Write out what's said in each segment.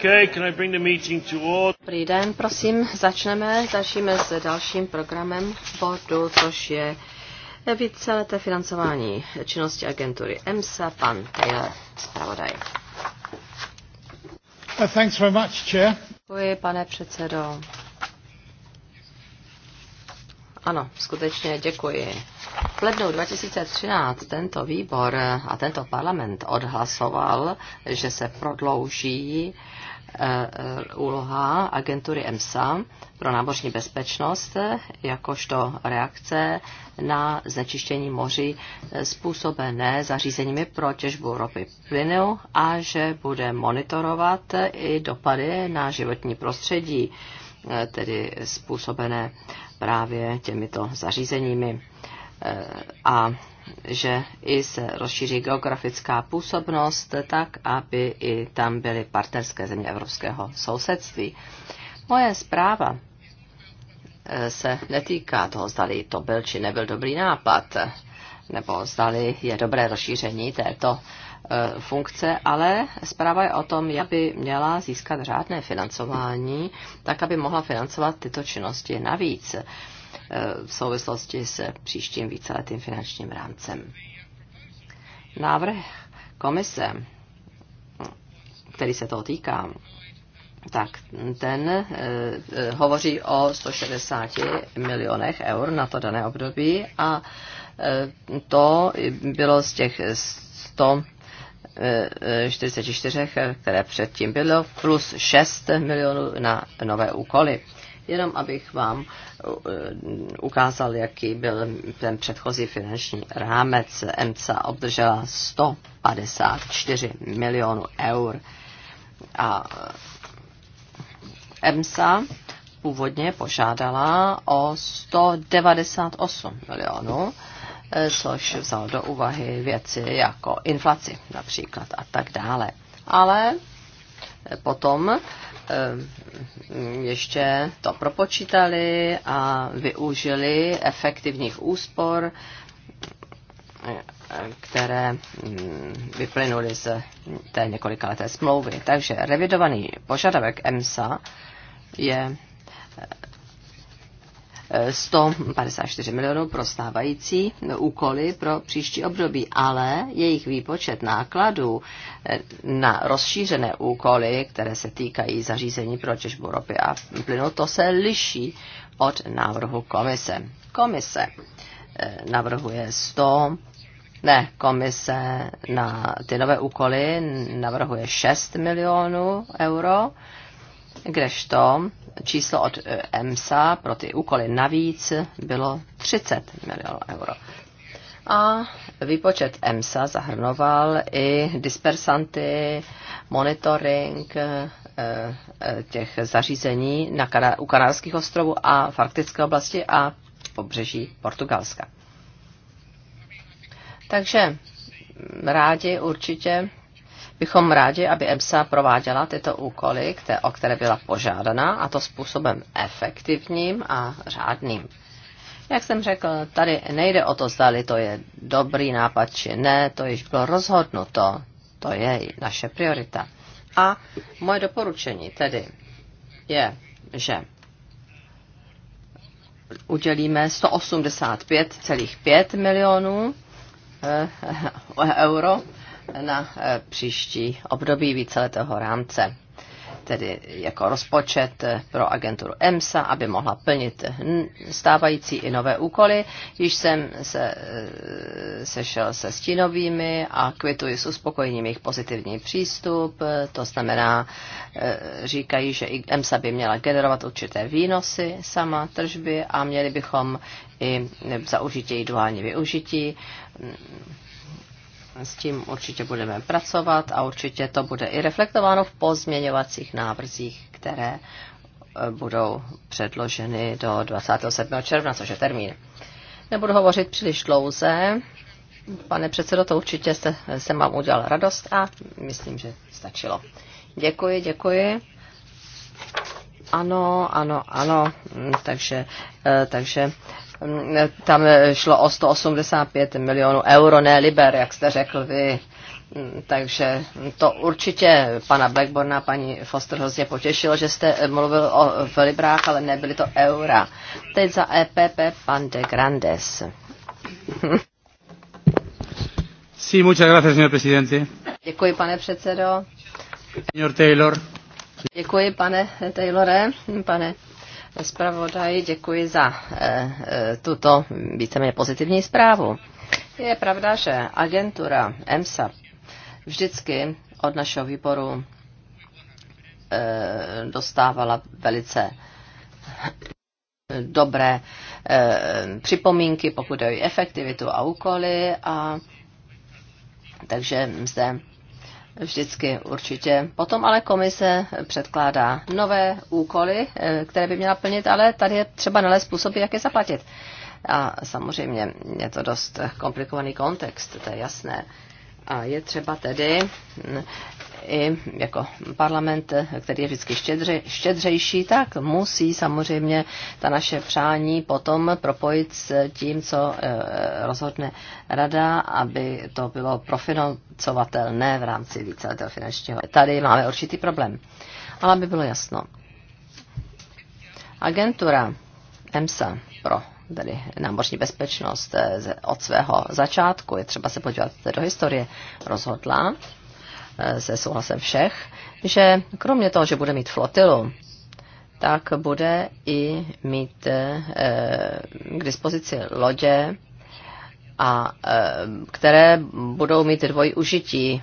Okay, can I bring the meeting to order? Dobrý den, prosím, začneme. Začneme s dalším programem bodu, což je víceleté financování činnosti agentury EMSA, pan Taylor, zpravodaj. Uh, thanks very much, Chair. Děkuji, pane předsedo. Ano, skutečně děkuji v lednu 2013 tento výbor a tento parlament odhlasoval, že se prodlouží eh, eh, úloha agentury EMSA pro námořní bezpečnost eh, jakožto reakce na znečištění moři způsobené zařízeními pro těžbu ropy plynu a že bude monitorovat i dopady na životní prostředí, tedy způsobené právě těmito zařízeními. Eh, a že i se rozšíří geografická působnost tak, aby i tam byly partnerské země evropského sousedství. Moje zpráva eh, se netýká toho, zdali to byl či nebyl dobrý nápad, nebo zdali je dobré rozšíření této eh, funkce, ale zpráva je o tom, jak by měla získat řádné financování, tak aby mohla financovat tyto činnosti navíc. Eh, v souvislosti se příštím víceletým finančním rámcem. Návrh komise, který se toho týká, tak ten e, hovoří o 160 milionech eur na to dané období a e, to bylo z těch 100 44, které předtím bylo, plus 6 milionů na nové úkoly jenom abych vám eh, ukázal, jaký byl ten předchozí finanční rámec. EMCA obdržela 154 milionů eur a eh, EMSA původně požádala o 198 milionů, eh, což vzal do úvahy věci jako inflaci například a tak dále. Ale potom Eh, ještě to propočítali a využili efektivních úspor, eh, které mm, vyplynuly z té několikaleté smlouvy. Takže revidovaný požadavek EMSA je eh, 154 milionů pro stávající úkoly pro příští období, ale jejich výpočet nákladů eh, na rozšířené úkoly, které se týkají zařízení pro těžbu ropy a plynu, to se liší od návrhu komise. Komise eh, navrhuje 100 ne, komise na ty nové úkoly navrhuje 6 milionů euro, kdežto číslo od e, EMSA pro ty úkoly navíc bylo 30 milionů euro. A výpočet EMSA zahrnoval i dispersanty, monitoring e, e, těch zařízení na u Kanárských ostrovů a v arktické oblasti a pobřeží Portugalska. Takže rádi určitě bychom rádi, aby EMSA prováděla tyto úkoly, které, o které byla požádaná, a to způsobem efektivním a řádným. Jak jsem řekl, tady nejde o to, zdali to je dobrý nápad či ne, to již bylo rozhodnuto, to je naše priorita. A moje doporučení tedy je, že udělíme 185,5 milionů eh, euro na eh, příští období víceletého rámce tedy jako rozpočet eh, pro agenturu EMSA, aby mohla plnit eh, stávající i nové úkoly. Již jsem se sešel se stínovými a kvituji s uspokojením jejich pozitivní přístup. To znamená, říkají, že i EMSA by měla generovat určité výnosy sama tržby a měli bychom i zaužití i duální využití mm, s tím určitě budeme pracovat a určitě to bude i reflektováno v pozměňovacích návrzích, které e, budou předloženy do 27. června, což je termín. Nebudu hovořit příliš dlouze. Pane předsedo, to určitě jste, jsem vám udělal radost a myslím, že stačilo. Děkuji, děkuji. Ano, ano, ano. Hm, takže, e, takže tam eh, šlo o 185 milionů euro, ne liber, jak jste řekl vy. Mm, takže to určitě pana Blackborna, paní Foster hrozně potěšilo, že jste eh, mluvil o velibrách, librách, ale nebyly to eura. Teď za EPP pan de Grandes. Sí, muchas gracias, señor presidente. Děkuji, pane předsedo. Señor Taylor. Děkuji, pane Taylore, pane zpravodaji, děkuji za eh, eh, tuto víceméně pozitivní zprávu. Je pravda, že agentura EMSA vždycky od našeho výboru eh, dostávala velice dobré připomínky, pokud je o efektivitu a úkoly. A takže zde vždycky určitě. Potom ale komise předkládá nové úkoly, eh, které by měla plnit, ale tady je třeba nalézt způsoby, jak je zaplatit. A samozřejmě je to dost komplikovaný kontext, to je jasné. A je třeba tedy hm, i jako parlament, který je vždycky štědře, štědřejší, tak musí samozřejmě ta naše přání potom propojit s tím, co e, rozhodne rada, aby to bylo profinancovatelné v rámci víceletého finančního. Tady máme určitý problém. Ale aby bylo jasno. Agentura EMSA pro tedy námořní bezpečnost e, od svého začátku, je třeba se podívat do historie, rozhodla, Eh, se souhlasem všech, že kromě toho, že bude mít flotilu, tak bude i mít eh, k dispozici lodě, a, eh, které budou mít dvojí užití.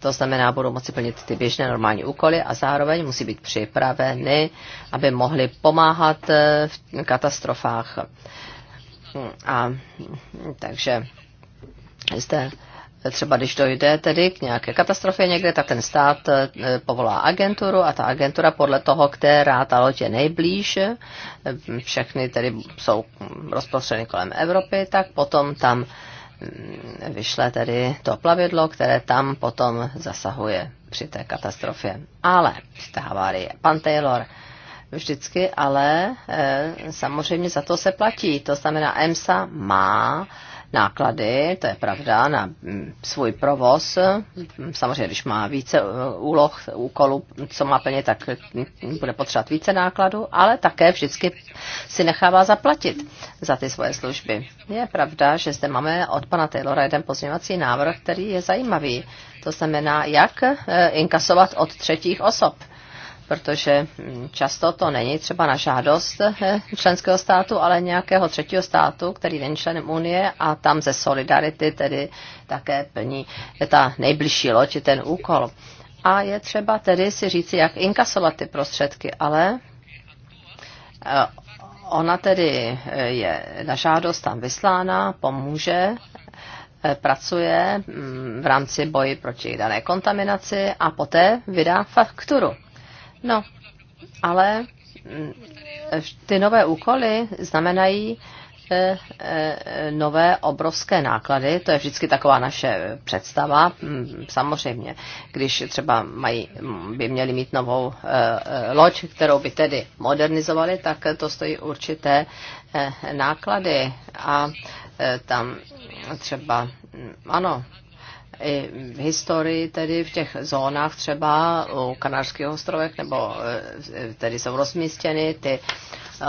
To znamená, budou moci plnit ty běžné normální úkoly a zároveň musí být připraveny, aby mohly pomáhat v katastrofách. A takže zde třeba když dojde tedy k nějaké katastrofě někde, tak ten stát eh, povolá agenturu a ta agentura podle toho, která ta loď je nejblíž, eh, všechny tedy jsou rozprostřeny kolem Evropy, tak potom tam mm, vyšle tedy to plavidlo, které tam potom zasahuje při té katastrofě. Ale při té havárii. Pan Taylor vždycky, ale eh, samozřejmě za to se platí. To znamená, EMSA má náklady, to je pravda, na mm, svůj provoz. Samozřejmě, když má více eh, úloh, úkolů, co má plně, tak mm, bude potřebovat více nákladů, ale také vždycky si nechává zaplatit za ty svoje služby. Je pravda, že zde máme od pana Taylora jeden pozměňovací návrh, který je zajímavý. To znamená, jak eh, inkasovat od třetích osob protože hm, často to není třeba na žádost eh, členského státu, ale nějakého třetího státu, který není členem Unie a tam ze solidarity tedy také plní ta nejbližší loď ten úkol. A je třeba tedy si říci, jak inkasovat ty prostředky, ale eh, ona tedy eh, je na žádost tam vyslána, pomůže, pracuje hm, v rámci boji proti dané kontaminaci a poté vydá fakturu. No, ale mm, ty nové úkoly znamenají eh, eh, nové obrovské náklady, to je vždycky taková naše představa, mm, samozřejmě, když třeba mají, mm, by měli mít novou eh, loď, kterou by tedy modernizovali, tak to stojí určité náklady a tam třeba, ano, i v historii, tedy v těch zónách třeba u Kanářských ostrovech, nebo e, tedy jsou rozmístěny ty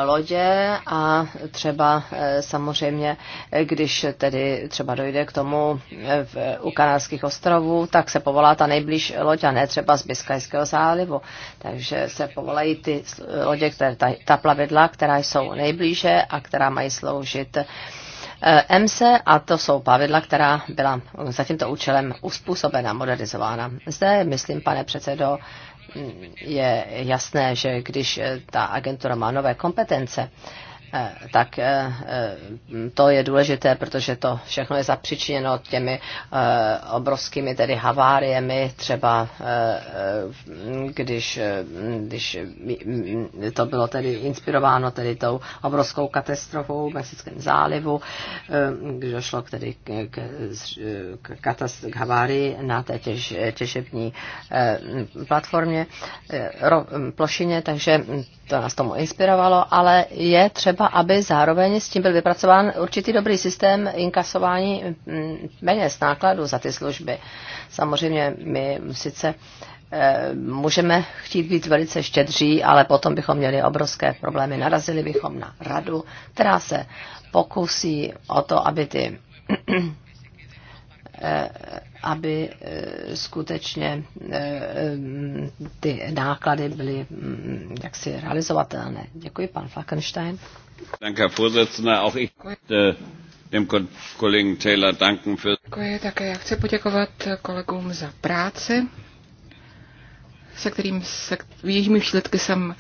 lodě a třeba e, samozřejmě, když tedy třeba dojde k tomu e, v, u Kanárských ostrovů, tak se povolá ta nejbliž loď a ne třeba z Biskajského zálivu. Takže se povolají ty lodě, které, ta, ta plavidla, která jsou nejblíže a která mají sloužit eh, EMSE eh, a to jsou pavidla, která byla za tímto účelem uspůsobena, modernizována. Zde, myslím, pane předsedo, mm, je jasné, že když eh, ta agentura má nové kompetence, Eh, tak eh, eh, to je důležité, protože to všechno je zapřičiněno těmi obrovskými tedy haváriemi, třeba když, když to bylo tedy inspirováno tedy tou obrovskou katastrofou v Mexickém zálivu, když došlo k, tedy k, k, k, k havárii na té těž, těžební platformě, ro, plošině, takže to nás tomu inspirovalo, ale je třeba, aby zároveň s tím byl vypracován určitý dobrý systém inkasování mm, z nákladů za ty služby. Samozřejmě my sice eh, můžeme chtít být velice štědří, ale potom bychom měli obrovské problémy. Narazili bychom na radu, která se pokusí o to, aby ty eh, aby eh, skutečně eh, eh, ty náklady byly mm, jaksi realizovatelné. Děkuji, pan Falkenstein. Danke, Herr Vorsitzender. Auch ich dem Kollegen Taylor danken für... Děkuji, také já chci poděkovat kolegům za práci, se kterým se, jejími výsledky jsem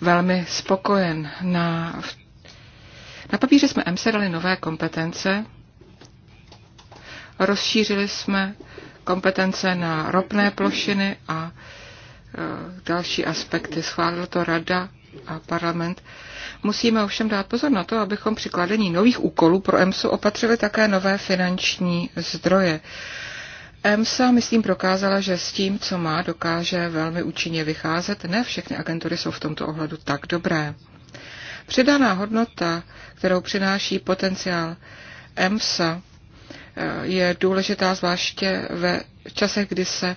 velmi spokojen. Na, na papíře jsme EMSA dali nové kompetence, Rozšířili jsme kompetence na ropné plošiny a e, další aspekty. Schválil to rada a parlament. Musíme ovšem dát pozor na to, abychom při kladení nových úkolů pro EMSO opatřili také nové finanční zdroje. EMSA, myslím, prokázala, že s tím, co má, dokáže velmi účinně vycházet. Ne všechny agentury jsou v tomto ohledu tak dobré. Přidaná hodnota, kterou přináší potenciál EMSA, je důležitá zvláště ve časech, kdy se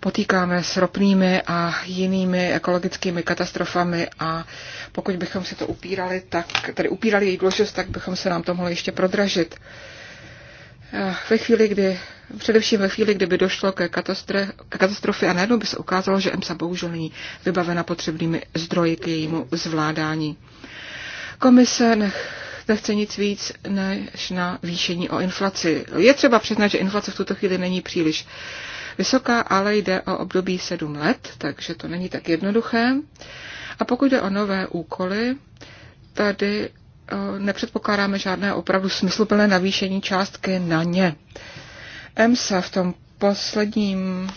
potýkáme s ropnými a jinými ekologickými katastrofami a pokud bychom si to upírali, tak, tedy upírali její důležitost, tak bychom se nám to mohli ještě prodražit. Ve chvíli, kdy, především ve chvíli, kdyby došlo ke, katastrofě, katastrofě a najednou by se ukázalo, že EMSA bohužel není vybavena potřebnými zdroji k jejímu zvládání. Komise nech, nechce nic víc než na výšení o inflaci. Je třeba přiznat, že inflace v tuto chvíli není příliš vysoká, ale jde o období 7 let, takže to není tak jednoduché. A pokud jde o nové úkoly, tady eh, nepředpokládáme žádné opravdu smysluplné navýšení částky na ně. EMSA v tom posledním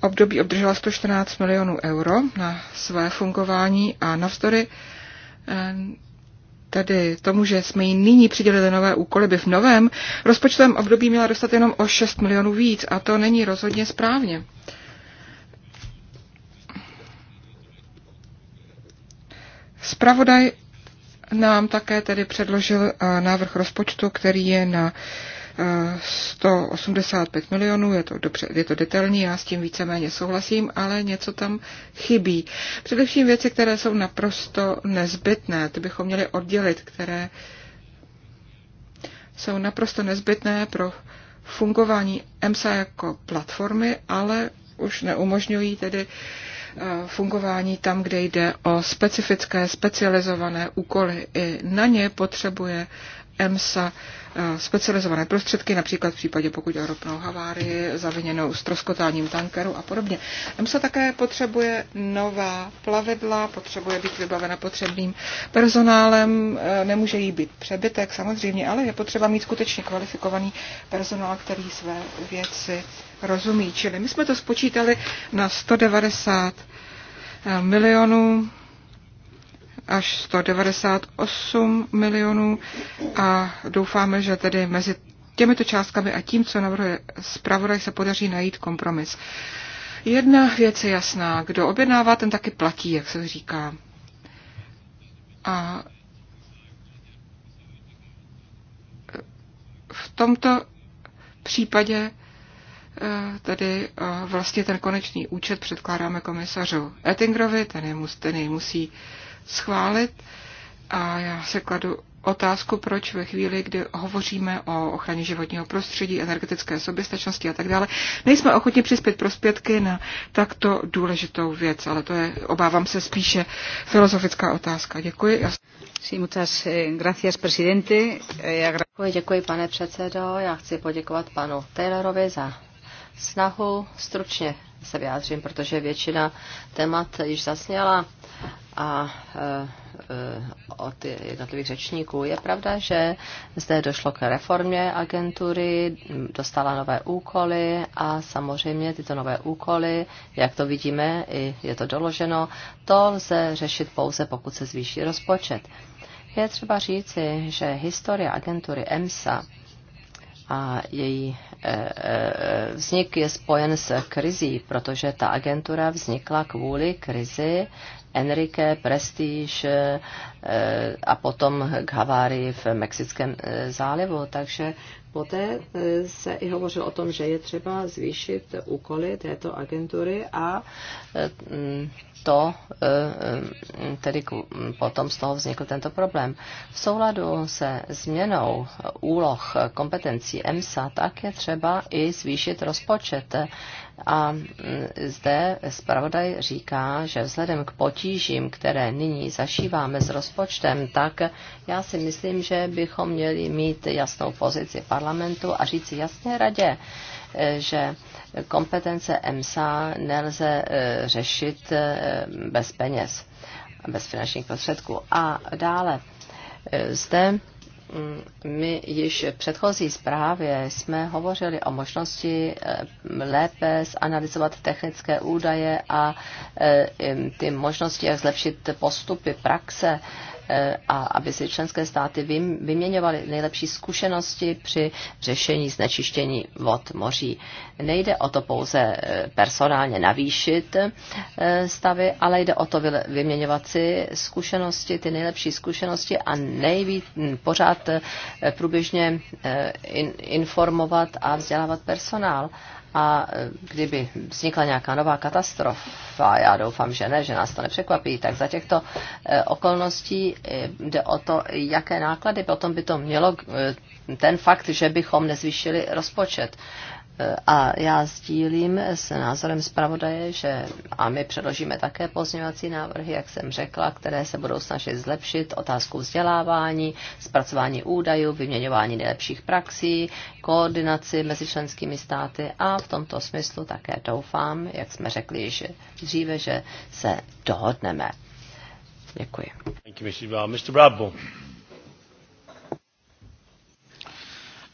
období obdržela 114 milionů euro na své fungování a navzdory eh, tedy tomu, že jsme jí nyní přidělili nové úkoly, by v novém rozpočtovém období měla dostat jenom o 6 milionů víc a to není rozhodně správně. Spravodaj nám také tedy předložil eh, návrh rozpočtu, který je na eh, 185 milionů, je to, dobře, je to detailní, já s tím víceméně souhlasím, ale něco tam chybí. Především věci, které jsou naprosto nezbytné, ty bychom měli oddělit, které jsou naprosto nezbytné pro fungování EMSA jako platformy, ale už neumožňují tedy eh, fungování tam, kde jde o specifické, specializované úkoly. I na ně potřebuje EMSA eh, specializované prostředky, například v případě, pokud je ropnou havárii, zaviněnou stroskotáním tankeru a podobně. EMSA také potřebuje nová plavidla, potřebuje být vybavena potřebným personálem, eh, nemůže jí být přebytek samozřejmě, ale je potřeba mít skutečně kvalifikovaný personál, který své věci rozumí. Čili my jsme to spočítali na 190 eh, milionů až 198 milionů a doufáme, že tedy mezi těmito částkami a tím, co navrhuje zpravodaj, se podaří najít kompromis. Jedna věc je jasná. Kdo objednává, ten taky platí, jak se říká. A v tomto případě eh, tedy eh, vlastně ten konečný účet předkládáme komisařu Ettingrovi ten, je, ten jej musí schválit. A já se kladu otázku, proč ve chvíli, kdy hovoříme o ochraně životního prostředí, energetické soběstačnosti a tak dále, nejsme ochotni přispět prospětky na takto důležitou věc, ale to je, obávám se, spíše filozofická otázka. Děkuji. Sí, muchas eh, gracias, presidente. Eh, děkuji, děkuji, pane předsedo. Já chci poděkovat panu Taylorovi za snahu. Stručně se vyjádřím, protože většina témat již zasněla a e, e, od jednotlivých řečníků. Je pravda, že zde došlo k reformě agentury, dostala nové úkoly a samozřejmě tyto nové úkoly, jak to vidíme, i je to doloženo, to lze řešit pouze, pokud se zvýší rozpočet. Je třeba říci, že historie agentury EMSA a její e, e, vznik je spojen s krizí, protože ta agentura vznikla kvůli krizi Enrique, Prestige eh, a potom k havárii v Mexickém eh, zálivu. Takže poté eh, se i hovořilo o tom, že je třeba zvýšit úkoly této agentury a mm, to mm, tedy mm, potom z toho vznikl tento problém. V souladu se změnou úloh kompetencí EMSA tak je třeba i zvýšit rozpočet a mm, zde zpravodaj říká, že vzhledem k potížím, které nyní zašíváme s rozpočtem, tak já si myslím, že bychom měli mít jasnou pozici parlamentu a říci jasně radě, e, že kompetence EMSA nelze e, řešit e, bez peněz, bez finančních prostředků. A dále zde my již v předchozí zprávě jsme hovořili o možnosti eh, lépe zanalizovat technické údaje a eh, ty možnosti, jak zlepšit postupy praxe a aby si členské státy vyměňovaly nejlepší zkušenosti při řešení znečištění vod moří. Nejde o to pouze eh, personálně navýšit eh, stavy, ale jde o to vyměňovat si zkušenosti, ty nejlepší zkušenosti a nejvíc hm, pořád eh, průběžně informovat a vzdělávat personál. A kdyby vznikla nějaká nová katastrofa, já doufám, že ne, že nás to nepřekvapí, tak za těchto e, okolností e, jde o to, jaké náklady potom by to mělo e, ten fakt, že bychom nezvýšili rozpočet. A já sdílím s názorem zpravodaje, že a my předložíme také pozměňovací návrhy, jak jsem řekla, které se budou snažit zlepšit otázku vzdělávání, zpracování údajů, vyměňování nejlepších praxí, koordinaci mezi členskými státy a v tomto smyslu také doufám, jak jsme řekli již dříve, že se dohodneme. Děkuji. Thank you, Mr. Bradbourne.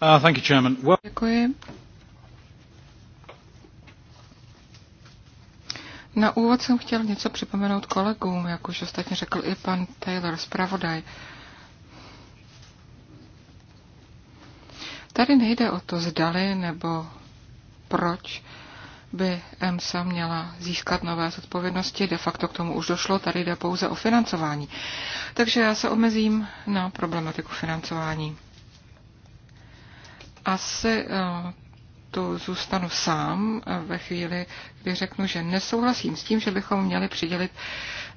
Uh, thank you, Chairman. Well... Děkuji. Na úvod jsem chtěl něco připomenout kolegům, jak už ostatně řekl i pan Taylor, zpravodaj. Tady nejde o to, zdali nebo proč by EMSA měla získat nové zodpovědnosti. De facto k tomu už došlo, tady jde pouze o financování. Takže já se omezím na problematiku financování. Asi eh, tu zůstanu sám eh, ve chvíli, kdy řeknu, že nesouhlasím s tím, že bychom měli přidělit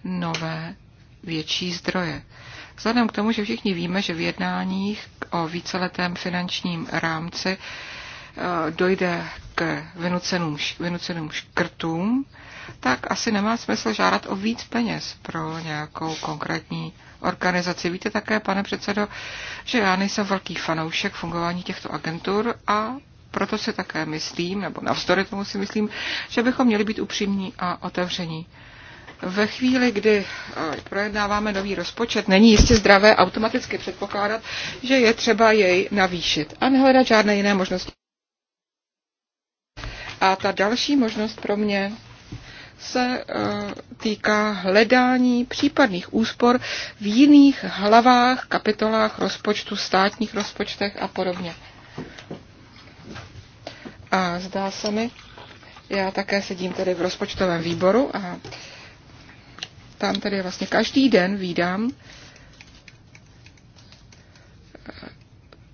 nové větší zdroje. Vzhledem k tomu, že všichni víme, že v jednáních o víceletém finančním rámci eh, dojde k vynuceným, vynuceným škrtům, tak asi nemá smysl žádat o víc peněz pro nějakou konkrétní organizaci. Víte také, pane předsedo, že já nejsem velký fanoušek fungování těchto agentur a proto se také myslím, nebo navzdory tomu si myslím, že bychom měli být upřímní a otevření. Ve chvíli, kdy eh, projednáváme nový rozpočet, není jistě zdravé automaticky předpokládat, že je třeba jej navýšit a nehledat žádné jiné možnosti. A ta další možnost pro mě se eh, týká hledání případných úspor v jiných hlavách, kapitolách rozpočtu, státních rozpočtech a podobně. A zdá se mi, já také sedím tedy v rozpočtovém výboru a tam tedy vlastně každý den výdám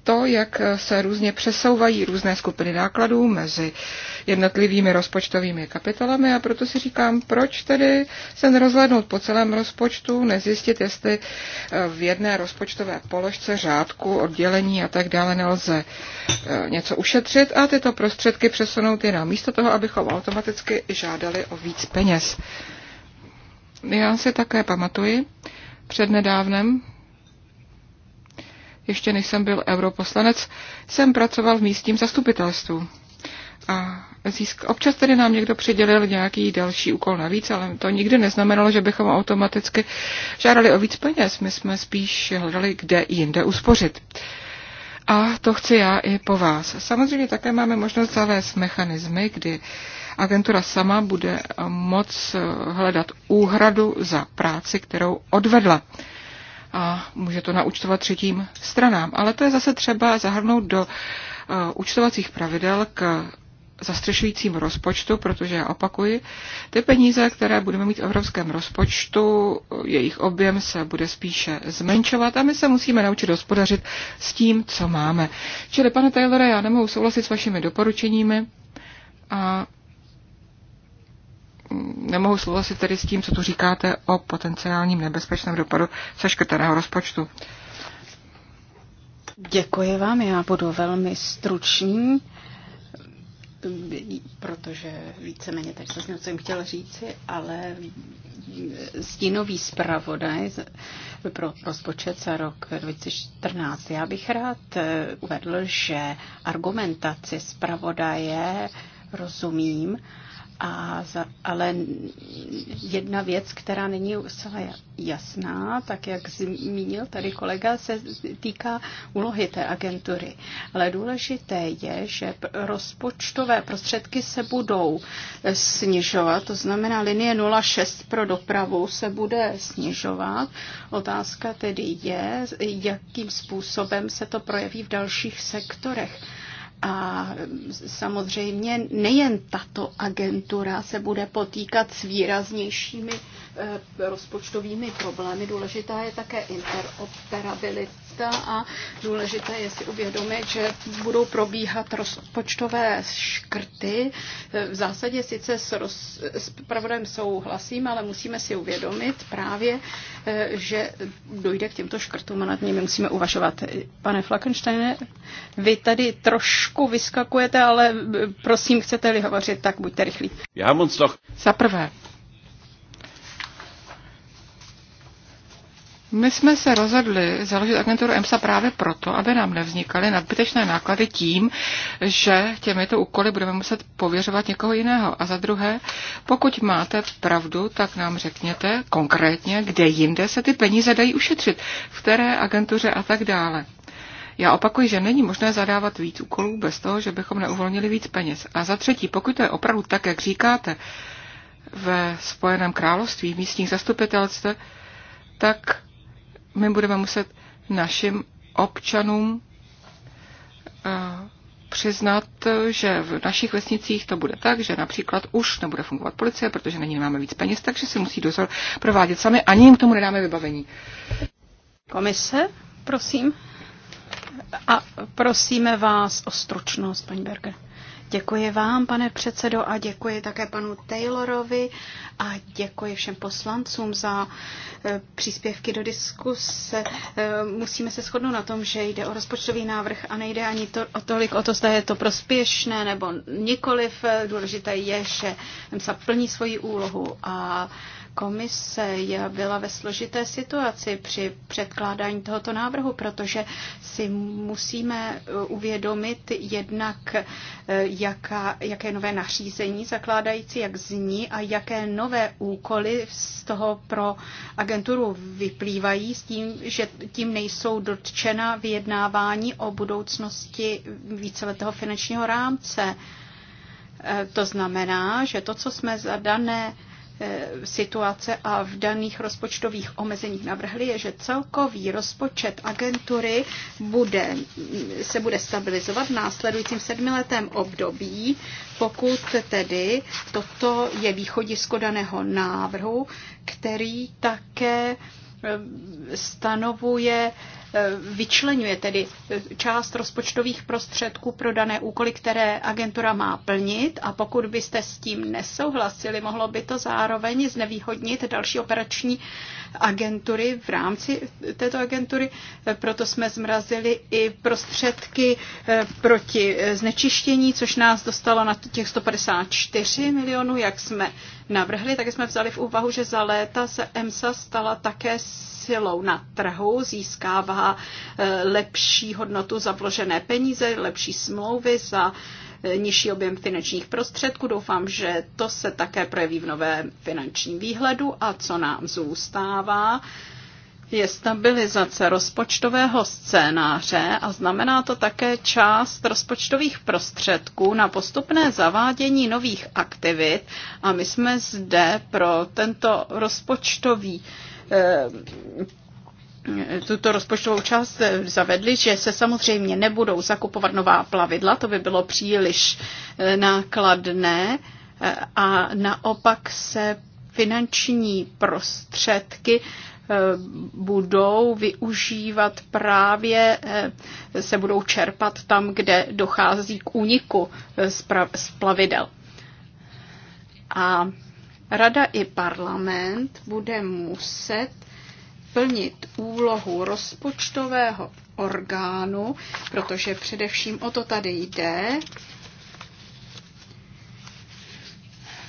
to, jak se různě přesouvají různé skupiny nákladů mezi jednotlivými rozpočtovými kapitolami a proto si říkám, proč tedy se nerozhlednout po celém rozpočtu, nezjistit, jestli v jedné rozpočtové položce, řádku, oddělení a tak dále nelze eh, něco ušetřit a tyto prostředky přesunout jinam, místo toho, abychom automaticky žádali o víc peněz. Já si také pamatuji, před nedávnem ještě než jsem byl europoslanec, jsem pracoval v místním zastupitelstvu. A získ... občas tedy nám někdo přidělil nějaký další úkol navíc, ale to nikdy neznamenalo, že bychom automaticky žádali o víc peněz. My jsme spíš hledali, kde jinde uspořit. A to chci já i po vás. Samozřejmě také máme možnost zavést mechanismy, kdy agentura sama bude moc hledat úhradu za práci, kterou odvedla a může to naučtovat třetím stranám. Ale to je zase třeba zahrnout do eh, účtovacích pravidel k zastřešujícím rozpočtu, protože já opakuji, ty peníze, které budeme mít v evropském rozpočtu, jejich objem se bude spíše zmenšovat a my se musíme naučit hospodařit s tím, co máme. Čili, pane Taylore, já nemohu souhlasit s vašimi doporučeními a nemohu souhlasit tedy s tím, co tu říkáte o potenciálním nebezpečném dopadu seškrteného rozpočtu. Děkuji vám, já budu velmi stručný, protože víceméně teď se jsem chtěla říci, ale stínový zpravodaj pro rozpočet za rok 2014. Já bych rád uvedl, že argumentaci zpravodaje rozumím a za, ale jedna věc, která není zcela jasná, tak jak zmínil tady kolega, se týká úlohy té agentury. Ale důležité je, že rozpočtové prostředky se budou eh, snižovat, to znamená linie 06 pro dopravu se bude snižovat. Otázka tedy je, jakým způsobem se to projeví v dalších sektorech a samozřejmě nejen tato agentura se bude potýkat s výraznějšími eh, rozpočtovými problémy. Důležitá je také interoperabilita místa a důležité je si uvědomit, že budou probíhat rozpočtové škrty. V zásadě sice s, roz, s pravodem souhlasím, ale musíme si uvědomit právě, eh, že dojde k těmto škrtům a nad nimi musíme uvažovat. Pane Flakensteine, vy tady trošku vyskakujete, ale eh, prosím, chcete-li hovořit, tak buďte rychlí. Já moc Za prvé, My jsme se rozhodli založit agenturu EMSA právě proto, aby nám nevznikaly nadbytečné náklady tím, že těmito úkoly budeme muset pověřovat někoho jiného. A za druhé, pokud máte pravdu, tak nám řekněte konkrétně, kde jinde se ty peníze dají ušetřit, v které agentuře a tak dále. Já opakuji, že není možné zadávat víc úkolů bez toho, že bychom neuvolnili víc peněz. A za třetí, pokud to je opravdu tak, jak říkáte, ve Spojeném království místních zastupitelstv, tak my budeme muset našim občanům eh, přiznat, že v našich vesnicích to bude tak, že například už nebude fungovat policie, protože na ní nemáme víc peněz, takže si musí dozor provádět sami, ani jim k tomu nedáme vybavení. Komise, prosím. A prosíme vás o stručnost, paní Berger. Děkuji vám, pane předsedo, a děkuji také panu Taylorovi a děkuji všem poslancům za e, příspěvky do diskuse. E, musíme se shodnout na tom, že jde o rozpočtový návrh a nejde ani to, o tolik o to, zda je to prospěšné nebo nikoliv. E, důležité je, že se plní svoji úlohu a Komise byla ve složité situaci při předkládání tohoto návrhu, protože si musíme uvědomit jednak, eh, jaká, jaké nové nařízení zakládající, jak zní a jaké nové úkoly z toho pro agenturu vyplývají s tím, že tím nejsou dotčena vyjednávání o budoucnosti víceletého finančního rámce. Eh, to znamená, že to, co jsme za dané Eh, situace a v daných rozpočtových omezeních navrhli, je, že celkový rozpočet agentury bude, se bude stabilizovat v následujícím sedmiletém období, pokud tedy toto je východisko daného návrhu, který také eh, Eh, stanovuje, eh, vyčlenuje tedy eh, část rozpočtových prostředků pro dané úkoly, které agentura má plnit a pokud byste s tím nesouhlasili, mohlo by to zároveň znevýhodnit další operační agentury v rámci této agentury. Proto jsme zmrazili i prostředky proti znečištění, což nás dostalo na těch 154 milionů, jak jsme navrhli, tak jsme vzali v úvahu, že za léta se EMSA stala také silou na trhu, získává eh, lepší hodnotu za vložené peníze, lepší smlouvy za eh, nižší objem finančních prostředků. Doufám, že to se také projeví v novém finančním výhledu a co nám zůstává je stabilizace rozpočtového scénáře a znamená to také část rozpočtových prostředků na postupné zavádění nových aktivit a my jsme zde pro tento rozpočtový eh, tuto rozpočtovou část zavedli, že se samozřejmě nebudou zakupovat nová plavidla, to by bylo příliš eh, nákladné eh, a naopak se finanční prostředky Eh, budou využívat právě, eh, se budou čerpat tam, kde dochází k úniku eh, z plavidel. A Rada i parlament bude muset plnit úlohu rozpočtového orgánu, protože především o to tady jde,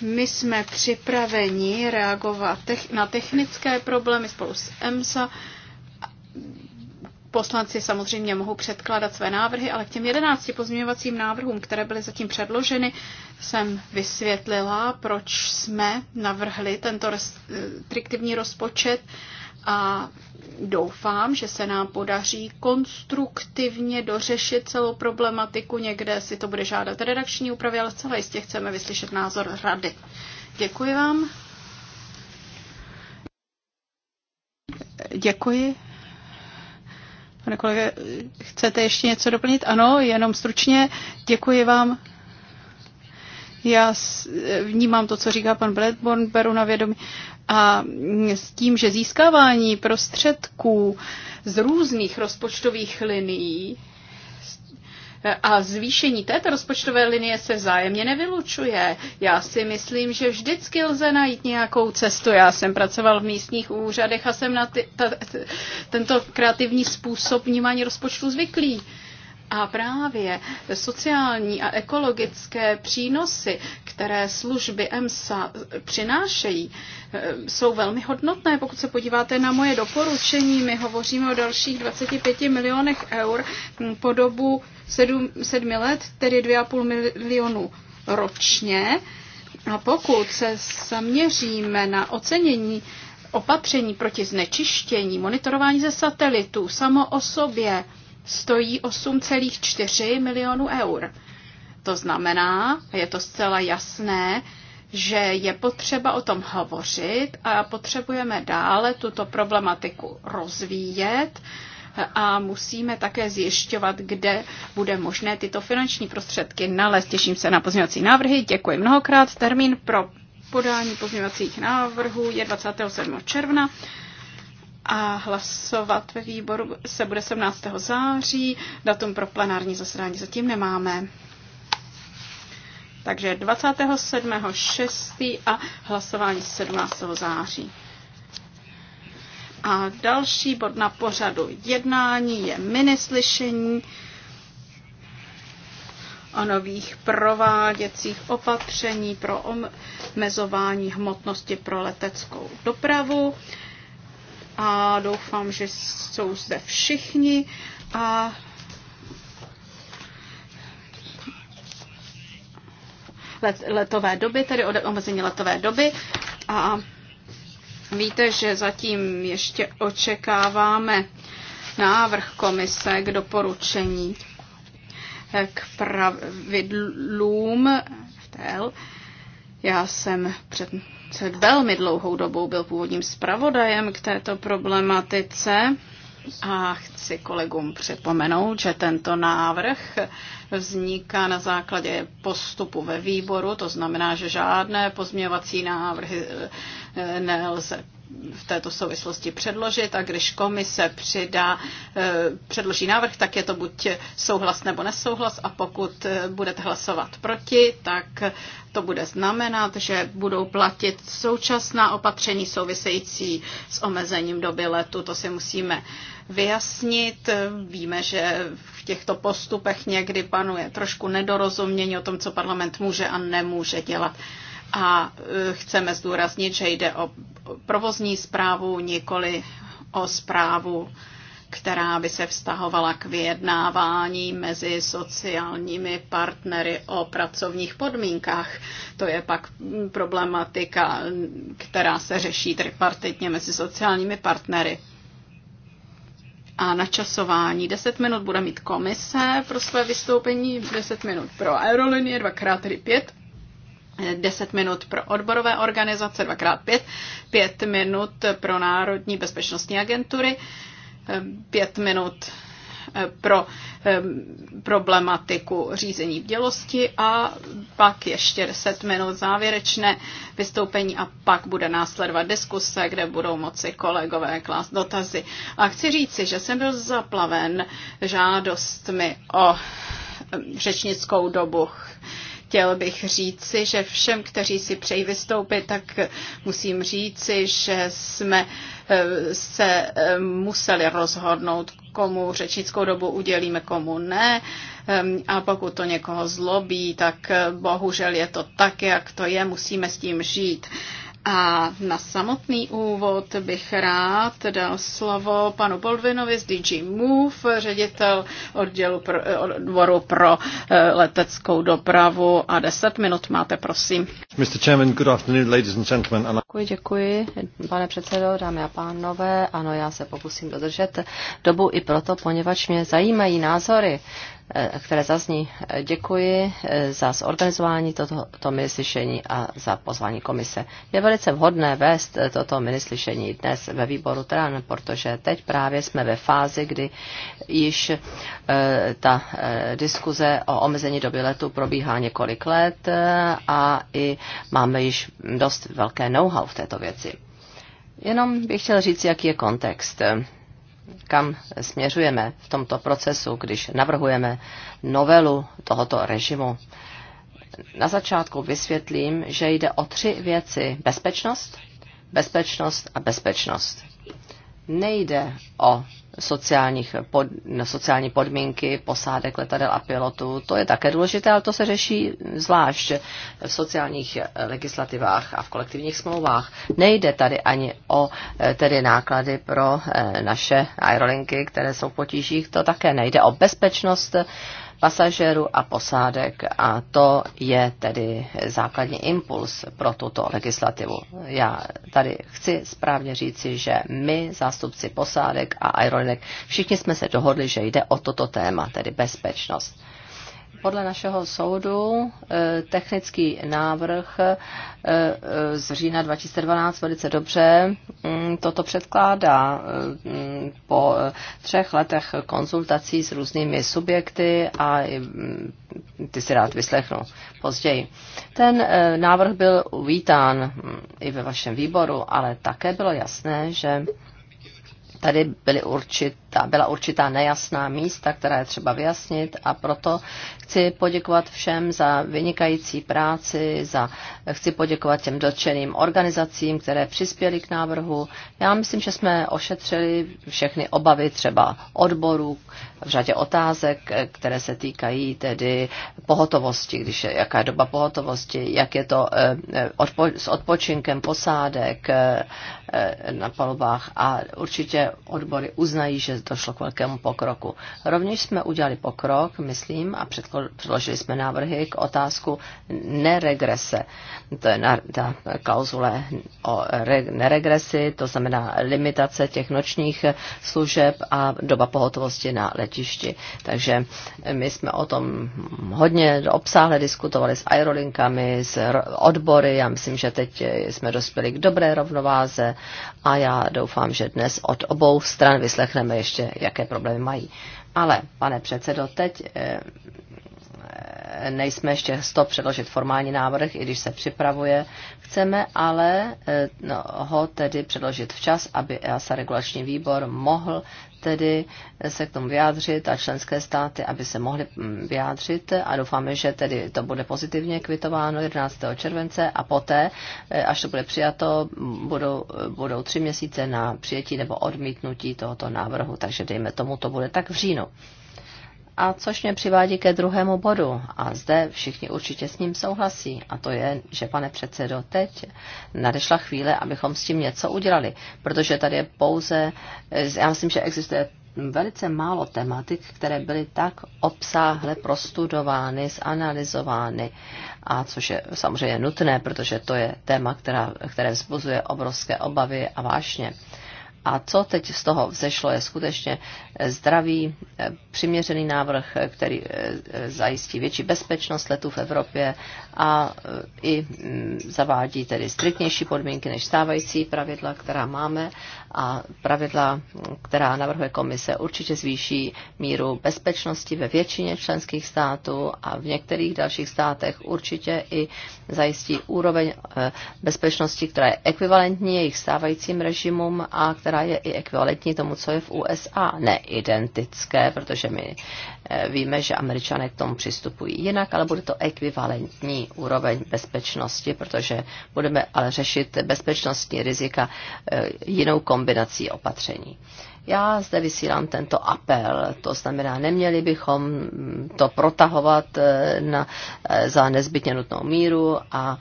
My jsme připraveni reagovat na technické problémy spolu s EMSA. Poslanci samozřejmě mohou předkládat své návrhy, ale k těm jedenácti pozměňovacím návrhům, které byly zatím předloženy, jsem vysvětlila, proč jsme navrhli tento eh, restriktivní rozpočet a doufám, že se nám podaří konstruktivně dořešit celou problematiku. Někde si to bude žádat redakční úpravy, ale zcela jistě chceme vyslyšet názor rady. Děkuji vám. Děkuji. Pane kolege, chcete ještě něco doplnit? Ano, jenom stručně. Děkuji vám. Já vnímám to, co říká pan Bledborn, beru na vědomí. Uh, a s tím, že získávání prostředků z různých rozpočtových linií a zvýšení této rozpočtové linie se vzájemně nevylučuje. Já si myslím, že vždycky lze najít nějakou cestu. Já jsem pracoval v místních úřadech a jsem na ty, ta, tento kreativní způsob vnímání rozpočtu zvyklý. Uh, a právě sociální a ekologické přínosy, které služby EMSA přinášejí, eh, jsou velmi hodnotné. Pokud se podíváte na moje doporučení, my hovoříme o dalších 25 milionech eur po dobu 7, 7 let, tedy 2,5 milionu ročně. A pokud se zaměříme na ocenění opatření proti znečištění, monitorování ze satelitů, samo o sobě, stojí 8,4 milionů eur. To znamená, je to zcela jasné, že je potřeba o tom hovořit a potřebujeme dále tuto problematiku rozvíjet a musíme také zjišťovat, kde bude možné tyto finanční prostředky nalézt. Těším se na pozměňovací návrhy. Děkuji mnohokrát. Termín pro podání pozměňovacích návrhů je 27. června a hlasovat ve výboru se bude 17. září. Datum pro plenární zasedání zatím nemáme. Takže 27.6. a hlasování 17. září. A další bod na pořadu jednání je minislyšení o nových prováděcích opatření pro omezování hmotnosti pro leteckou dopravu a doufám, že jsou zde všichni a let, letové doby, tedy omezení letové doby a víte, že zatím ještě očekáváme návrh komise k doporučení k pravidlům FTL já jsem před, před velmi dlouhou dobou byl původním zpravodajem k této problematice a chci kolegům připomenout, že tento návrh vzniká na základě postupu ve výboru, to znamená, že žádné pozměňovací návrhy eh, nelze v této souvislosti předložit a když komise přidá, eh, předloží návrh, tak je to buď souhlas nebo nesouhlas a pokud eh, budete hlasovat proti, tak to bude znamenat, že budou platit současná opatření související s omezením doby letu. To si musíme vyjasnit. Víme, že v těchto postupech někdy panuje trošku nedorozumění o tom, co parlament může a nemůže dělat a e, chceme zdůraznit, že jde o provozní zprávu, nikoli o zprávu, která by se vztahovala k vyjednávání mezi sociálními partnery o pracovních podmínkách. To je pak problematika, která se řeší tripartitně mezi sociálními partnery. A načasování. 10 minut bude mít komise pro své vystoupení, 10 minut pro aerolinie, dvakrát tedy 5 10 minut pro odborové organizace, dvakrát pět, pět minut pro Národní bezpečnostní agentury, pět minut eh, pro eh, problematiku řízení bdělosti a pak ještě 10 minut závěrečné vystoupení a pak bude následovat diskuse, kde budou moci kolegové klást dotazy. A chci říci, že jsem byl zaplaven žádostmi o eh, řečnickou dobu. Chtěl bych říci, že všem, kteří si přejí vystoupit, tak musím říci, že jsme eh, se eh, museli rozhodnout, komu řečnickou dobu udělíme, komu ne. Ehm, a pokud to někoho zlobí, tak eh, bohužel je to tak, jak to je, musíme s tím žít. A na samotný úvod bych rád dal slovo panu Boldvinovi z DG Move, ředitel oddělu pro, eh, odboru pro eh, leteckou dopravu a 10 minut máte, prosím. Mr. Chairman, good afternoon, ladies and gentlemen. Děkuji, děkuji, pane předsedo, dámy a pánové. Ano, já se pokusím dodržet dobu i proto, poněvadž mě zajímají názory Eh, které zazní. Eh, děkuji eh, za zorganizování toto to minislyšení a za pozvání komise. Je velice vhodné vést toto minislyšení dnes ve výboru TRAN, protože teď právě jsme ve fázi, kdy již ta diskuze o omezení doby letu probíhá několik let a i máme již dost velké know-how v této věci. Jenom bych chtěl říct, jaký je kontext kam směřujeme v tomto procesu, když navrhujeme novelu tohoto režimu. Na začátku vysvětlím, že jde o tři věci. Bezpečnost, bezpečnost a bezpečnost. Nejde o sociálních pod, sociální podmínky posádek letadel a pilotů. To je také důležité, ale to se řeší zvlášť v sociálních legislativách a v kolektivních smlouvách. Nejde tady ani o eh, tedy náklady pro eh, naše aerolinky, které jsou v potížích. To také nejde o bezpečnost pasažérů a posádek a to je tedy základní impuls pro tuto legislativu. Já tady chci správně říci, že my, zástupci posádek a aerolinek, všichni jsme se dohodli, že jde o toto téma, tedy bezpečnost. Podle našeho soudu eh, technický návrh eh, eh, z října 2012 velice dobře mm, toto předkládá mm, po třech letech konzultací s různými subjekty a mm, ty si rád vyslechnu později. Ten návrh byl uvítán i ve vašem výboru, ale také bylo jasné, že tady byly určitá, byla určitá nejasná místa, která je třeba vyjasnit a proto Chci poděkovat všem za vynikající práci, za, chci poděkovat těm dotčeným organizacím, které přispěly k návrhu. Já myslím, že jsme ošetřili všechny obavy třeba odborů v řadě otázek, které se týkají tedy pohotovosti, když je, jaká je doba pohotovosti, jak je to eh, eh, odpo, s odpočinkem posádek eh, na palubách a určitě odbory uznají, že došlo k velkému pokroku. Rovněž jsme udělali pokrok, myslím, a předkládali předložili jsme návrhy k otázku neregrese. To je na, ta klauzule o re, neregresi, to znamená limitace těch nočních služeb a doba pohotovosti na letišti. Takže my jsme o tom hodně obsáhle diskutovali s aerolinkami, s odbory. Já myslím, že teď jsme dospěli k dobré rovnováze a já doufám, že dnes od obou stran vyslechneme ještě, jaké problémy mají. Ale, pane předsedo, teď eh, nejsme ještě stop předložit formální návrh, i když se připravuje. Chceme ale eh, no, ho tedy předložit včas, aby EASA regulační výbor mohl tedy eh, se k tomu vyjádřit a členské státy, aby se mohly mm, vyjádřit a doufáme, že tedy to bude pozitivně kvitováno 11. července a poté, eh, až to bude přijato, budou, budou tři měsíce na přijetí nebo odmítnutí tohoto návrhu, takže dejme tomu, to bude tak v říjnu. A což mě přivádí ke druhému bodu, a zde všichni určitě s ním souhlasí, a to je, že pane předsedo, teď nadešla chvíle, abychom s tím něco udělali, protože tady je pouze, já myslím, že existuje velice málo tematik, které byly tak obsáhle prostudovány, zanalizovány, a což je samozřejmě nutné, protože to je téma, která, které vzbuzuje obrovské obavy a vášně. A co teď z toho vzešlo je skutečně eh, zdravý, eh, přiměřený návrh, eh, který zajistí větší bezpečnost letů v Evropě a e, i mm, zavádí tedy striktnější podmínky než stávající pravidla, která máme a pravidla, která navrhuje komise, určitě zvýší míru bezpečnosti ve většině členských států a v některých dalších státech určitě i zajistí úroveň e, bezpečnosti, která je ekvivalentní jejich stávajícím režimům a která je i ekvivalentní tomu, co je v USA. Ne identické, protože my e, víme, že američané k tomu přistupují jinak, ale bude to ekvivalentní úroveň bezpečnosti, protože budeme ale řešit bezpečnostní rizika e, jinou kombinací opatření. Já zde vysílám tento apel, to znamená, neměli bychom to protahovat e, na, e, za nezbytně nutnou míru a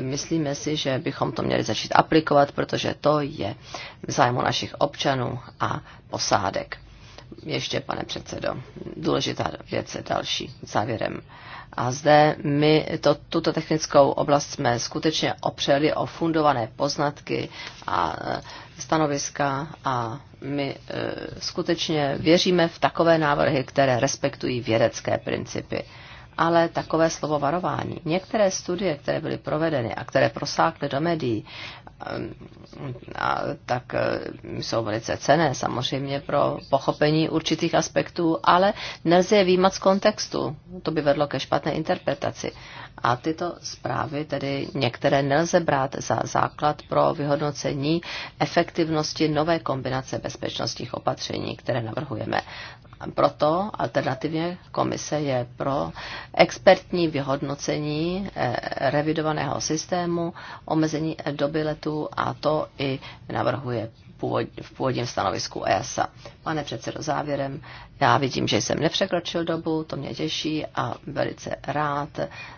myslíme si, že bychom to měli začít aplikovat, protože to je v zájmu našich občanů a posádek. Ještě, pane předsedo, důležitá věc je další závěrem. A zde my to, tuto technickou oblast jsme skutečně opřeli o fundované poznatky a e, stanoviska a my e, skutečně věříme v takové návrhy, které respektují vědecké principy. Ale takové slovo varování. Některé studie, které byly provedeny a které prosákly do médií, a, tak e, jsou velice cené samozřejmě pro pochopení určitých aspektů, ale nelze je výjímat z kontextu. To by vedlo ke špatné interpretaci. A tyto zprávy, tedy některé nelze brát za základ pro vyhodnocení efektivnosti nové kombinace bezpečnostních opatření, které navrhujeme proto alternativně komise je pro expertní vyhodnocení eh, revidovaného systému, omezení doby letu a to i navrhuje v původním stanovisku ESA. Pane předsedo, závěrem, já vidím, že jsem nepřekročil dobu, to mě těší a velice rád,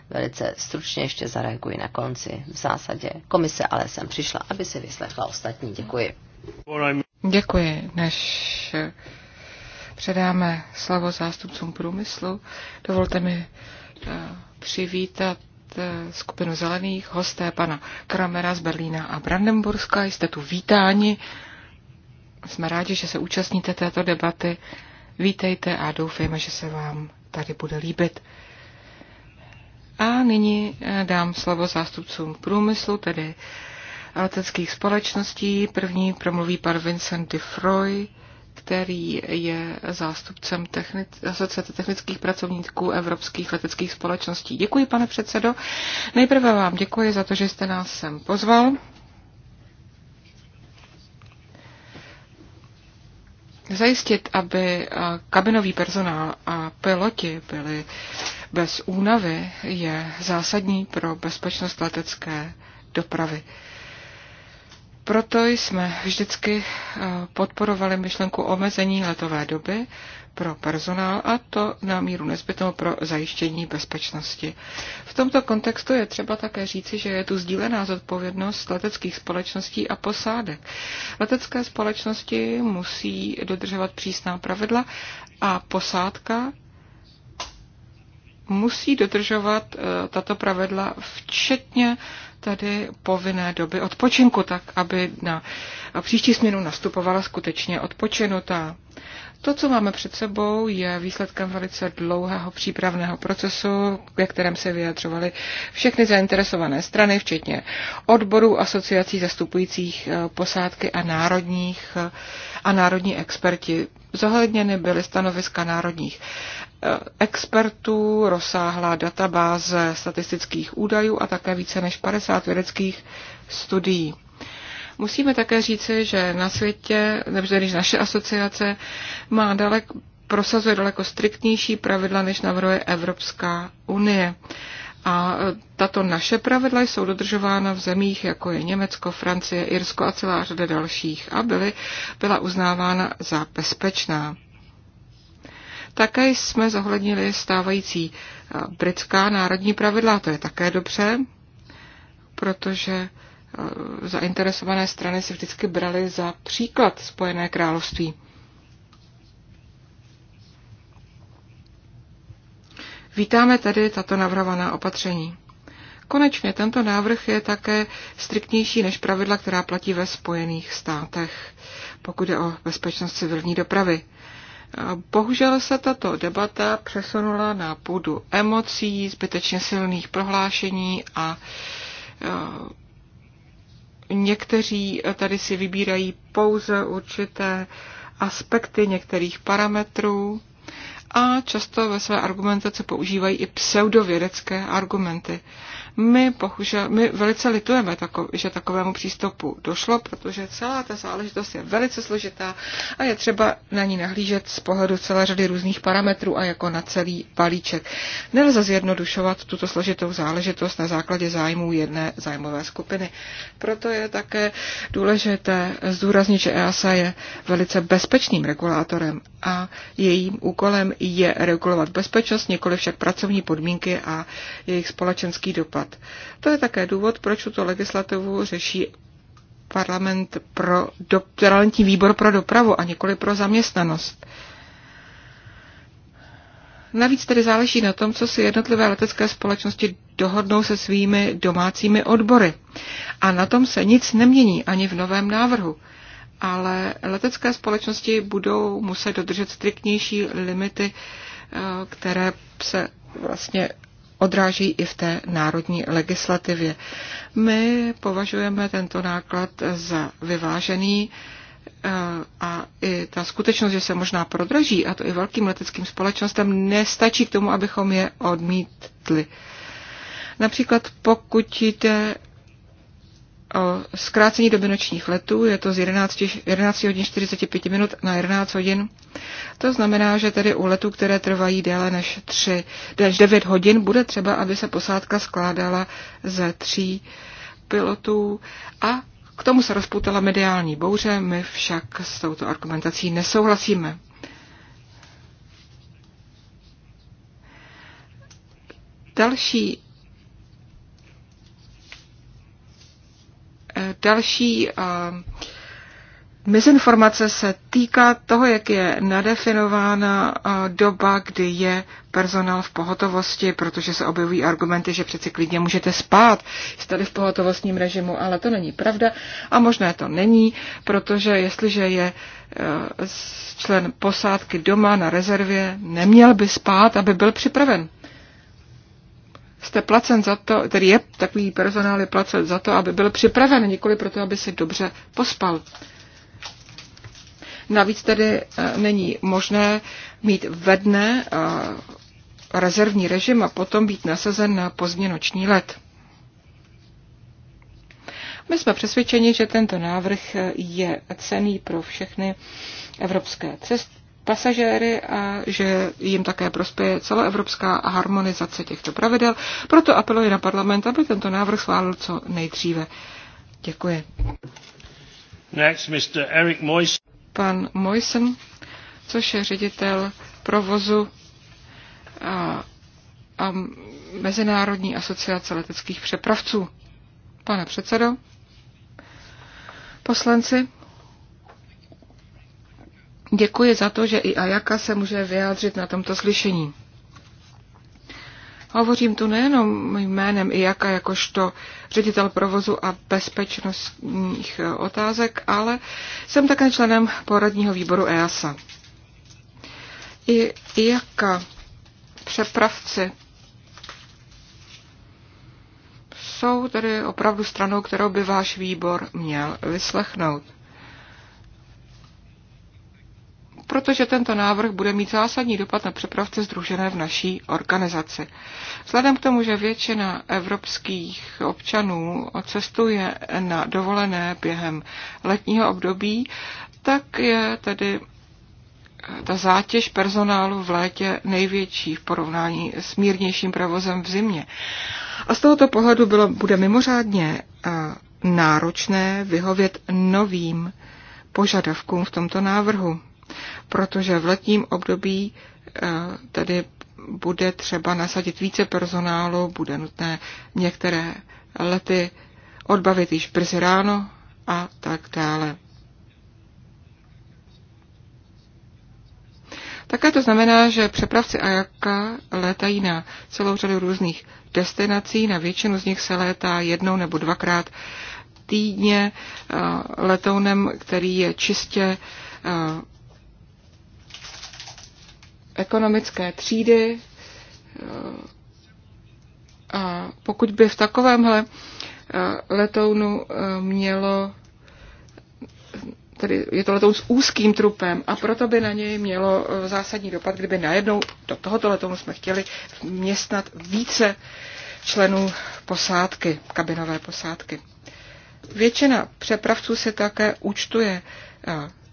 velice stručně ještě zareaguji na konci. V zásadě komise ale jsem přišla, aby si vyslechla ostatní. Děkuji. Děkuji. Než předáme slovo zástupcům průmyslu, dovolte mi eh, přivítat eh, skupinu zelených, hosté pana Kramera z Berlína a Brandenburska. Jste tu vítáni. Jsme rádi, že se účastníte této debaty. Vítejte a doufejme, že se vám tady bude líbit. A nyní eh, dám slovo zástupcům průmyslu, tedy leteckých společností. První promluví pan Vincent de Froy který je zástupcem technic, asociace technických pracovníků evropských leteckých společností. Děkuji, pane předsedo. Nejprve vám děkuji za to, že jste nás sem pozval. Zajistit, aby eh, kabinový personál a piloti byli bez únavy, je zásadní pro bezpečnost letecké dopravy. Proto jsme vždycky eh, podporovali myšlenku omezení letové doby pro personál a to na míru nezbytnou pro zajištění bezpečnosti. V tomto kontextu je třeba také říci, že je tu sdílená zodpovědnost leteckých společností a posádek. Letecké společnosti musí dodržovat přísná pravidla a posádka musí dodržovat eh, tato pravidla, včetně tedy povinné doby odpočinku, tak aby na příští směnu nastupovala skutečně odpočinutá. To, co máme před sebou, je výsledkem velice dlouhého přípravného procesu, ve kterém se vyjadřovaly všechny zainteresované strany, včetně odborů, asociací zastupujících eh, posádky a, národních, eh, a národní experti. Zohledněny byly stanoviska národních expertů, rozsáhlá databáze statistických údajů a také více než 50 vědeckých studií. Musíme také říci, že na světě, nebo když naše asociace má dalek, prosazuje daleko striktnější pravidla, než navrhuje Evropská unie. A e, tato naše pravidla jsou dodržována v zemích, jako je Německo, Francie, Irsko a celá řada dalších a byly, byla uznávána za bezpečná. Také jsme zohlednili stávající eh, britská národní pravidla, to je také dobře, protože eh, zainteresované strany si vždycky brali za příklad Spojené království. Vítáme tedy tato navrhovaná opatření. Konečně tento návrh je také striktnější než pravidla, která platí ve Spojených státech, pokud je o bezpečnost civilní dopravy. Bohužel se tato debata přesunula na půdu emocí, zbytečně silných prohlášení a někteří tady si vybírají pouze určité aspekty některých parametrů a často ve své argumentaci používají i pseudovědecké argumenty. My, bohužel, my velice litujeme, že takovému přístupu došlo, protože celá ta záležitost je velice složitá a je třeba na ní nahlížet z pohledu celé řady různých parametrů a jako na celý balíček. Nelze zjednodušovat tuto složitou záležitost na základě zájmů jedné zájmové skupiny. Proto je také důležité zdůraznit, že EASA je velice bezpečným regulátorem a jejím úkolem je regulovat bezpečnost, nikoli však pracovní podmínky a jejich společenský dopad případ. To je také důvod, proč tuto legislativu řeší parlament pro do, parlamentní výbor pro dopravu a nikoli pro zaměstnanost. Navíc tedy záleží na tom, co si jednotlivé letecké společnosti dohodnou se svými domácími odbory. A na tom se nic nemění ani v novém návrhu. Ale letecké společnosti budou muset dodržet striktnější limity, eh, které se vlastně odráží i v té národní legislativě. My považujeme tento náklad za vyvážený eh, a i ta skutečnost, že se možná prodraží, a to i velkým leteckým společnostem, nestačí k tomu, abychom je odmítli. Například pokud jde o zkrácení doby nočních letů, je to z 11, 11 hodin 45 minut na 11 hodin. To znamená, že tedy u letů, které trvají déle než, 3, než 9 hodin, bude třeba, aby se posádka skládala ze tří pilotů a k tomu se rozputala mediální bouře, my však s touto argumentací nesouhlasíme. Další Další eh, mezinformace se týká toho, jak je nadefinována eh, doba, kdy je personál v pohotovosti, protože se objevují argumenty, že přeci klidně můžete spát, jste v pohotovostním režimu, ale to není pravda a možné to není, protože jestliže je eh, člen posádky doma na rezervě, neměl by spát, aby byl připraven jste placen za to, tedy je takový personál je placen za to, aby byl připraven, nikoli proto, aby se dobře pospal. Navíc tedy eh, není možné mít ve dne eh, rezervní režim a potom být nasazen na pozdně noční let. My jsme přesvědčeni, že tento návrh eh, je cený pro všechny evropské cest, pasažéry a že jim také prospěje celoevropská harmonizace těchto pravidel. Proto apeluji na parlament, aby tento návrh schválil co nejdříve. Děkuji. Next, Mr. Eric Moysen. Pan Moysen, což je ředitel provozu a, a Mezinárodní asociace leteckých přepravců. Pane předsedo, poslanci, Děkuji za to, že i Ajaka se může vyjádřit na tomto slyšení. Hovořím tu nejenom jménem IAKA jakožto ředitel provozu a bezpečnostních eh, otázek, ale jsem také členem poradního výboru EASA. I IAKA přepravci jsou tedy opravdu stranou, kterou by váš výbor měl vyslechnout. protože tento návrh bude mít zásadní dopad na přepravce združené v naší organizaci. Vzhledem k tomu, že většina evropských občanů cestuje na dovolené během letního období, tak je tedy eh, ta zátěž personálu v létě největší v porovnání s mírnějším provozem v zimě. A z tohoto pohledu bylo, bude mimořádně eh, náročné vyhovět novým požadavkům v tomto návrhu protože v letním období eh, tady bude třeba nasadit více personálu, bude nutné některé lety odbavit již brzy ráno a tak dále. Také to znamená, že přepravci Ajaka létají na celou řadu různých destinací, na většinu z nich se létá jednou nebo dvakrát týdně eh, letounem, který je čistě eh, ekonomické třídy. A pokud by v takovémhle eh, letounu eh, mělo tedy je to letoun s úzkým trupem a proto by na něj mělo eh, zásadní dopad, kdyby najednou do tohoto letounu jsme chtěli městnat více členů posádky, kabinové posádky. Většina přepravců se také účtuje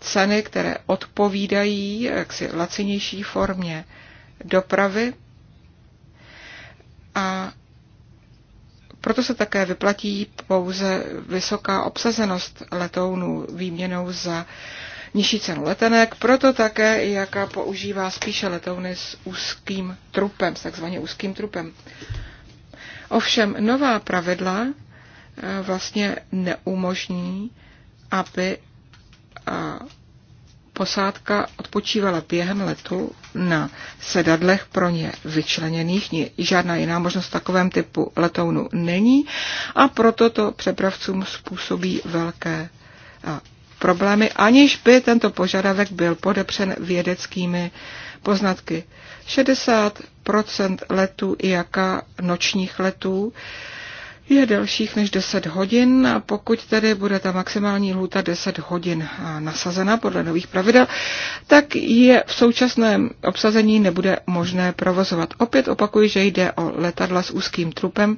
ceny, které odpovídají jaksi lacinější formě dopravy a proto se také vyplatí pouze vysoká obsazenost letounů výměnou za nižší cenu letenek, proto také jaká používá spíše letouny s úzkým trupem, s takzvaně úzkým trupem. Ovšem nová pravidla eh, vlastně neumožní, aby posádka odpočívala během letu na sedadlech pro ně vyčleněných. Žádná jiná možnost v takovém typu letounu není a proto to přepravcům způsobí velké problémy, aniž by tento požadavek byl podepřen vědeckými poznatky. 60% letů jaká nočních letů je delších než 10 hodin a pokud tedy bude ta maximální lhůta 10 hodin nasazena podle nových pravidel, tak je v současném obsazení nebude možné provozovat. Opět opakuji, že jde o letadla s úzkým trupem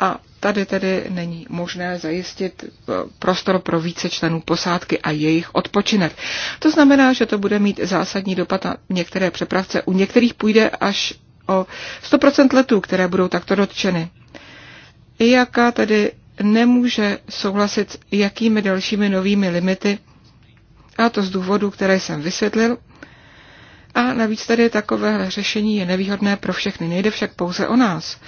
a tady tedy není možné zajistit e, prostor pro více členů posádky a jejich odpočinek. To znamená, že to bude mít zásadní dopad na některé přepravce. U některých půjde až o 100% letů, které budou takto dotčeny. IAKA tedy nemůže souhlasit s jakými dalšími novými limity, a to z důvodu, které jsem vysvětlil. A navíc tady takové řešení je nevýhodné pro všechny, nejde však pouze o nás.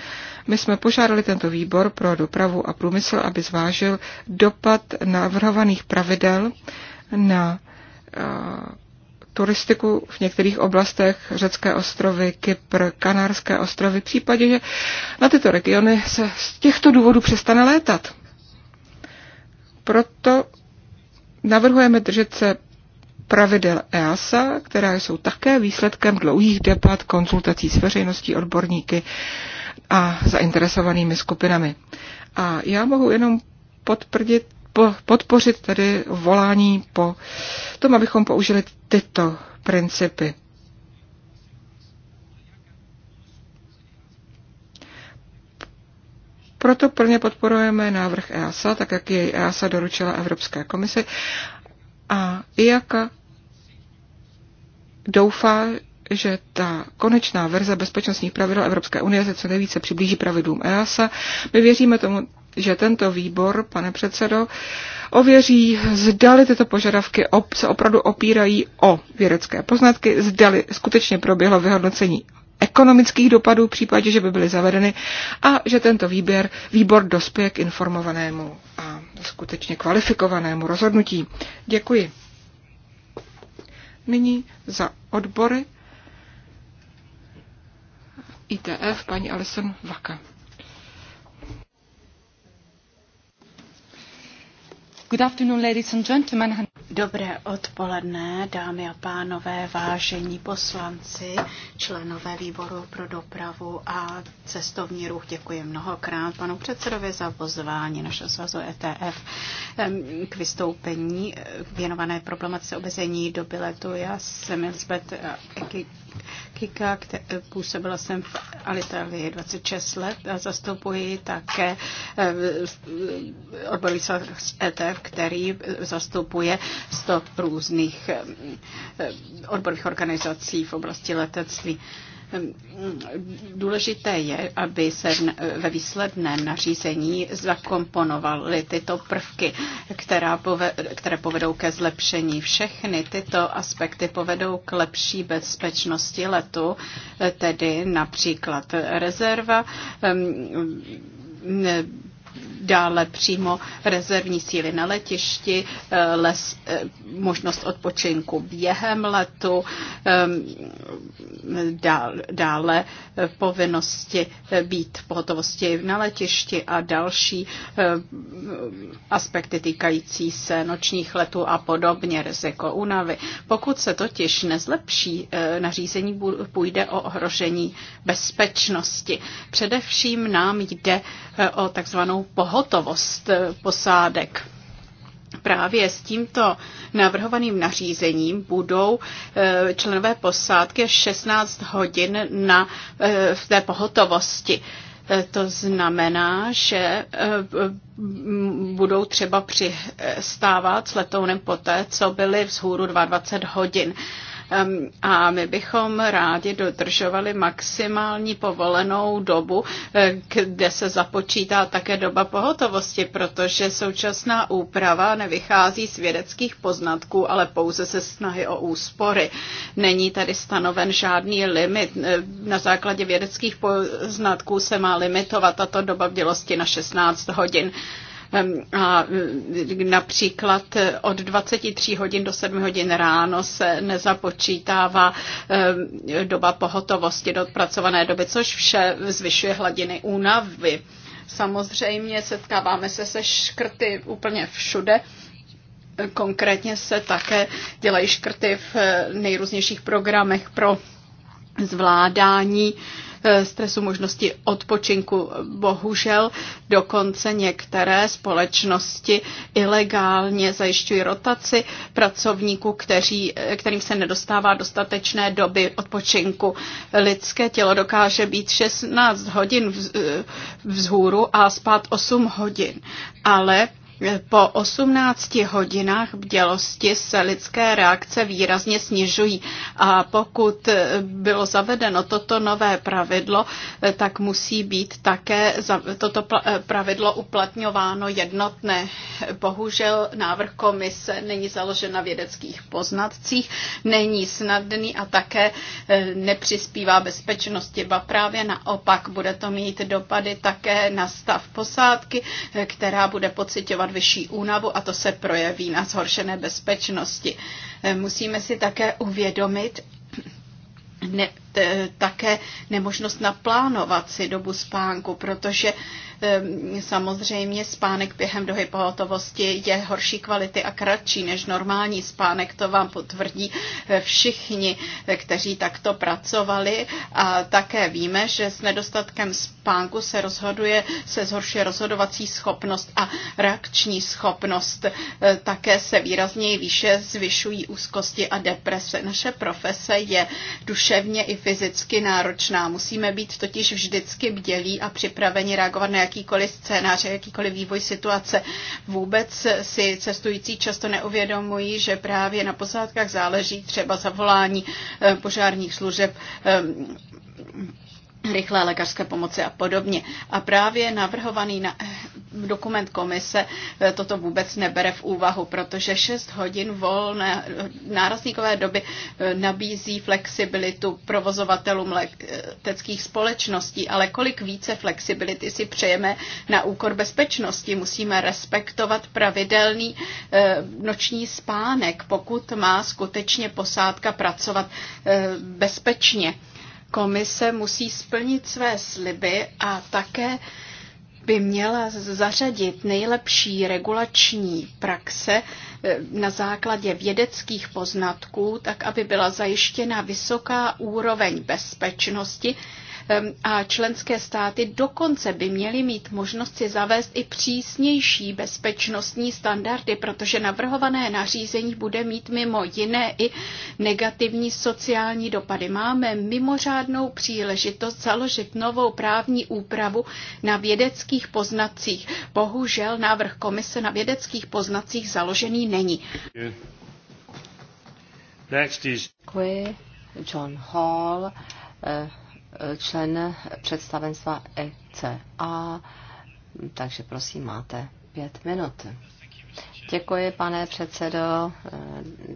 My jsme požádali tento výbor pro dopravu a průmysl, aby zvážil dopad navrhovaných pravidel na eh, turistiku v některých oblastech, řecké ostrovy, Kypr, Kanárské ostrovy, v případě, že na tyto regiony se z těchto důvodů přestane létat. Proto navrhujeme držet se pravidel EASA, která jsou také výsledkem dlouhých debat, konzultací s veřejností, odborníky a zainteresovanými skupinami. A já mohu jenom potvrdit podpořit tedy volání po tom, abychom použili tyto principy. Proto plně podporujeme návrh EASA, tak jak jej EASA doručila Evropské komisi. A IAKA doufá, že ta konečná verze bezpečnostních pravidel Evropské unie se co nejvíce přiblíží pravidlům EASA. My věříme tomu že tento výbor, pane předsedo, ověří, zdali tyto požadavky op, se opravdu opírají o vědecké poznatky, zdali skutečně proběhlo vyhodnocení ekonomických dopadů v případě, že by byly zavedeny a že tento výběr, výbor dospěje k informovanému a skutečně kvalifikovanému rozhodnutí. Děkuji. Nyní za odbory ITF paní Alison Vaka. Dobré odpoledne, dámy a pánové, vážení poslanci, členové výboru pro dopravu a cestovní ruch. Děkuji mnohokrát panu předsedovi za pozvání našeho svazu ETF k vystoupení eh, věnované problematice obezení do biletu. Já jsem Elizabeth eh, Kika, působila jsem v Alitalii 26 let a zastupuji také eh, odborový svaz ETF, který zastupuje 100 různých eh, odborových organizací v oblasti letectví. Důležité je, aby se ve výsledném nařízení zakomponovaly tyto prvky, která pove, které povedou ke zlepšení. Všechny tyto aspekty povedou k lepší bezpečnosti letu, tedy například rezerva, dále přímo rezervní síly na letišti, eh, les, eh, možnost odpočinku během letu, ehm, dále eh, povinnosti být v pohotovosti na letišti a další aspekty týkající se nočních letů a podobně, riziko únavy. Pokud se totiž nezlepší nařízení, půjde o ohrožení bezpečnosti. Především nám jde o takzvanou pohotovost hotovost eh, posádek. Právě s tímto navrhovaným nařízením budou eh, členové posádky 16 hodin na, eh, v té pohotovosti. To znamená, že budou třeba přistávat s letounem poté, co byly vzhůru 22 hodin a my bychom rádi dodržovali maximální povolenou dobu, eh, kde se započítá také doba pohotovosti, protože současná úprava nevychází z vědeckých poznatků, ale pouze se snahy o úspory. Není tady stanoven žádný limit. Eh, na základě vědeckých poznatků se má limitovat tato doba v dělosti na 16 hodin. A e, například e, od 23 hodin do 7 hodin ráno se nezapočítává e, doba pohotovosti do odpracované doby, což vše zvyšuje hladiny únavy. Samozřejmě setkáváme se se škrty úplně všude. Konkrétně se také dělají škrty v nejrůznějších programech pro zvládání uh, Eh, stresu, možnosti odpočinku. Bohužel dokonce některé společnosti ilegálně zajišťují rotaci pracovníků, kteří, eh, kterým se nedostává dostatečné doby odpočinku. Lidské tělo dokáže být 16 hodin eh, vzhůru a spát 8 hodin, ale po 18 hodinách bdělosti se lidské reakce výrazně snižují a pokud bylo zavedeno toto nové pravidlo, tak musí být také toto pravidlo uplatňováno jednotné. Bohužel návrh komise není založen na vědeckých poznatcích, není snadný a také eh, nepřispívá bezpečnosti, ba právě naopak bude to mít dopady také na stav posádky, eh, která bude pocitovat vyšší únavu a to se projeví na zhoršené bezpečnosti. Eh, musíme si také uvědomit, ne, také nemožnost naplánovat si dobu spánku, protože samozřejmě spánek během dohy pohotovosti je horší kvality a kratší než normální spánek. To vám potvrdí eh, všichni, eh, kteří takto pracovali. A také víme, že s nedostatkem spánku se rozhoduje, se zhoršuje rozhodovací schopnost a reakční schopnost. Eh, také se výrazněji výše zvyšují úzkosti a deprese. Naše profese je duševně i fyzicky náročná. Musíme být totiž vždycky bdělí a připraveni reagovat na jakýkoliv scénář, jakýkoliv vývoj situace. Vůbec si cestující často neuvědomují, že právě na posádkách záleží třeba zavolání eh, požárních služeb eh, rychlé lékařské pomoci a podobně. A právě navrhovaný na, eh, dokument komise eh, toto vůbec nebere v úvahu, protože 6 hodin volné eh, nárazníkové doby nabízí flexibilitu provozovatelům leteckých společností, ale kolik více flexibility si přejeme na úkor bezpečnosti. Musíme respektovat pravidelný noční spánek, pokud má skutečně posádka pracovat bezpečně komise musí splnit své sliby a také by měla zařadit nejlepší regulační praxe eh, na základě vědeckých poznatků, tak aby byla zajištěna vysoká úroveň bezpečnosti Ehm, a členské státy dokonce by měly mít možnost si zavést i přísnější bezpečnostní standardy, protože navrhované nařízení bude mít mimo jiné i negativní sociální dopady. Máme mimořádnou příležitost založit novou právní úpravu na vědeckých poznacích. Bohužel návrh komise na vědeckých poznacích založený není. Next is... Děkuji. John Hall. Uh člen představenstva ECA, takže prosím, máte pět minut. Děkuji, pane předsedo, eh,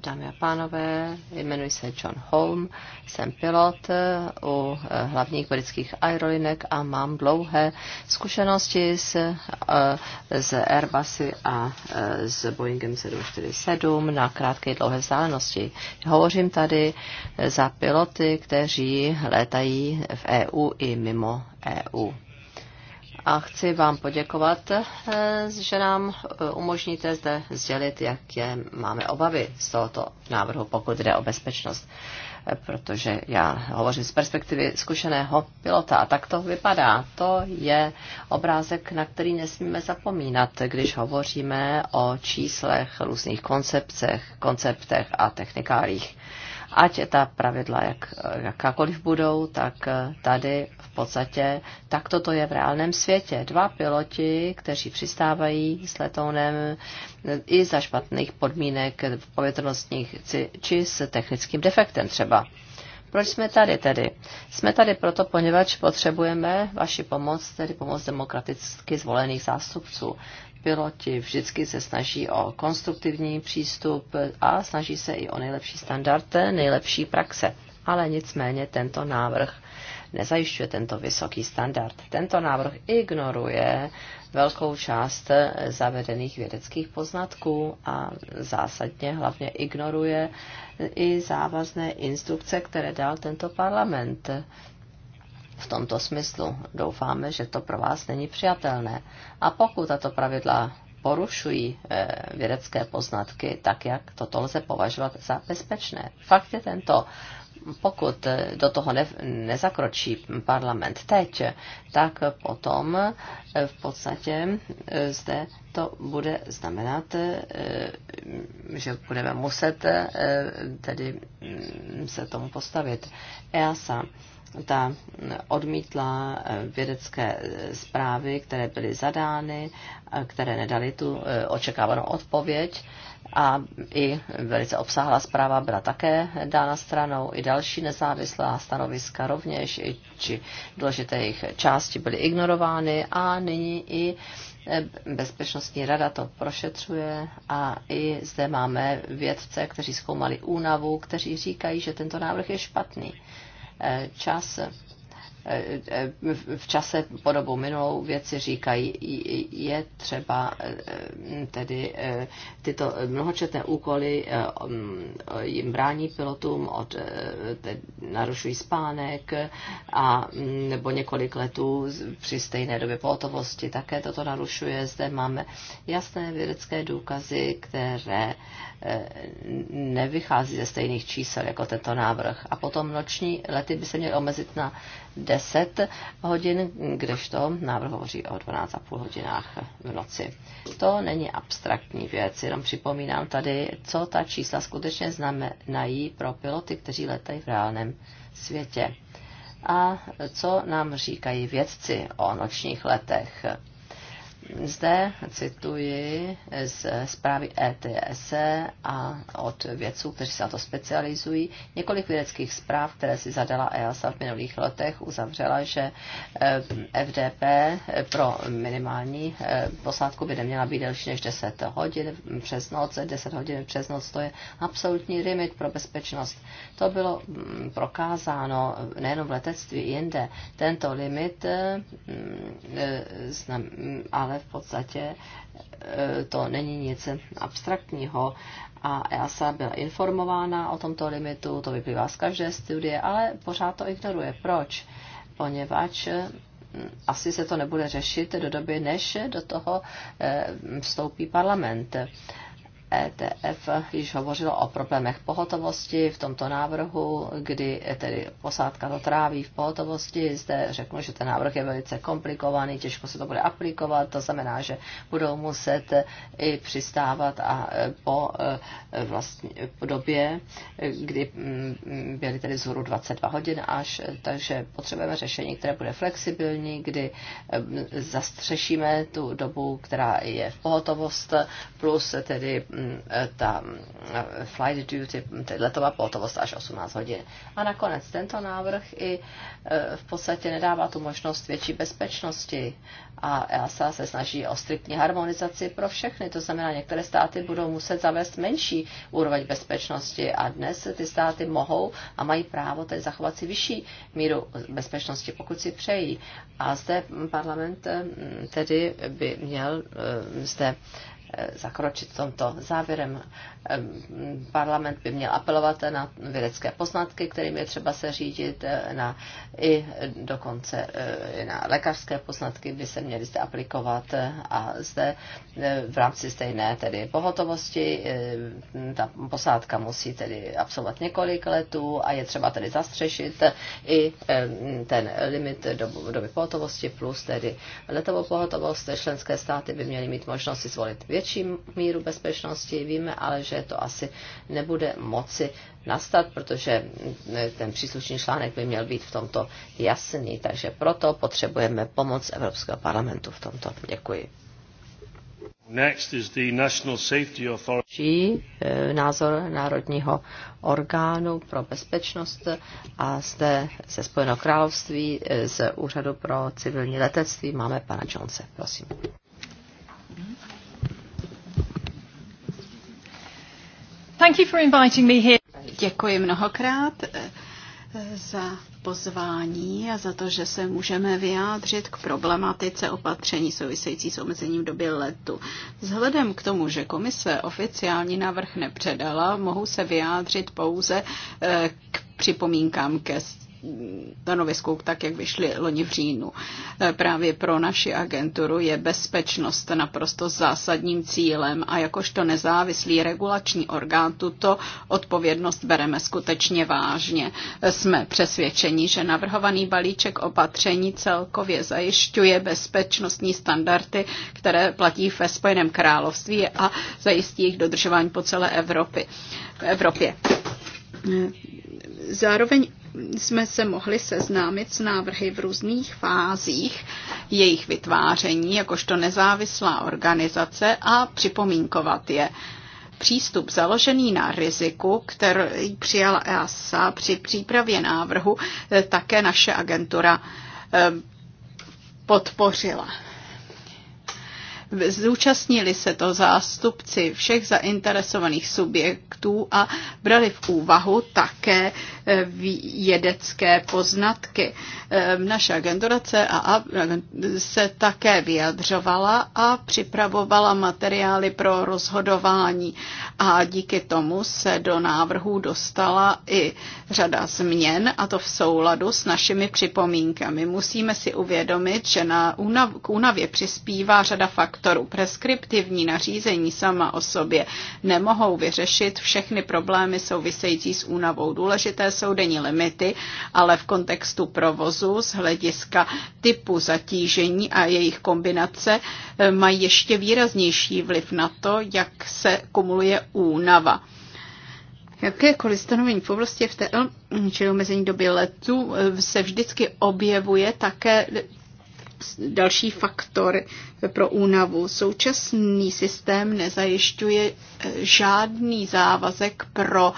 dámy a pánové, jmenuji se John Holm, jsem pilot eh, u eh, hlavních britských aerolinek a mám dlouhé zkušenosti s, s Airbusy a s Boeingem 747 na krátké dlouhé vzdálenosti. Hovořím tady za piloty, kteří létají v EU i mimo EU a chci vám poděkovat, eh, že nám eh, umožníte zde sdělit, jaké máme obavy z tohoto návrhu, pokud jde o bezpečnost. Eh, protože já hovořím z perspektivy zkušeného pilota a tak to vypadá. To je obrázek, na který nesmíme zapomínat, když hovoříme o číslech, různých konceptech, konceptech a technikálích ať ta pravidla jak, jakákoliv budou, tak eh, tady v podstatě tak toto je v reálném světě. Dva piloti, kteří přistávají s letounem eh, i za špatných podmínek v povětrnostních či s technickým defektem třeba. Proč jsme tady tedy? Jsme tady proto, poněvadž potřebujeme vaši pomoc, tedy pomoc demokraticky zvolených zástupců piloti vždycky se snaží o konstruktivní přístup a snaží se i o nejlepší standard, nejlepší praxe. Ale nicméně tento návrh nezajišťuje tento vysoký standard. Tento návrh ignoruje velkou část zavedených vědeckých poznatků a zásadně hlavně ignoruje i závazné instrukce, které dal tento parlament v tomto smyslu. Doufáme, že to pro vás není přijatelné. A pokud tato pravidla porušují eh, vědecké poznatky, tak jak toto lze považovat za bezpečné. Fakt je tento, pokud eh, do toho ne, nezakročí parlament teď, tak potom eh, v podstatě zde to bude znamenat, že budeme muset tedy mm, se tomu postavit. EASA ta odmítla eh, vědecké eh, zprávy, které byly zadány, eh, které nedaly tu očekávanou odpověď. A i velice obsáhlá zpráva byla také dána stranou, i další nezávislá stanoviska rovněž, i, či důležité jejich části byly ignorovány a nyní i Bezpečnostní rada to prošetřuje a i zde máme vědce, kteří zkoumali únavu, kteří říkají, že tento návrh je špatný. Eh, čas eh, eh, v čase podobou minulou věci říkají, je třeba tedy tyto mnohočetné úkoly jim brání pilotům, od, narušují spánek a mm, nebo několik letů při stejné době pohotovosti také toto narušuje. Zde máme jasné vědecké důkazy, které Eh, nevychází ze stejných čísel jako tento návrh. A potom noční lety by se měly omezit na 10 hodin, kdežto návrh hovoří o 12,5 hodinách v noci. To není abstraktní věc, jenom připomínám tady, co ta čísla skutečně znamenají pro piloty, kteří letají v reálném světě. A co nám říkají vědci o nočních letech zde cituji z zprávy ETS a od vědců, kteří se na to specializují. Několik vědeckých zpráv, které si zadala EASA v minulých letech, uzavřela, že eh, FDP pro minimální eh, posádku by neměla být delší než 10 hodin přes noc. 10 hodin přes noc to je absolutní limit pro bezpečnost. To bylo mm, prokázáno nejen v letectví, jinde. Tento limit, eh, mm, ale ale v podstatě e, to není nic abstraktního. A já e jsem byla informována o tomto limitu, to vyplývá z každé studie, ale pořád to ignoruje. Proč? Poněvadž asi se to nebude řešit do doby, než do toho e, vstoupí parlament. ETF již hovořilo o problémech pohotovosti v tomto návrhu, kdy tedy posádka to tráví v pohotovosti. Zde řeknu, že ten návrh je velice komplikovaný, těžko se to bude aplikovat, to znamená, že budou muset i přistávat a e, po e, vlastně době, kdy mm, byly tedy zhruba 22 hodin až, takže potřebujeme řešení, které bude flexibilní, kdy e, zastřešíme tu dobu, která je v pohotovost, plus tedy ta flight duty, letová pohotovost až 18 hodin. A nakonec tento návrh i e, v podstatě nedává tu možnost větší bezpečnosti a EASA se snaží o striktní harmonizaci pro všechny. To znamená, některé státy budou muset zavést menší úroveň bezpečnosti a dnes ty státy mohou a mají právo tedy zachovat si vyšší míru bezpečnosti, pokud si přejí. A zde parlament e, tedy by měl e, zde Eh, zakročit tomto závěrem. Eh, Parlament by měl apelovat na vědecké poznatky, kterým je třeba se řídit, eh, na, i dokonce na lékařské poznatky by se měly zde aplikovat a zde v rámci stejné tedy pohotovosti ta posádka musí tedy absolvovat několik letů a je třeba tedy zastřešit i ten limit doby pohotovosti plus tedy letovou pohotovost. Členské státy by měly mít možnost si zvolit větší míru bezpečnosti. Víme ale, že to asi nebude moci nastat, protože eh, ten příslušný článek by měl být v tomto jasný. Takže proto potřebujeme pomoc Evropského parlamentu v tomto. Děkuji. Next is the National Safety Authority. Eh, názor národního orgánu pro bezpečnost a zde ze Spojeného království eh, z Úřadu pro civilní letectví máme pana Johnsona, Prosím. Mhm. Thank you for inviting me here. Děkuji mnohokrát eh, eh, za pozvání a za to, že se můžeme vyjádřit k problematice opatření související s omezením doby letu. Vzhledem k tomu, že komise oficiální návrh nepředala, mohu se vyjádřit pouze eh, k připomínkám ke stanoviskou, tak jak vyšly loni v říjnu. Eh, právě pro naši agenturu je bezpečnost naprosto zásadním cílem a jakožto nezávislý regulační orgán tuto odpovědnost bereme skutečně vážně. Eh, jsme přesvědčeni, že navrhovaný balíček opatření celkově zajišťuje bezpečnostní standardy, které platí ve Spojeném království a zajistí jejich dodržování po celé Evropě. Eh, zároveň jsme se mohli seznámit s návrhy v různých fázích jejich vytváření jakožto nezávislá organizace a připomínkovat je. Přístup založený na riziku, který přijala e EASA při přípravě návrhu, eh, také naše agentura eh, podpořila. Zúčastnili se to zástupci všech zainteresovaných subjektů a brali v úvahu také eh, vědecké poznatky. Eh, naše agentura CA se také vyjadřovala a připravovala materiály pro rozhodování a díky tomu se do návrhů dostala i řada změn a to v souladu s našimi připomínkami. Musíme si uvědomit, že na k únavě přispívá řada faktorů faktorů. Preskriptivní nařízení sama o sobě nemohou vyřešit všechny problémy související s únavou. Důležité jsou denní limity, ale v kontextu provozu z hlediska typu zatížení a jejich kombinace eh, mají ještě výraznější vliv na to, jak se kumuluje únava. Jakékoliv stanovení v oblasti FTL, čili omezení doby letu, eh, se vždycky objevuje také další faktor pro únavu. Současný systém nezajišťuje eh, žádný závazek pro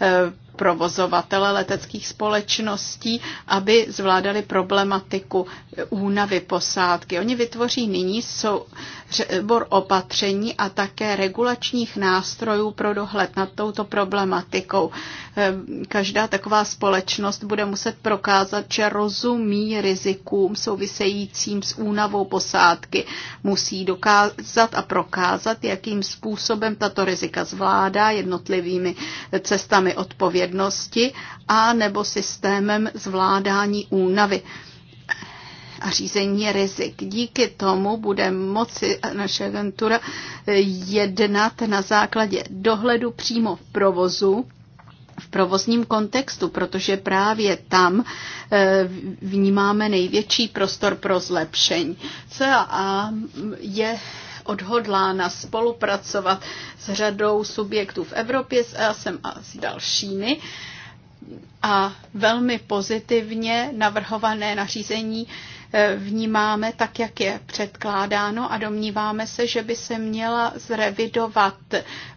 eh, provozovatele leteckých společností, aby zvládali problematiku únavy posádky. Oni vytvoří nyní jsou přebor opatření a také regulačních nástrojů pro dohled nad touto problematikou. Ehm, každá taková společnost bude muset prokázat, že rozumí rizikům souvisejícím s únavou posádky. Musí dokázat a prokázat, jakým způsobem tato rizika zvládá jednotlivými cestami odpovědnosti a nebo systémem zvládání únavy a řízení rizik. Díky tomu bude moci naše agentura jednat na základě dohledu přímo v provozu v provozním kontextu, protože právě tam eh, vnímáme největší prostor pro zlepšení. CAA je odhodlána spolupracovat s řadou subjektů v Evropě, s EASem a s dalšími. A velmi pozitivně navrhované nařízení Eh, vnímáme tak, jak je předkládáno a domníváme se, že by se měla zrevidovat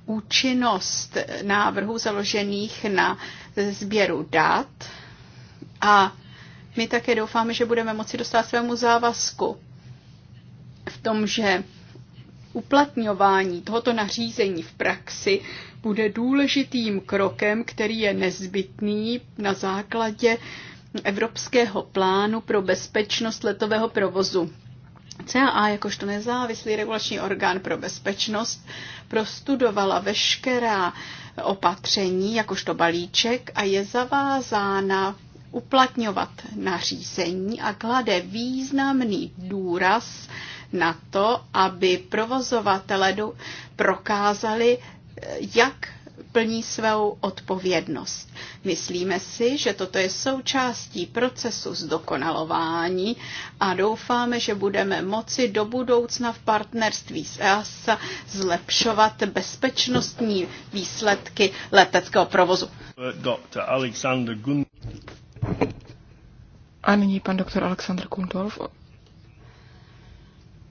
účinnost návrhů založených na sběru dat a my také doufáme, že budeme moci dostat svému závazku v tom, že uplatňování tohoto nařízení v praxi bude důležitým krokem, který je nezbytný na základě uh, Evropského plánu pro bezpečnost letového provozu. CAA jakožto nezávislý regulační orgán pro bezpečnost prostudovala veškerá opatření jakožto balíček a je zavázána uplatňovat nařízení a klade významný důraz na to, aby provozovatele prokázali, jak plní svou odpovědnost. Myslíme si, že toto je součástí procesu zdokonalování a doufáme, že budeme moci do budoucna v partnerství s EASA zlepšovat bezpečnostní výsledky leteckého provozu. a nyní pan doktor Aleksandr Kundolf,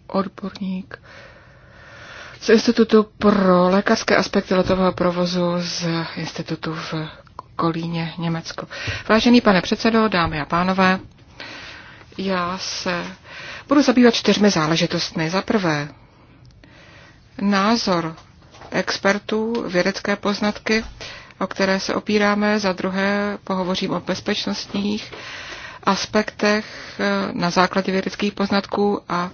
odborník z Institutu pro lékařské aspekty letového provozu z Institutu v Kolíně, Německo. Vážený pane předsedo, dámy a pánové, já se budu zabývat čtyřmi záležitostmi. Za prvé, názor expertů, vědecké poznatky, o které se opíráme. Za druhé, pohovořím o bezpečnostních aspektech eh, na základě vědeckých poznatků a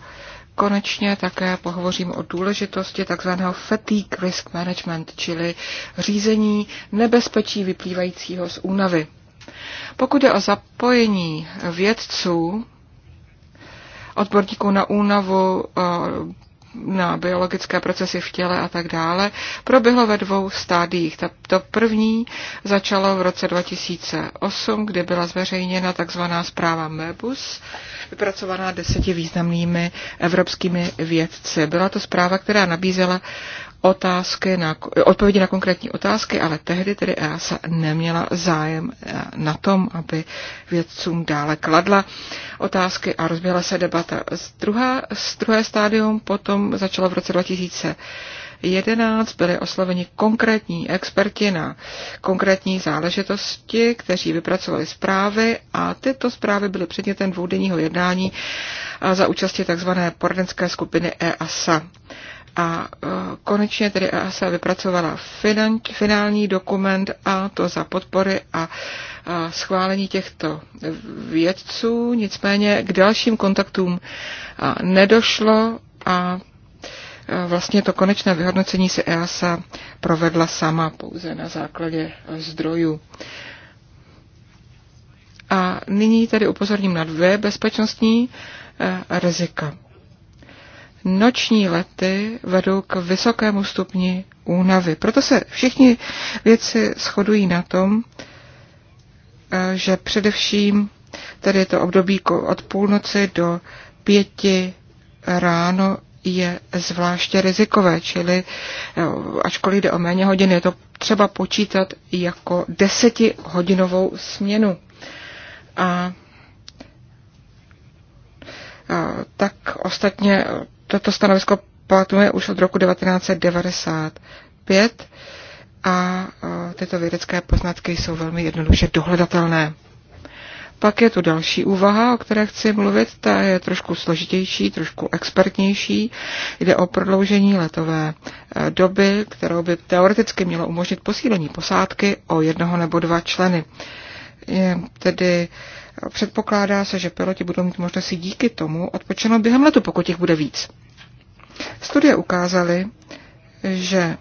konečně také pohovořím o důležitosti takzvaného fatigue risk management, čili řízení nebezpečí vyplývajícího z únavy. Pokud je o zapojení vědců, odborníků na únavu, na biologické procesy v těle a tak dále, proběhlo ve dvou stádiích. Ta, to první začalo v roce 2008, kdy byla zveřejněna tzv. zpráva MEBUS, vypracovaná deseti významnými evropskými vědci. Byla to zpráva, která nabízela otázky na, odpovědi na konkrétní otázky, ale tehdy tedy EASA neměla zájem eh, na tom, aby vědcům dále kladla otázky a rozběhla se debata. Z, druhá, z druhé stádium potom začalo v roce 2000 11 byli osloveni konkrétní experti na konkrétní záležitosti, kteří vypracovali zprávy a tyto zprávy byly předmětem dvoudenního jednání za účasti tzv. poradenské skupiny EASA. A e, konečně tedy EASA vypracovala finální dokument a to za podpory a schválení těchto vědců. Nicméně k dalším kontaktům e, nedošlo a e, vlastně to konečné vyhodnocení se EASA provedla sama pouze na základě zdrojů. A nyní tedy upozorním na dvě bezpečnostní rizika noční lety vedou k vysokému stupni únavy. Proto se všichni věci shodují na tom, eh, že především tady je to období od půlnoci do pěti ráno je zvláště rizikové, čili eh, ačkoliv jde o méně hodin, je to třeba počítat jako desetihodinovou směnu. A tak ostatně toto stanovisko platuje už od roku 1995 a e, tyto vědecké poznatky jsou velmi jednoduše dohledatelné. Pak je tu další úvaha, o které chci mluvit, ta je trošku složitější, trošku expertnější. Jde o prodloužení letové e, doby, kterou by teoreticky mělo umožnit posílení posádky o jednoho nebo dva členy. Je tedy Předpokládá se, že piloti budou mít možnost si díky tomu odpočinout během letu, pokud jich bude víc. Studie ukázaly, že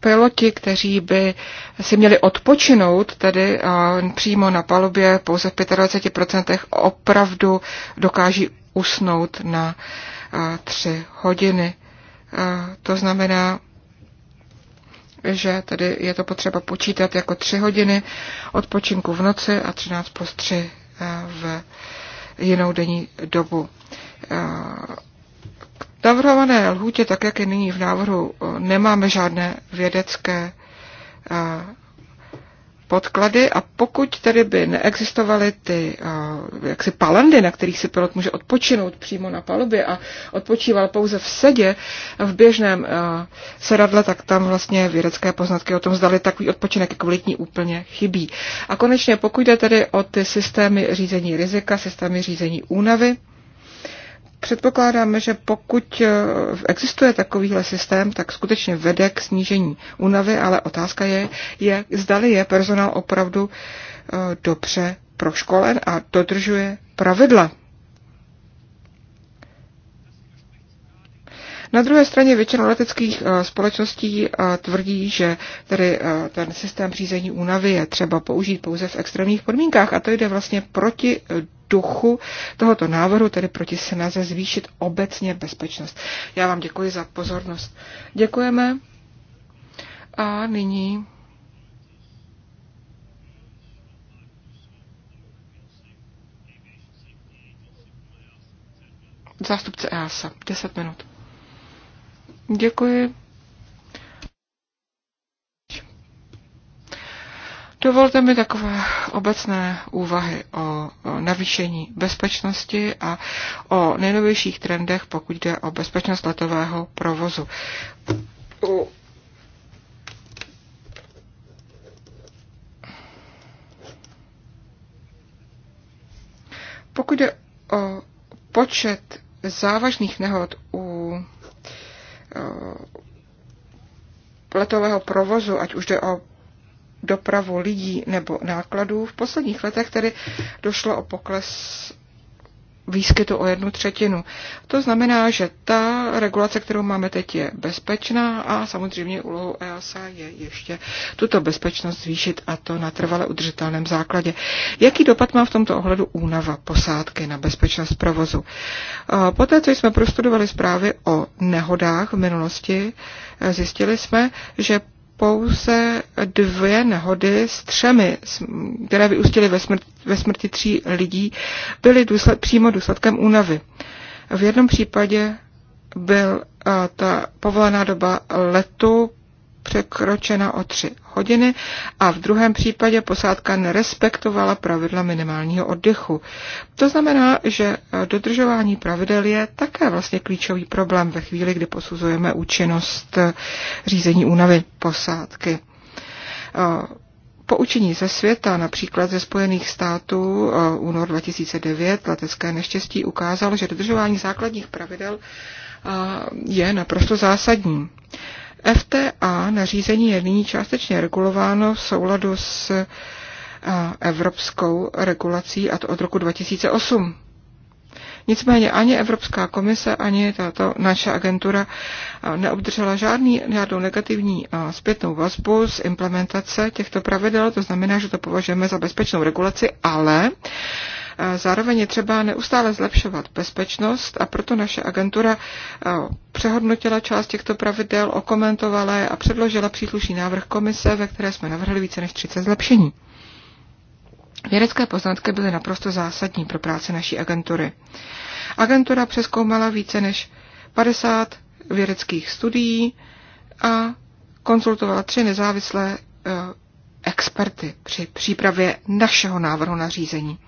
piloti, kteří by si měli odpočinout tedy přímo na palubě pouze v 25% opravdu dokáží usnout na tři hodiny. To znamená, že tedy je to potřeba počítat jako 3 hodiny odpočinku v noci a 13 plus 3 v jinou denní dobu. Eh, k navrhované lhůtě, tak jak je nyní v návrhu, eh, nemáme žádné vědecké eh, podklady a pokud tedy by neexistovaly ty eh, jaksi palandy, na kterých si pilot může odpočinout přímo na palubě a odpočíval pouze v sedě, eh, v běžném eh, sedadle, tak tam vlastně vědecké poznatky o tom zdali takový odpočinek kvalitní jako úplně chybí. A konečně pokud jde tedy o ty systémy řízení rizika, systémy řízení únavy, Předpokládáme, že pokud eh, existuje takovýhle systém, tak skutečně vede k snížení únavy, ale otázka je, je zdali je personál opravdu eh, dobře proškolen a dodržuje pravidla. Na druhé straně většina leteckých eh, společností eh, tvrdí, že tedy eh, ten systém řízení únavy je třeba použít pouze v extrémních podmínkách a to jde vlastně proti duchu tohoto návrhu, tedy proti snaze zvýšit obecně bezpečnost. Já vám děkuji za pozornost. Děkujeme. A nyní zástupce EASA. 10 minut. Děkuji. Dovolte mi takové obecné úvahy o navýšení bezpečnosti a o nejnovějších trendech, pokud jde o bezpečnost letového provozu. Pokud jde o počet závažných nehod u Eh, letového provozu, ať už jde o dopravu lidí nebo nákladů. V posledních letech tedy došlo o pokles výskytu o jednu třetinu. To znamená, že ta regulace, kterou máme teď, je bezpečná a samozřejmě úlohou EASA je ještě tuto bezpečnost zvýšit a to na trvale udržitelném základě. Jaký dopad má v tomto ohledu únava posádky na bezpečnost provozu? Poté, co jsme prostudovali zprávy o nehodách v minulosti, zjistili jsme, že pouze dvě nehody s třemi, které vyústily ve, smrt, ve smrti tří lidí, byly důsled, přímo důsledkem únavy. V jednom případě byl eh, ta povolená doba letu překročena o tři hodiny a v druhém případě posádka nerespektovala pravidla minimálního oddechu. To znamená, že dodržování pravidel je také vlastně klíčový problém ve chvíli, kdy posuzujeme účinnost řízení únavy posádky eh, poučení ze světa, například ze Spojených států eh, únor 2009, letecké neštěstí ukázalo, že dodržování základních pravidel eh, je naprosto zásadní. FTA nařízení je nyní částečně regulováno v souladu s evropskou regulací a to od roku 2008. Nicméně ani Evropská komise, ani tato naše agentura eh, neobdržela žádný, žádnou negativní eh, zpětnou vazbu z implementace těchto pravidel, to znamená, že to považujeme za bezpečnou regulaci, ale eh, Zároveň je třeba neustále zlepšovat bezpečnost a proto naše agentura přehodnotila část těchto pravidel, okomentovala je a předložila příslušný návrh komise, ve které jsme navrhli více než 30 zlepšení. Vědecké poznatky byly naprosto zásadní pro práci naší agentury. Agentura přeskoumala více než 50 vědeckých studií a konzultovala tři nezávislé eh, experty při přípravě našeho návrhu na řízení.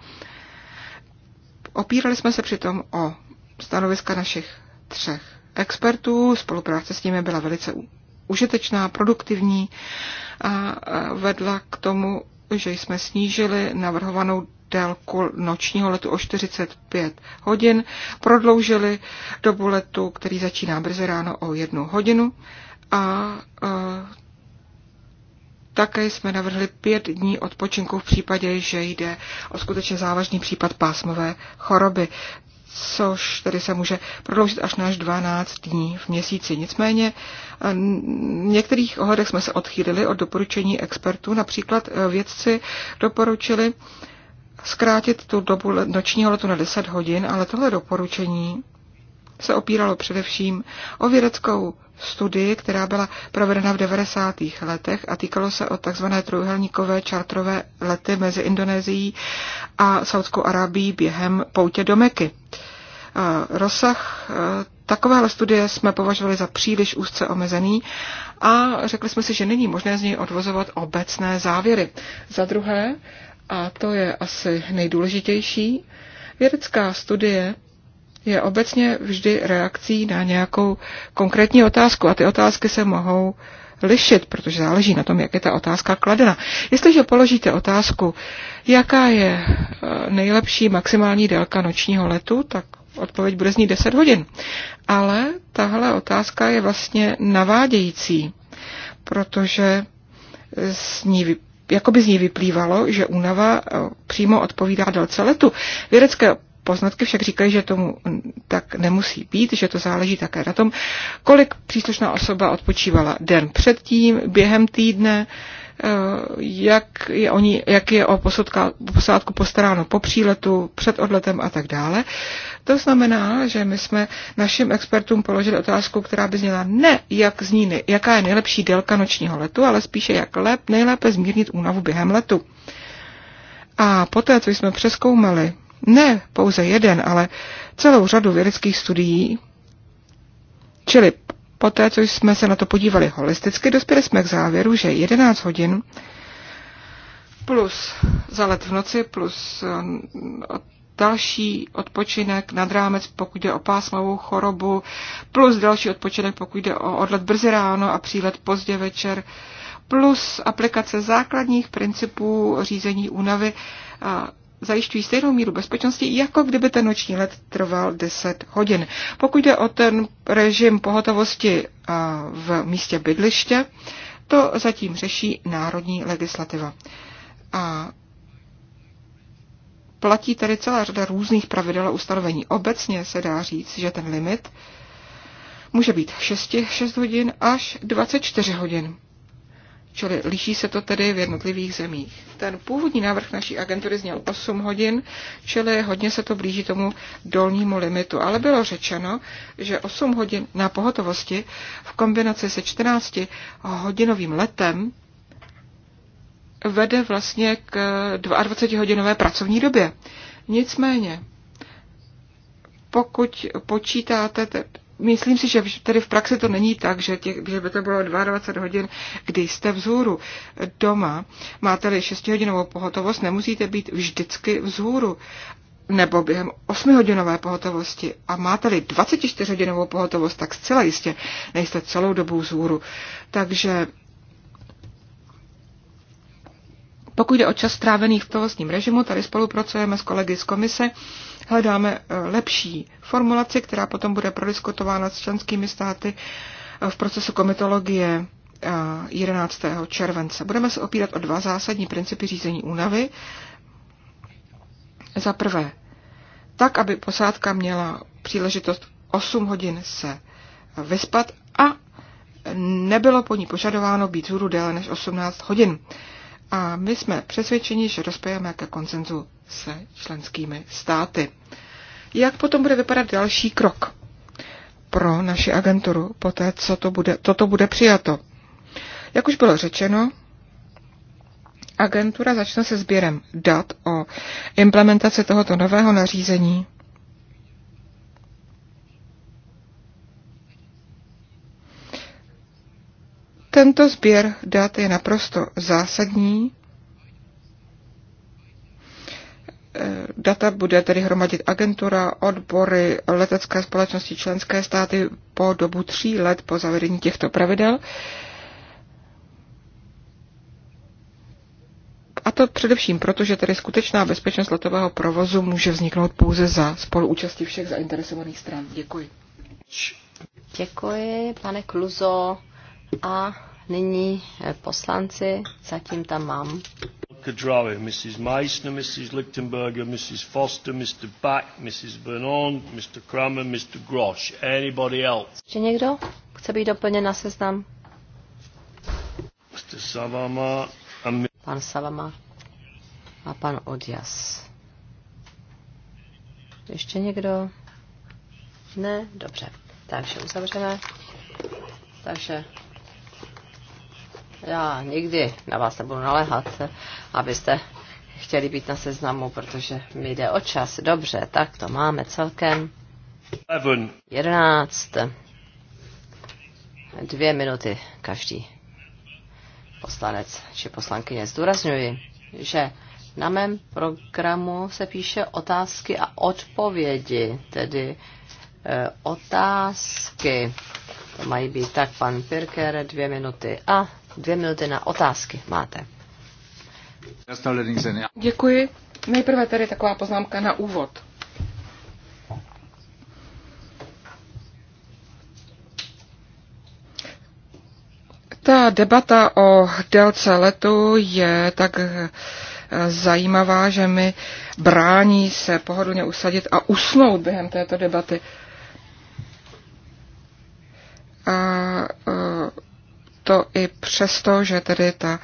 Opírali jsme se přitom o stanoviska našich třech expertů, spolupráce s nimi byla velice užitečná, produktivní a eh, vedla k tomu, že jsme snížili navrhovanou délku nočního letu o 45 hodin, prodloužili dobu letu, který začíná brzy ráno o jednu hodinu a e, také jsme navrhli pět dní odpočinku v případě, že jde o skutečně závažný případ pásmové choroby což tedy se může prodloužit až na 12 dní v měsíci. Nicméně eh, v některých ohledech jsme se odchýlili od doporučení expertů. Například eh, vědci doporučili zkrátit tu dobu nočního letu na 10 hodin, ale tohle doporučení se opíralo především o vědeckou studii, která byla provedena v 90. letech a týkalo se o tzv. trojuhelníkové čartrové lety mezi Indonésií a Saudskou Arábií během poutě do Meky. Rozsah e, takovéhle studie jsme považovali za příliš úzce omezený a řekli jsme si, že není možné z něj odvozovat obecné závěry. Za druhé, a to je asi nejdůležitější, vědecká studie je obecně vždy reakcí na nějakou konkrétní otázku a ty otázky se mohou lišit, protože záleží na tom, jak je ta otázka kladena. Jestliže položíte otázku, jaká je eh, nejlepší maximální délka nočního letu, tak odpověď bude znít 10 hodin. Ale tahle otázka je vlastně navádějící, protože s ní jakoby z ní vyplývalo, že únava eh, přímo odpovídá délce letu. Vědecké poznatky však říkají, že tomu tak nemusí být, že to záleží také na tom, kolik příslušná osoba odpočívala den předtím, během týdne, eh, jak je, oni, jak je o posudka, posádku postaráno po příletu, před odletem a tak dále. To znamená, že my jsme našim expertům položili otázku, která by zněla ne, jak zní, jaká je nejlepší délka nočního letu, ale spíše jak lep, nejlépe zmírnit únavu během letu. A poté, co jsme přeskoumali ne pouze jeden, ale celou řadu vědeckých studií, čili poté, co jsme se na to podívali holisticky, dospěli jsme k závěru, že 11 hodin plus zalet v noci, plus eh, další odpočinek nad rámec, pokud jde o pásmovou chorobu, plus další odpočinek, pokud jde o odlet brzy ráno a přílet pozdě večer, plus aplikace základních principů řízení únavy zajišťují stejnou míru bezpečnosti, jako kdyby ten noční let trval 10 hodin. Pokud jde o ten režim pohotovosti v místě bydliště, to zatím řeší národní legislativa. A platí tedy celá řada různých pravidel a ustanovení. Obecně se dá říct, že ten limit může být 6, 6 hodin až 24 hodin. Čili liší se to tedy v jednotlivých zemích. Ten původní návrh naší agentury zněl 8 hodin, čili hodně se to blíží tomu dolnímu limitu. Ale bylo řečeno, že 8 hodin na pohotovosti v kombinaci se 14 hodinovým letem vede vlastně k 22-hodinové pracovní době. Nicméně, pokud počítáte myslím si, že tedy v praxi to není tak, že, těch, že by to bylo 22 hodin, kdy jste vzhůru. Doma máte-li 6-hodinovou pohotovost, nemusíte být vždycky vzhůru nebo během 8-hodinové pohotovosti a máte-li 24-hodinovou pohotovost, tak zcela jistě nejste celou dobu vzhůru. Takže pokud jde o čas strávený v pohotovostním režimu, tady spolupracujeme s kolegy z komise, hledáme eh, lepší formulaci, která potom bude prodiskutována s členskými státy eh, v procesu komitologie 11. Eh, července. Budeme se opírat o dva zásadní principy řízení únavy. Za prvé, tak, aby posádka měla příležitost 8 hodin se vyspat a nebylo po ní požadováno být hůru déle než 18 hodin. A my jsme přesvědčeni, že dospějeme ke koncenzu se členskými státy. Jak potom bude vypadat další krok pro naši agenturu po té, co to bude, toto bude přijato? Jak už bylo řečeno, agentura začne se sběrem dat o implementaci tohoto nového nařízení Tento sběr dat je naprosto zásadní Eh, data bude tedy hromadit agentura, odbory, letecké společnosti, členské státy po dobu tří let po zavedení těchto pravidel. A to především proto, že tedy skutečná bezpečnost letového provozu může vzniknout pouze za spoluúčasti všech zainteresovaných stran. Děkuji. Děkuji, pane Kluzo. A nyní eh, poslanci, zatím tam mám. Kadrawi, Mrs. Meissner, Mrs. Lichtenberger, Mrs. Foster, Mr. Back, Mrs. Vernon, Mr. Kramer, Mr. Grosh. Anybody else? Ještě někdo chce být doplněn na seznam? Mr. Savama a my... Pan Savama a pan Odjas. Ještě někdo? Ne? Dobře. Takže uzavřeme. Takže já nikdy na vás nebudu naléhat, abyste chtěli být na seznamu, protože mi jde o čas. Dobře, tak to máme celkem. 11. Dvě minuty každý poslanec či poslankyně. Zdůrazňuji, že na mém programu se píše otázky a odpovědi, tedy e, otázky. To mají být tak pan Pirker dvě minuty a Dvě minuty na otázky máte. Děkuji. Nejprve tedy taková poznámka na úvod. Ta debata o délce letu je tak zajímavá, že mi brání se pohodlně usadit a usnout během této debaty. A e, to i přesto, že tedy ta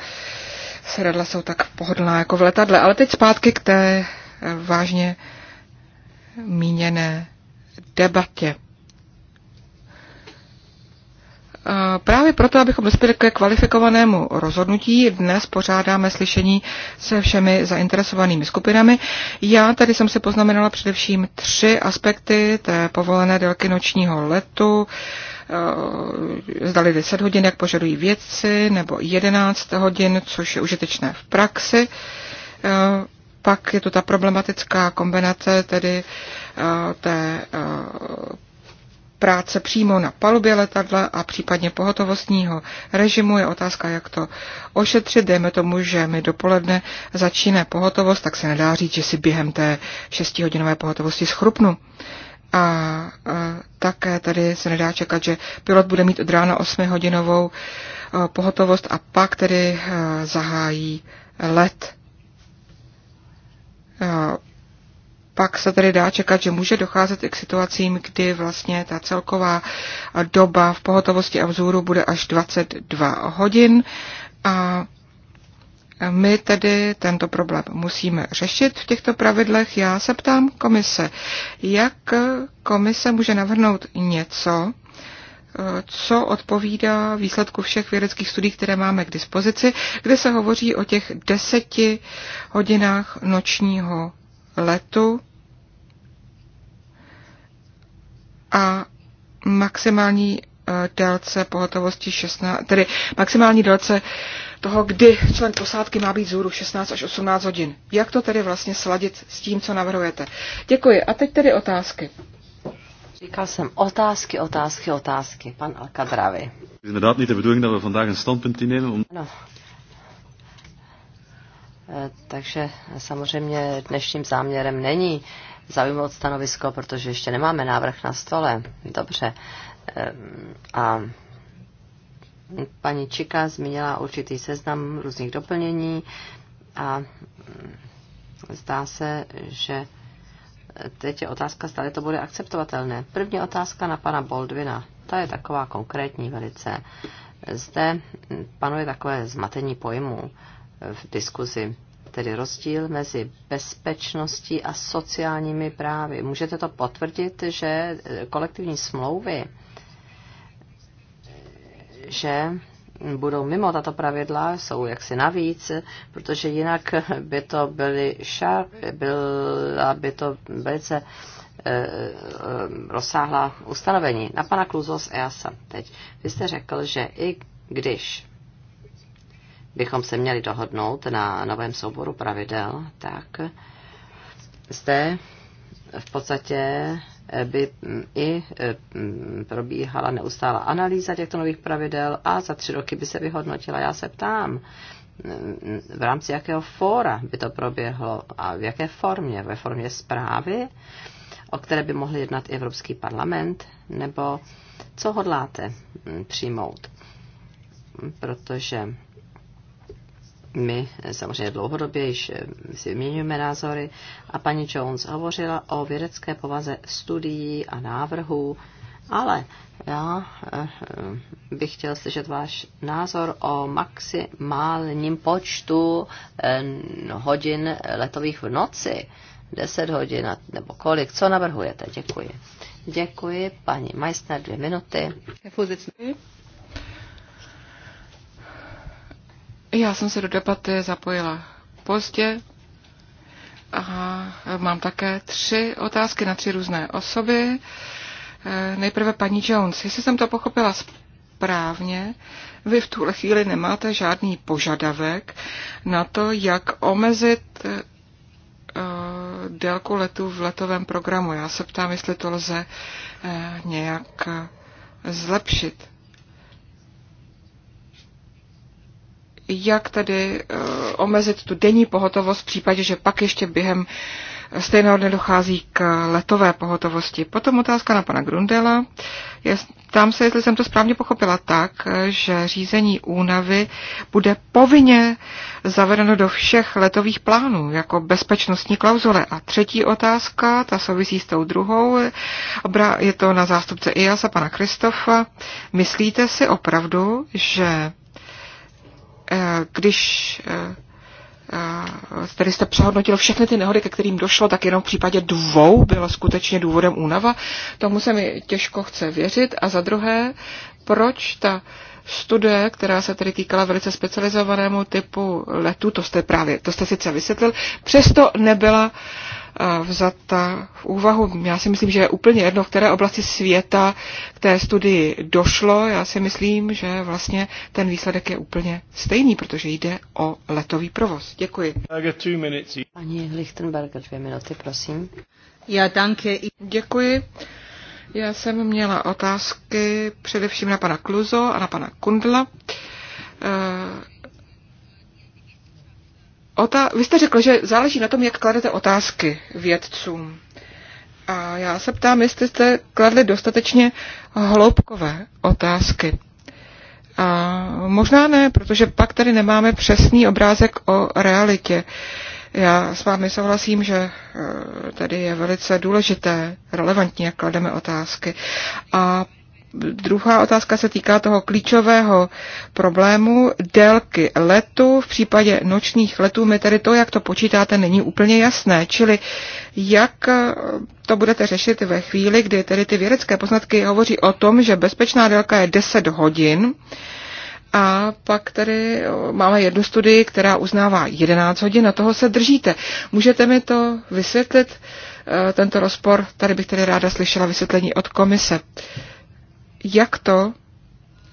sedadla jsou tak pohodlná jako v letadle. Ale teď zpátky k té eh, vážně míněné debatě. Eh, právě proto, abychom dospěli ke kvalifikovanému rozhodnutí, dnes pořádáme slyšení se všemi zainteresovanými skupinami. Já tady jsem se poznamenala především tři aspekty té povolené délky nočního letu, eh, zdali 10 hodin, jak požadují vědci, nebo 11 hodin, což je užitečné v praxi. Eh, pak je tu ta problematická kombinace tedy té práce přímo na palubě letadla a případně pohotovostního režimu. Je otázka, jak to ošetřit. Dejme tomu, že mi dopoledne začíná pohotovost, tak se nedá říct, že si během té šestihodinové hodinové pohotovosti schrupnu. A, a e, také tady se nedá čekat, že pilot bude mít od rána 8-hodinovou e, pohotovost a pak tedy a, e, zahájí let. A, pak se tedy dá čekat, že může docházet i k situacím, kdy vlastně ta celková doba v pohotovosti a vzůru bude až 22 hodin. A my tedy tento problém musíme řešit v těchto pravidlech. Já se ptám komise, jak komise může navrhnout něco, co odpovídá výsledku všech vědeckých studií, které máme k dispozici, kde se hovoří o těch deseti hodinách nočního letu a maximální eh, délce pohotovosti 16, tedy maximální délce toho, kdy člen posádky má být zůru 16 až 18 hodin. Jak to tedy vlastně sladit s tím, co navrhujete? Děkuji. A teď tedy otázky. Říkal jsem otázky, otázky, otázky. Pan Alkadravi. Inderdaad niet de bedoeling dat we vandaag een standpunt innemen. No. Takže samozřejmě dnešním záměrem není zaujmout stanovisko, protože ještě nemáme návrh na stole. Dobře. Ehm, a paní Čika zmínila určitý seznam různých doplnění a mm, zdá se, že teď je otázka, zda to bude akceptovatelné. První otázka na pana Boldvina. Ta je taková konkrétní velice. Zde panuje takové zmatení pojmů v diskuzi tedy rozdíl mezi bezpečností a sociálními právy. Můžete to potvrdit, že eh, kolektivní smlouvy, že budou mimo tato pravidla, jsou jaksi navíc, protože jinak by to byly šar, byla by to velice eh, eh, rozsáhlá ustanovení. Na pana Kluzo z EASA teď. Vy jste řekl, že i když bychom se měli dohodnout na novém souboru pravidel, tak zde v podstatě eh, by mm, i eh, mm, probíhala neustála analýza těchto nových pravidel a za tři roky by se vyhodnotila. Já se ptám, mm, v rámci jakého fóra by to proběhlo a v jaké formě? Ve formě zprávy, o které by mohl jednat i Evropský parlament, nebo co hodláte přijmout? Protože my samozřejmě dlouhodobě již eh, si vyměňujeme názory a paní Jones hovořila o vědecké povaze studií a návrhů, ale já eh, bych chtěl slyšet váš názor o maximálním počtu eh, hodin letových v noci. 10 hodin nebo kolik, co navrhujete? Děkuji. Děkuji, paní Meissner, dvě minuty. Já jsem se do debaty zapojila pozdě a mám také tři otázky na tři různé osoby. Eh, nejprve paní Jones, jestli jsem to pochopila správně, vy v tuhle chvíli nemáte žádný požadavek na to, jak omezit eh, délku letu v letovém programu. Já se ptám, jestli to lze eh, nějak zlepšit. jak tedy eh, omezit tu denní pohotovost v případě, že pak ještě během stejného dne dochází k letové pohotovosti. Potom otázka na pana Grundela. Tam se, jestli jsem to správně pochopila tak, že řízení únavy bude povinně zavedeno do všech letových plánů jako bezpečnostní klauzule. A třetí otázka, ta souvisí s tou druhou, je to na zástupce a pana Kristofa. Myslíte si opravdu, že Eh, když eh, eh, tedy jste přehodnotil všechny ty nehody, ke kterým došlo, tak jenom v případě dvou byla skutečně důvodem únava. Tomu se mi těžko chce věřit. A za druhé, proč ta studie, která se tedy týkala velice specializovanému typu letu, to jste právě, to jste sice vysvětlil, přesto nebyla uh, vzata v úvahu. Já si myslím, že je úplně jedno, v které oblasti světa k té studii došlo. Já si myslím, že vlastně ten výsledek je úplně stejný, protože jde o letový provoz. Děkuji. Pani Lichtenberger, dvě minuty, prosím. Já danke. Děkuji. Já jsem měla otázky především na pana Kluzo a na pana Kundla. Eh, Ota, vy jste řekl, že záleží na tom, jak kladete otázky vědcům. A já se ptám, jestli jste kladli dostatečně hloubkové otázky. A možná ne, protože pak tady nemáme přesný obrázek o realitě. Já s vámi souhlasím, že eh, tady je velice důležité, relevantní, jak klademe otázky. A druhá otázka se týká toho klíčového problému délky letu. V případě nočních letů mi tedy to, jak to počítáte, není úplně jasné. Čili jak to budete řešit ve chvíli, kdy tedy ty vědecké poznatky hovoří o tom, že bezpečná délka je 10 hodin, a pak tady máme jednu studii, která uznává 11 hodin, na toho se držíte. Můžete mi to vysvětlit, e, tento rozpor? Tady bych tedy ráda slyšela vysvětlení od komise. Uh, jak to,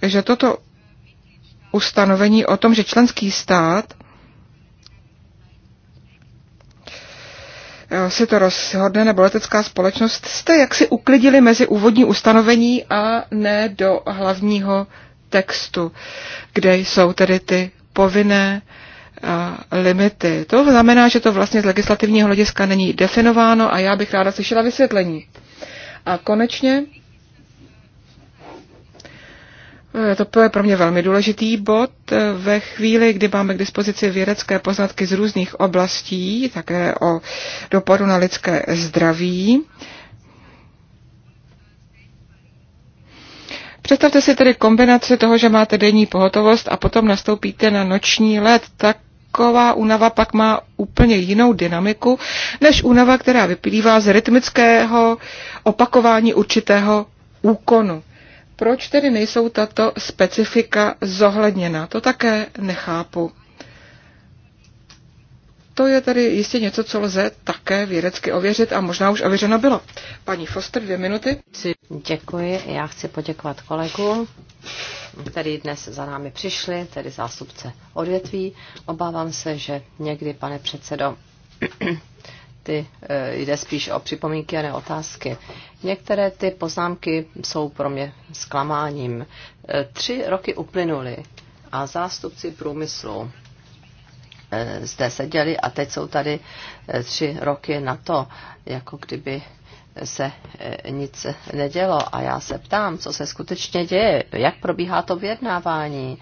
že toto ustanovení o tom, že členský stát eh, si to rozhodne, nebo letecká společnost, jste jaksi uklidili mezi úvodní ustanovení a ne do hlavního textu, kde jsou tedy ty povinné eh, limity. To znamená, že to vlastně z legislativního hlediska není definováno a já bych ráda slyšela vysvětlení. A konečně Eh, to je pro mě velmi důležitý bod. Eh, ve chvíli, kdy máme k dispozici vědecké poznatky z různých oblastí, také o dopadu na lidské zdraví, Představte si tedy kombinaci toho, že máte denní pohotovost a potom nastoupíte na noční let, taková únava pak má úplně jinou dynamiku než únava, která vyplývá z rytmického opakování určitého úkonu. Proč tedy nejsou tato specifika zohledněna? To také nechápu. To je tedy jistě něco, co lze také vědecky ověřit a možná už ověřeno bylo. Paní Foster, dvě minuty. Děkuji, já chci poděkovat kolegům, který dnes za námi přišli, tedy zástupce odvětví. Obávám se, že někdy, pane předsedo, ty eh, jde spíš o připomínky a ne otázky. Některé ty poznámky jsou pro mě zklamáním. Eh, tři roky uplynuly a zástupci průmyslu eh, zde seděli a teď jsou tady tři roky na to, jako kdyby se nic nedělo. A já se ptám, co se skutečně děje, jak probíhá to vyjednávání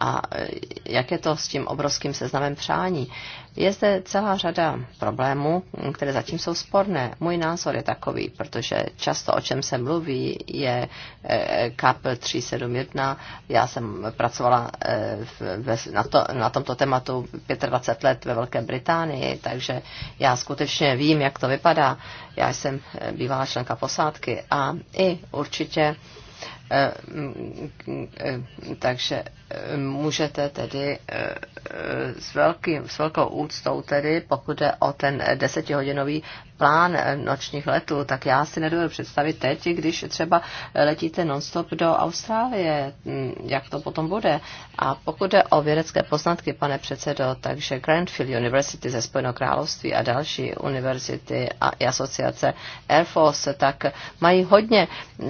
a e, jak je to s tím obrovským seznamem přání. Je zde celá řada problémů, které zatím jsou sporné. Můj názor je takový, protože často o čem se mluví je e, KAP 371. Já jsem pracovala e, na, to, na tomto tématu 25 let ve Velké Británii, takže já skutečně vím, jak to vypadá. Já jsem bývalá členka posádky a i určitě Eh, mm, eh, takže eh, můžete tedy s, velkým, s velkou úctou tedy, pokud jde o ten desetihodinový plán nočních letů, tak já si nedovedu představit teď, když třeba letíte nonstop do Austrálie, hm, jak to potom bude. A pokud jde o vědecké poznatky, pane předsedo, takže Grandfield University ze Spojeného království a další univerzity a i asociace Air Force, tak mají hodně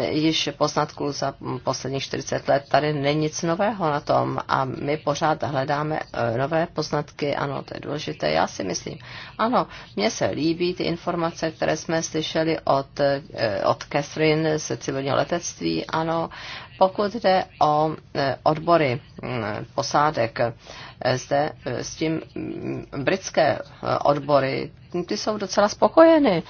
již poznatků za posledních 40 let. Tady není nic nového na tom a my pořád hledáme eh, nové poznatky. Ano, to je důležité, já si myslím. Ano, mně se líbí ty informace, informace, které jsme slyšeli od, eh, od Catherine z civilního letectví. Ano, pokud jde o eh, odbory mm, posádek, eh, zde s tím mm, britské odbory, ty jsou docela spokojeny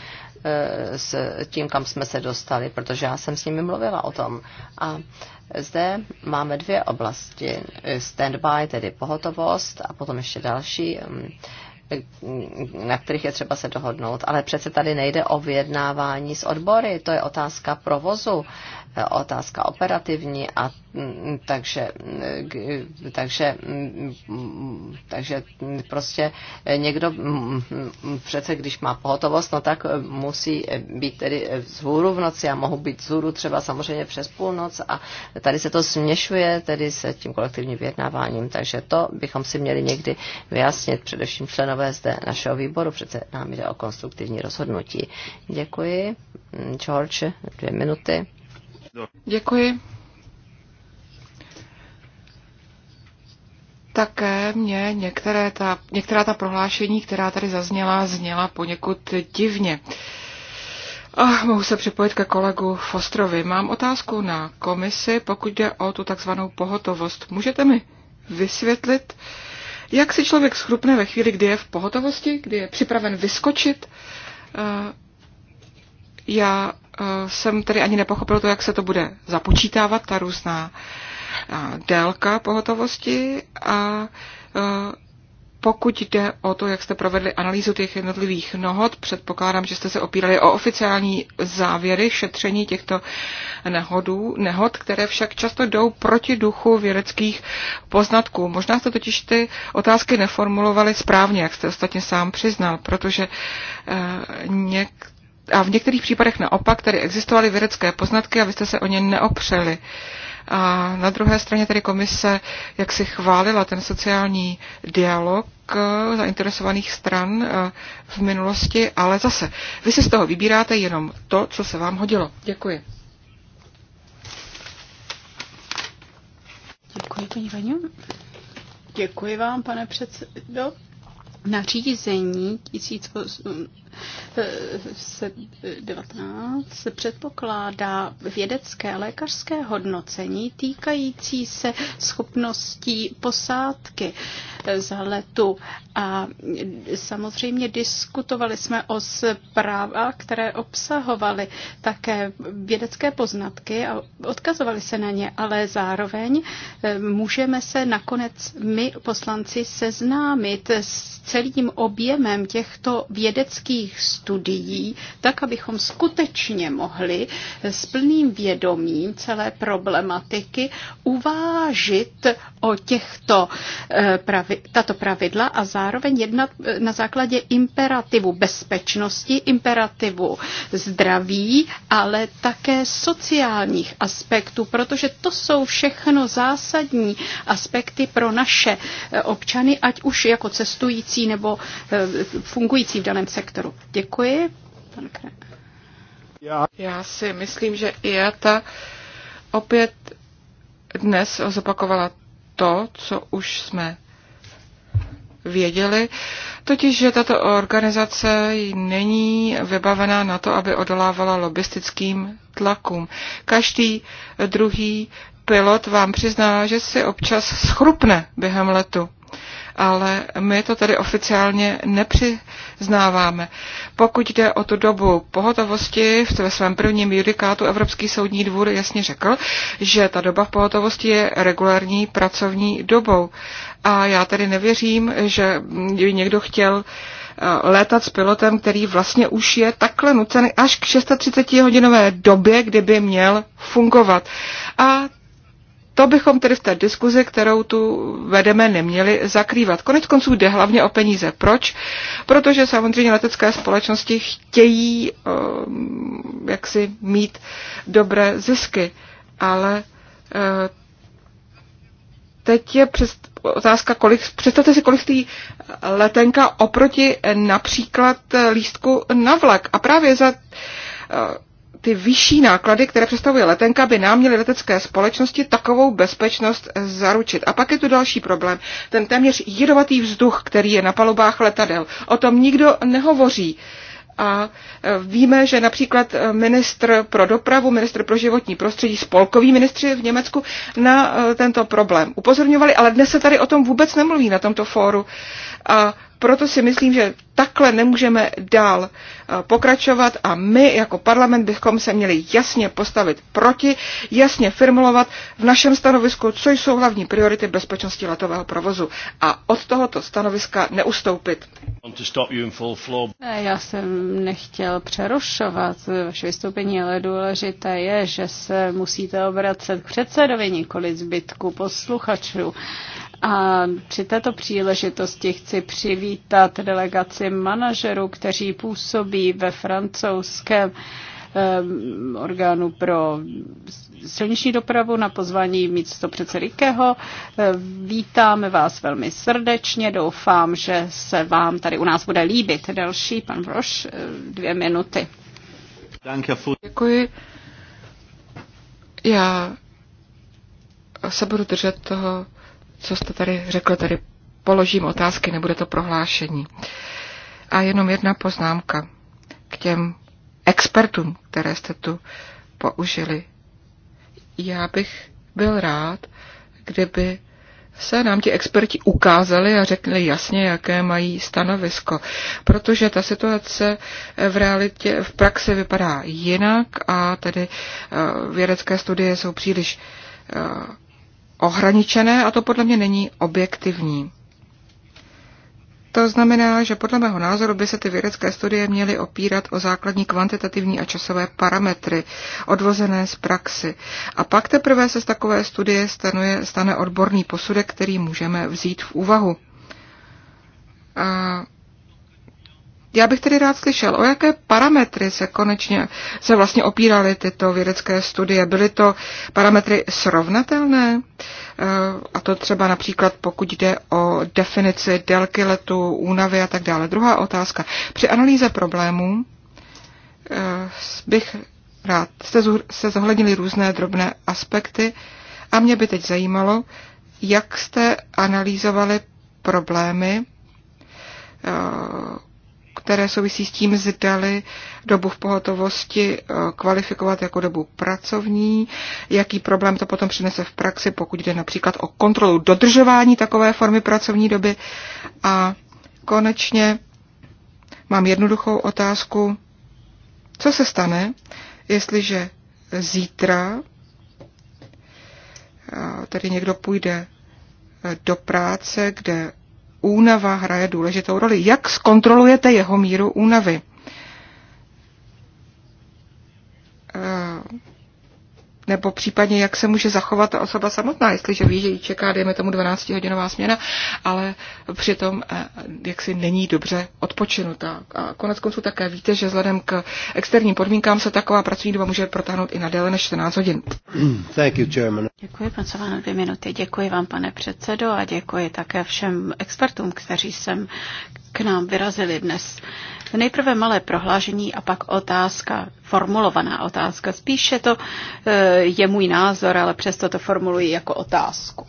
s tím, kam jsme se dostali, protože já jsem s nimi mluvila o tom. A zde máme dvě oblasti. Standby, tedy pohotovost, a potom ještě další mm, na kterých je třeba se dohodnout. Ale přece tady nejde o vyjednávání s odbory, to je otázka provozu otázka operativní a mm, takže, mm, takže, mm, takže prostě někdo přece, když má pohotovost, no tak musí být tedy vzhůru v noci a mohou být vzhůru třeba samozřejmě přes půlnoc a tady se to směšuje tedy se tím kolektivním vyjednáváním, takže to bychom si měli někdy vyjasnit, především členové zde našeho výboru, přece nám jde o konstruktivní rozhodnutí. Děkuji. George, dvě minuty. Děkuji. Také mě některé ta, některá ta prohlášení, která tady zazněla, zněla poněkud divně. A oh, mohu se připojit ke kolegu Fostrovi. Mám otázku na komisi, pokud jde o tu takzvanou pohotovost. Můžete mi vysvětlit, jak si člověk schrupne ve chvíli, kdy je v pohotovosti, kdy je připraven vyskočit eh, já eh, jsem tedy ani nepochopil to, jak se to bude započítávat, ta různá eh, délka pohotovosti a eh, pokud jde o to, jak jste provedli analýzu těch jednotlivých nohod, předpokládám, že jste se opírali o oficiální závěry šetření těchto nehodů, nehod, které však často jdou proti duchu vědeckých poznatků. Možná jste totiž ty otázky neformulovali správně, jak jste ostatně sám přiznal, protože eh, někteří a v některých případech naopak tady existovaly vědecké poznatky a vy jste se o ně neopřeli. A na druhé straně tedy komise, jak si chválila ten sociální dialog eh, zainteresovaných stran eh, v minulosti, ale zase, vy si z toho vybíráte jenom to, co se vám hodilo. Děkuji. Děkuji, paní Vaňu. Děkuji vám, pane předsedo. Na 1008 Eh, se 19 eh, se předpokládá vědecké a lékařské hodnocení týkající se schopností posádky z letu. A samozřejmě diskutovali jsme o zpráva, které obsahovaly také vědecké poznatky a odkazovali se na ně, ale zároveň eh, můžeme se nakonec my poslanci seznámit s celým objemem těchto vědeckých vědeckých studií, tak abychom skutečně mohli s plným vědomím celé problematiky uvážit o těchto eh, pravi, tato pravidla a zároveň jednat eh, na základě imperativu bezpečnosti, imperativu zdraví, ale také sociálních aspektů, protože to jsou všechno zásadní aspekty pro naše eh, občany, ať už jako cestující nebo fungující v daném sektoru. Děkuji. Já si myslím, že já ta opět dnes zopakovala to, co už jsme věděli, totiž, že tato organizace není vybavená na to, aby odolávala lobistickým tlakům. Každý druhý pilot vám přizná, že si občas schrupne během letu ale my to tady oficiálně nepřiznáváme. Pokud jde o tu dobu pohotovosti, ve svém prvním judikátu Evropský soudní dvůr jasně řekl, že ta doba v pohotovosti je regulární pracovní dobou. A já tedy nevěřím, že by někdo chtěl eh, létat s pilotem, který vlastně už je takhle nucený až k 630 hodinové době, kdyby měl fungovat. A to bychom tedy v té diskuzi, kterou tu vedeme, neměli zakrývat. Konec konců jde hlavně o peníze. Proč? Protože samozřejmě letecké společnosti chtějí um, jaksi mít dobré zisky, ale eh, teď je přes, otázka, kolik, představte si, kolik stojí letenka oproti například lístku na vlak. A právě za eh, ty vyšší náklady, které představuje letenka, by nám měly letecké společnosti takovou bezpečnost zaručit. A pak je tu další problém, ten téměř jedovatý vzduch, který je na palubách letadel. O tom nikdo nehovoří. A e, víme, že například e, ministr pro dopravu, ministr pro životní prostředí, spolkoví ministři v Německu na e, tento problém upozorňovali, ale dnes se tady o tom vůbec nemluví na tomto fóru. A proto si myslím, že takhle nemůžeme dál eh, pokračovat a my jako parlament bychom se měli jasně postavit proti, jasně formulovat v našem stanovisku, co jsou hlavní priority bezpečnosti letového provozu a od tohoto stanoviska neustoupit. Ne, já jsem nechtěl přerušovat vaše vystoupení, ale důležité je, že se musíte obracet k předsedovi, nikoli zbytku posluchačů. A při této příležitosti chci přivítat delegaci manažerů, kteří působí ve francouzském orgánu pro silniční dopravu na pozvání místo předsedy Keho. E, vítáme vás velmi srdečně, doufám, že se vám tady u nás bude líbit. Další, pan Broš, e, dvě minuty. Děkuji. Já se budu držet toho co jste tady řekl, tady položím otázky, nebude to prohlášení. A jenom jedna poznámka k těm expertům, které jste tu použili. Já bych byl rád, kdyby se nám ti experti ukázali a řekli jasně, jaké mají stanovisko, protože ta situace v realitě, v praxi vypadá jinak a tedy eh, vědecké studie jsou příliš eh, ohraničené a to podle mě není objektivní. To znamená, že podle mého názoru by se ty vědecké studie měly opírat o základní kvantitativní a časové parametry, odvozené z praxi. A pak teprve se z takové studie stane, stane odborný posudek, který můžeme vzít v úvahu. A já bych tedy rád slyšel, o jaké parametry se konečně se vlastně opíraly tyto vědecké studie. Byly to parametry srovnatelné? Eh, a to třeba například pokud jde o definici délky letu, únavy a tak dále. Druhá otázka. Při analýze problémů eh, bych rád, se zohlednili různé drobné aspekty a mě by teď zajímalo, jak jste analýzovali problémy eh, které souvisí s tím, zdali dobu v pohotovosti eh, kvalifikovat jako dobu pracovní, jaký problém to potom přinese v praxi, pokud jde například o kontrolu dodržování takové formy pracovní doby. A konečně mám jednoduchou otázku, co se stane, jestliže zítra eh, tady někdo půjde eh, do práce, kde únava hraje důležitou roli. Jak zkontrolujete jeho míru únavy? nebo případně jak se může zachovat ta osoba samotná, jestliže ví, že ji čeká, dejme tomu 12-hodinová směna, ale přitom eh, jak si není dobře odpočinutá. A konec konců také víte, že vzhledem k externím podmínkám se taková pracovní doba může protáhnout i na déle než 14 hodin. Thank you, Děkuji, pan Savano, dvě minuty. Děkuji vám, pane předsedo, a děkuji také všem expertům, kteří sem k nám vyrazili dnes. Nejprve malé prohlášení a pak otázka, formulovaná otázka. Spíše to e, je můj názor, ale přesto to formuluji jako otázku.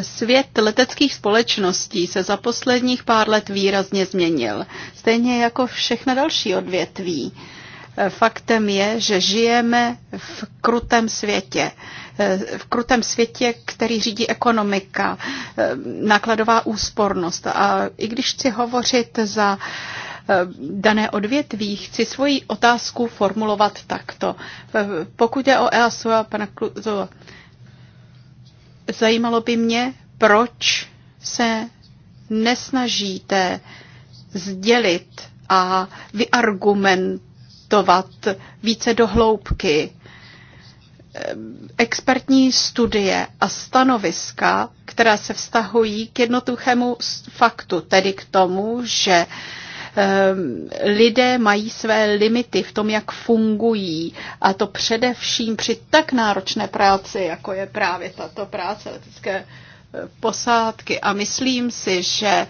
Svět leteckých společností se za posledních pár let výrazně změnil, stejně jako všechna další odvětví. Faktem je, že žijeme v krutém světě. V krutém světě, který řídí ekonomika, nákladová úspornost. A i když chci hovořit za eh, dané odvětví, chci svoji otázku formulovat takto. Pokud je o EASO a pana Kluzova, zajímalo by mě, proč se nesnažíte sdělit a vyargument investovat více do hloubky. Expertní studie a stanoviska, která se vztahují k jednotuchému faktu, tedy k tomu, že ehm, lidé mají své limity v tom, jak fungují. A to především při tak náročné práci, jako je právě tato práce letecké eh, posádky. A myslím si, že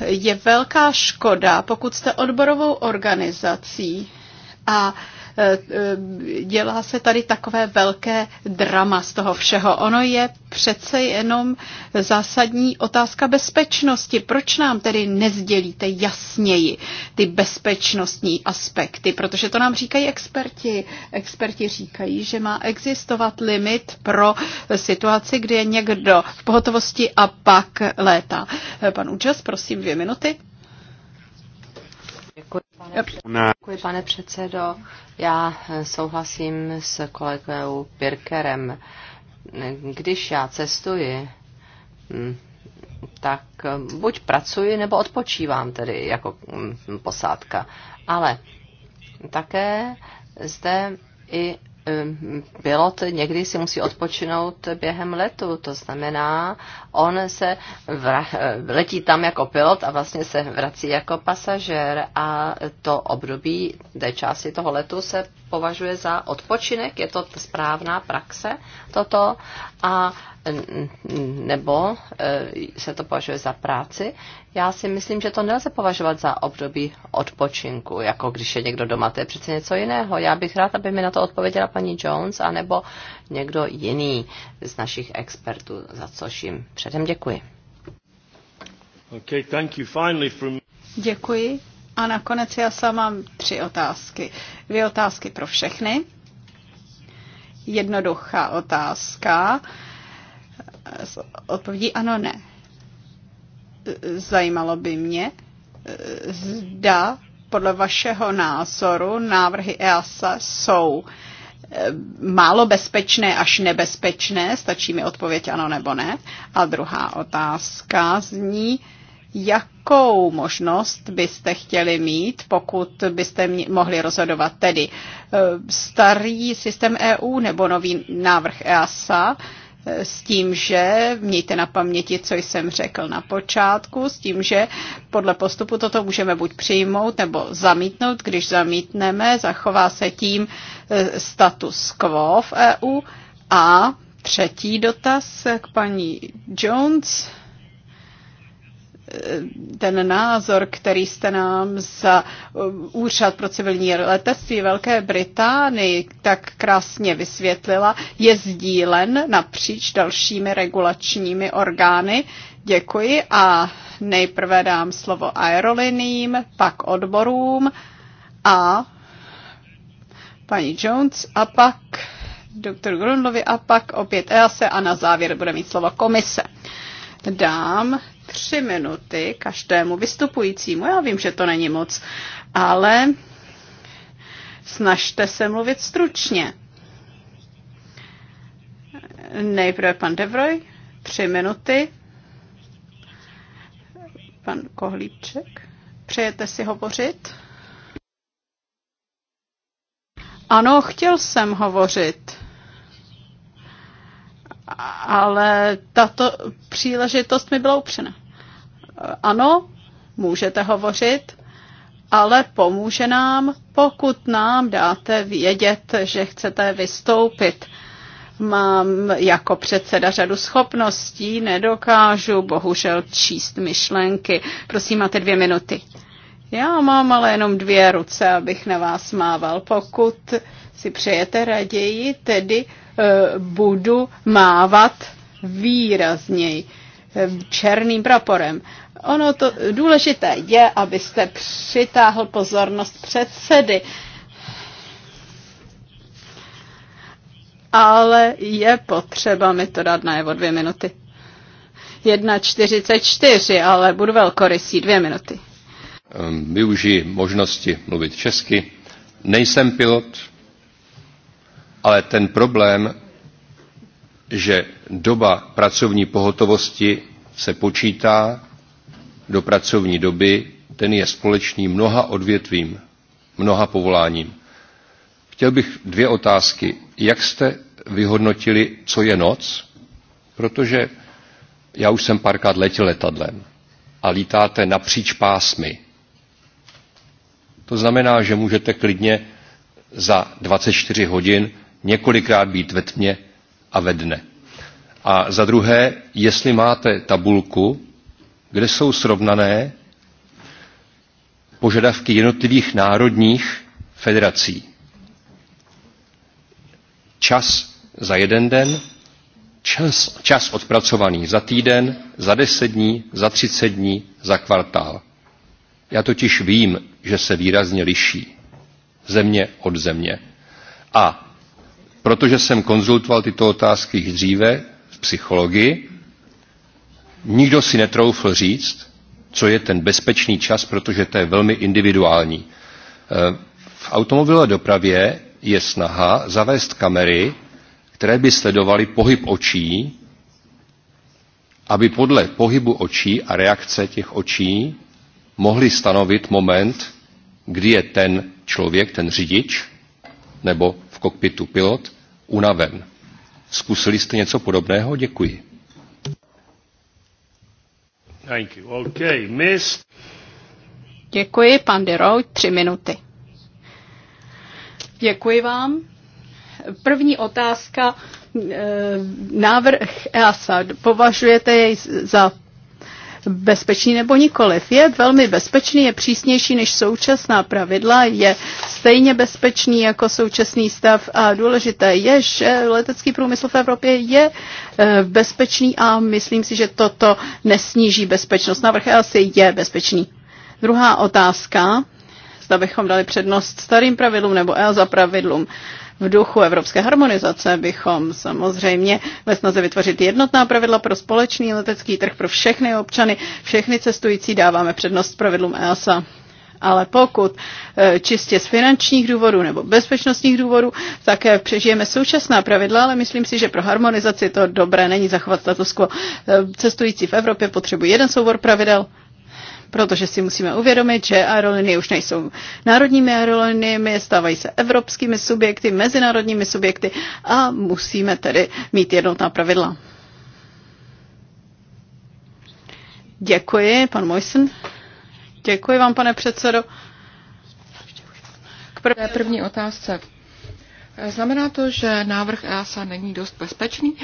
je velká škoda, pokud jste odborovou organizací a Eh, eh, dělá se tady takové velké drama z toho všeho. Ono je přece jenom zásadní otázka bezpečnosti. Proč nám tedy nezdělíte jasněji ty bezpečnostní aspekty? Protože to nám říkají experti. Experti říkají, že má existovat limit pro situaci, kdy je někdo v pohotovosti a pak léta. Eh, pan Účas, prosím, dvě minuty. Děkuji pane, děkuji, pane předsedo. Já eh, souhlasím s kolegou Pirkerem. Když já cestuji, hm, tak eh, buď pracuji, nebo odpočívám tedy jako hm, posádka. Ale také zde i Eh, pilot někdy si musí odpočinout během letu, to znamená, on se vra- eh, letí tam jako pilot a vlastně se vrací jako pasažér a to období té části toho letu se považuje za odpočinek, je to správná praxe toto, a nebo e, se to považuje za práci. Já si myslím, že to nelze považovat za období odpočinku, jako když je někdo doma, to je přece něco jiného. Já bych rád, aby mi na to odpověděla paní Jones, anebo někdo jiný z našich expertů, za což jim předem děkuji. Okay, thank you. Finally from... Děkuji. A nakonec já sama mám tři otázky. Dvě otázky pro všechny. Jednoduchá otázka. Odpovědí ano, ne. Zajímalo by mě, zda podle vašeho názoru návrhy EASA jsou eh, málo bezpečné až nebezpečné. Stačí mi odpověď ano nebo ne. A druhá otázka zní, jakou možnost byste chtěli mít, pokud byste mohli rozhodovat tedy eh, starý systém EU nebo nový návrh EASA, eh, s tím, že, mějte na paměti, co jsem řekl na počátku, s tím, že podle postupu toto můžeme buď přijmout nebo zamítnout. Když zamítneme, zachová se tím eh, status quo v EU. A třetí dotaz k paní Jones ten názor, který jste nám za um, Úřad pro civilní letectví Velké Británii tak krásně vysvětlila, je sdílen napříč dalšími regulačními orgány. Děkuji a nejprve dám slovo aeroliním, pak odborům a paní Jones a pak doktor Grunlovi a pak opět EASE a na závěr bude mít slovo komise. Dám tři minuty každému vystupujícímu. Já vím, že to není moc, ale snažte se mluvit stručně. Nejprve pan Devroj, tři minuty. Pan Kohlíček, přejete si hovořit? Ano, chtěl jsem hovořit ale tato příležitost mi byla upřena. Ano, můžete hovořit, ale pomůže nám, pokud nám dáte vědět, že chcete vystoupit. Mám jako předseda řadu schopností, nedokážu bohužel číst myšlenky. Prosím, máte dvě minuty. Já mám ale jenom dvě ruce, abych na vás mával. Pokud si přejete raději, tedy uh, Eh, budu mávat výrazněji eh, černým praporem. Ono to důležité je, abyste přitáhl pozornost předsedy. Ale je potřeba mi to dát najevo dvě minuty. 1.44, ale budu velkorysý, dvě minuty. Ehm, využiji možnosti mluvit česky. Nejsem pilot, ale ten problém, že doba pracovní pohotovosti se počítá do pracovní doby, ten je společný mnoha odvětvím, mnoha povoláním. Chtěl bych dvě otázky. Jak jste vyhodnotili, co je noc? Protože já už jsem párkrát letěl letadlem a lítáte napříč pásmy. To znamená, že můžete klidně za 24 hodin několikrát být ve tmě a ve dne. A za druhé, jestli máte tabulku, kde jsou srovnané požadavky jednotlivých národních federací. Čas za jeden den, čas, čas odpracovaný za týden, za deset dní, za třicet dní, za kvartál. Já totiž vím, že se výrazně liší země od země. A protože jsem konzultoval tyto otázky již dříve v psychologii, nikdo si netroufl říct, co je ten bezpečný čas, protože to je velmi individuální. V automobilové dopravě je snaha zavést kamery, které by sledovaly pohyb očí, aby podle pohybu očí a reakce těch očí mohli stanovit moment, kdy je ten člověk, ten řidič, nebo v kokpitu pilot, unaven. Zkusili jste něco podobného? Děkuji. Thank you. Okay, miss. Děkuji, pan Deroj, tři minuty. Děkuji vám. První otázka eh, návrh EASA. Považujete jej za bezpečný nebo nikoliv. Je velmi bezpečný, je přísnější než současná pravidla, je stejně bezpečný jako současný stav a důležité je, že letecký průmysl v Evropě je eh, bezpečný a myslím si, že toto nesníží bezpečnost. Navrh e asi je bezpečný. Druhá otázka, zda bychom dali přednost starým pravidlům nebo EASA pravidlům. Uh, v duchu evropské harmonizace bychom samozřejmě ve snaze vytvořit jednotná pravidla pro společný letecký trh pro všechny občany, všechny cestující dáváme přednost pravidlům EASA. Ale pokud e, čistě z finančních důvodů nebo bezpečnostních důvodů také e, přežijeme současná pravidla, ale myslím si, že pro harmonizaci to dobré není zachovat status quo. E, cestující v Evropě potřebují jeden soubor pravidel protože si musíme uvědomit, že aerolinie už nejsou národními aeroliniemi, stávají se evropskými subjekty, mezinárodními subjekty a musíme tedy mít jednotná pravidla. Děkuji, pan Mojsen. Děkuji vám, pane předsedo. K první otázce Znamená to, že návrh EASA není dost bezpečný?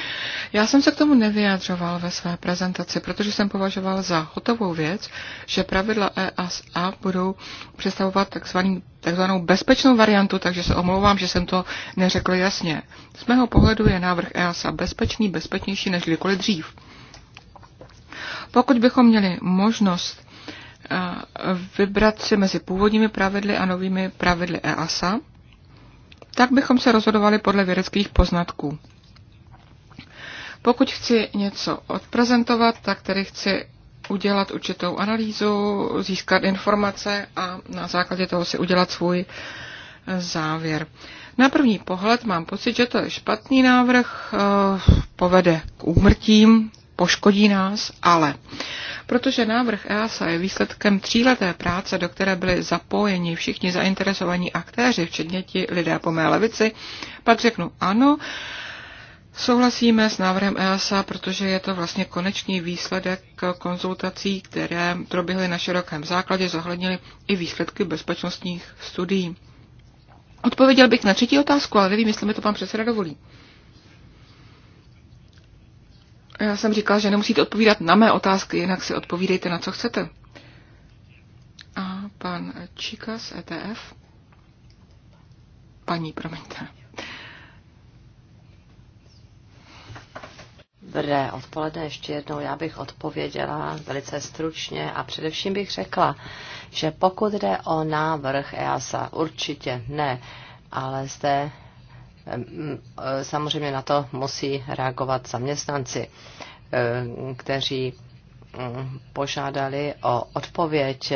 Já jsem se k tomu nevyjadřoval ve své prezentaci, protože jsem považoval za hotovou věc, že pravidla EASA budou představovat takzvaný, takzvanou bezpečnou variantu, takže se omlouvám, že jsem to neřekl jasně. Z mého pohledu je návrh EASA bezpečný, bezpečnější než kdykoliv dřív. Pokud bychom měli možnost eh, vybrat si mezi původními pravidly a novými pravidly EASA, tak bychom se rozhodovali podle vědeckých poznatků. Pokud chci něco odprezentovat, tak tedy chci udělat určitou analýzu, získat informace a na základě toho si udělat svůj eh, závěr. Na první pohled mám pocit, že to je špatný návrh, eh, povede k úmrtím poškodí nás, ale protože návrh EASA je výsledkem tříleté práce, do které byly zapojeni všichni zainteresovaní aktéři, včetně ti lidé po mé levici, pak řeknu ano, Souhlasíme s návrhem EASA, protože je to vlastně konečný výsledek konzultací, které proběhly na širokém základě, zohlednily i výsledky bezpečnostních studií. Odpověděl bych na třetí otázku, ale nevím, jestli mi to pan předseda dovolí. Já jsem říkala, že nemusíte odpovídat na mé otázky, jinak si odpovídejte na co chcete. A pan Čika z ETF. Paní, promiňte. Dobré odpoledne ještě jednou. Já bych odpověděla velice stručně a především bych řekla, že pokud jde o návrh EASA, určitě ne, ale zde Ehm, samozřejmě na to musí reagovat zaměstnanci, ehm, kteří ehm, požádali o odpověď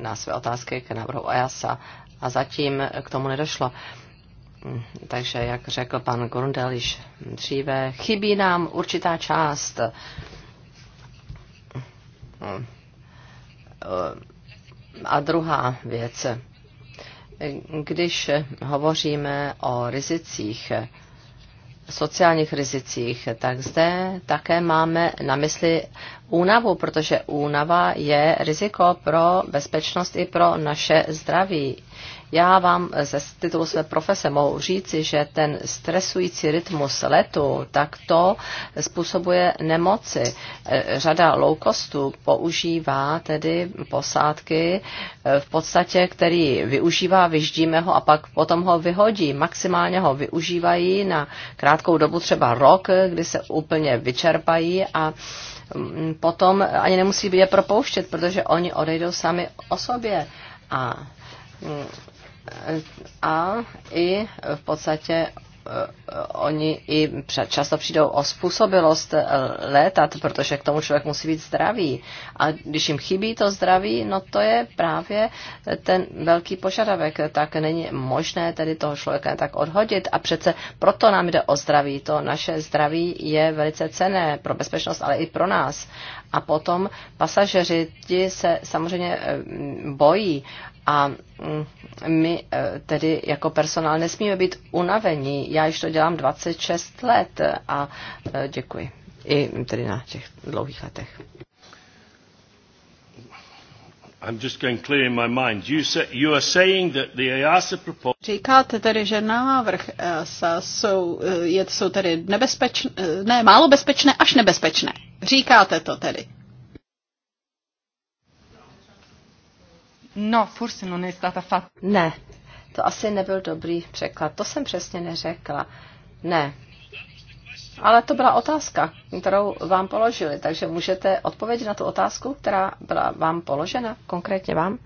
na své otázky k návrhu EASA a zatím k tomu nedošlo. Takže, jak řekl pan Grundel již dříve, chybí nám určitá část a druhá věc, když hovoříme o rizicích, sociálních rizicích, tak zde také máme na mysli únavu, protože únava je riziko pro bezpečnost i pro naše zdraví. Já vám ze titulu své profese mohu říci, že ten stresující rytmus letu, tak to způsobuje nemoci. E, řada loukostů používá tedy posádky e, v podstatě, který využívá, vyždíme ho a pak potom ho vyhodí. Maximálně ho využívají na krátkou dobu, třeba rok, kdy se úplně vyčerpají a mm, potom ani nemusí je propouštět, protože oni odejdou sami o sobě. A mm, a i v podstatě e, e, oni i často přijdou o způsobilost e, létat, protože k tomu člověk musí být zdravý. A když jim chybí to zdraví, no to je právě ten velký požadavek, tak není možné tedy toho člověka tak odhodit. A přece proto nám jde o zdraví. To naše zdraví je velice cené pro bezpečnost, ale i pro nás. A potom pasažeři ti se samozřejmě bojí a mm, my e, tedy jako personál nesmíme být unavení. Já již to dělám 26 let a e, děkuji. I tedy na těch dlouhých letech. I'm just going clear in my mind. You, say, you are saying that the EASA proposal... Říkáte tedy, že návrh EASA jsou, e, jsou tedy nebezpečné, ne, málo bezpečné až nebezpečné. Říkáte to tedy. No, furt non è stata fatta. Ne, to asi nebyl dobrý překlad. To jsem přesně neřekla. Ne. Ale to byla otázka, kterou vám položili, takže můžete odpovědět na tu otázku, která byla vám položena, konkrétně vám?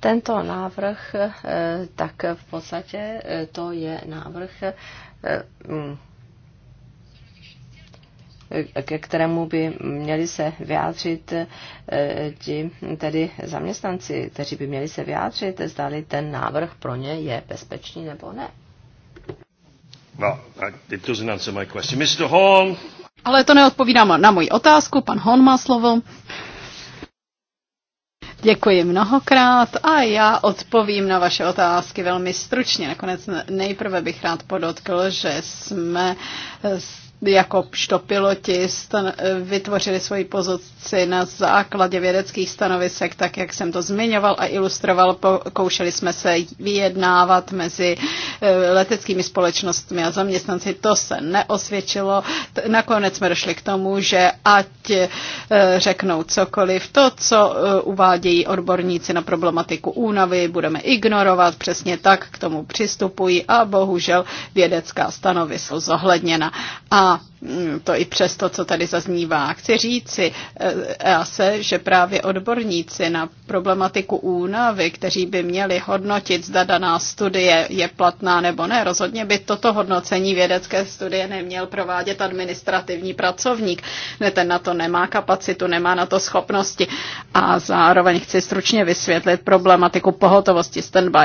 Tento návrh, eh, tak v podstatě eh, to je návrh eh, mm, ke kterému by měli se vyjádřit eh, ti tedy zaměstnanci, kteří by měli se vyjádřit, zdali ten návrh pro ně je bezpečný nebo ne. No, it doesn't answer my question. Ale to neodpovídá na moji otázku. Pan Hon má slovo. Děkuji mnohokrát a já odpovím na vaše otázky velmi stručně. Nakonec nejprve bych rád podotkl, že jsme jako piloti vytvořili svoji pozici na základě vědeckých stanovisek, tak jak jsem to zmiňoval a ilustroval. Pokoušeli jsme se vyjednávat mezi eh, leteckými společnostmi a zaměstnanci. To se neosvědčilo. Nakonec jsme došli k tomu, že ať eh, řeknou cokoliv, to, co eh, uvádějí odborníci na problematiku únavy, budeme ignorovat. Přesně tak k tomu přistupují a bohužel vědecká stanovisko zohledněna. A Mm, to i přes to, co tady zaznívá. Chci říci eh, eh, se, že právě odborníci na problematiku únavy, kteří by měli hodnotit, zda daná studie je platná nebo ne, rozhodně by toto hodnocení vědecké studie neměl provádět administrativní pracovník. Ne, ten na to nemá kapacitu, nemá na to schopnosti. A zároveň chci stručně vysvětlit problematiku pohotovosti standby.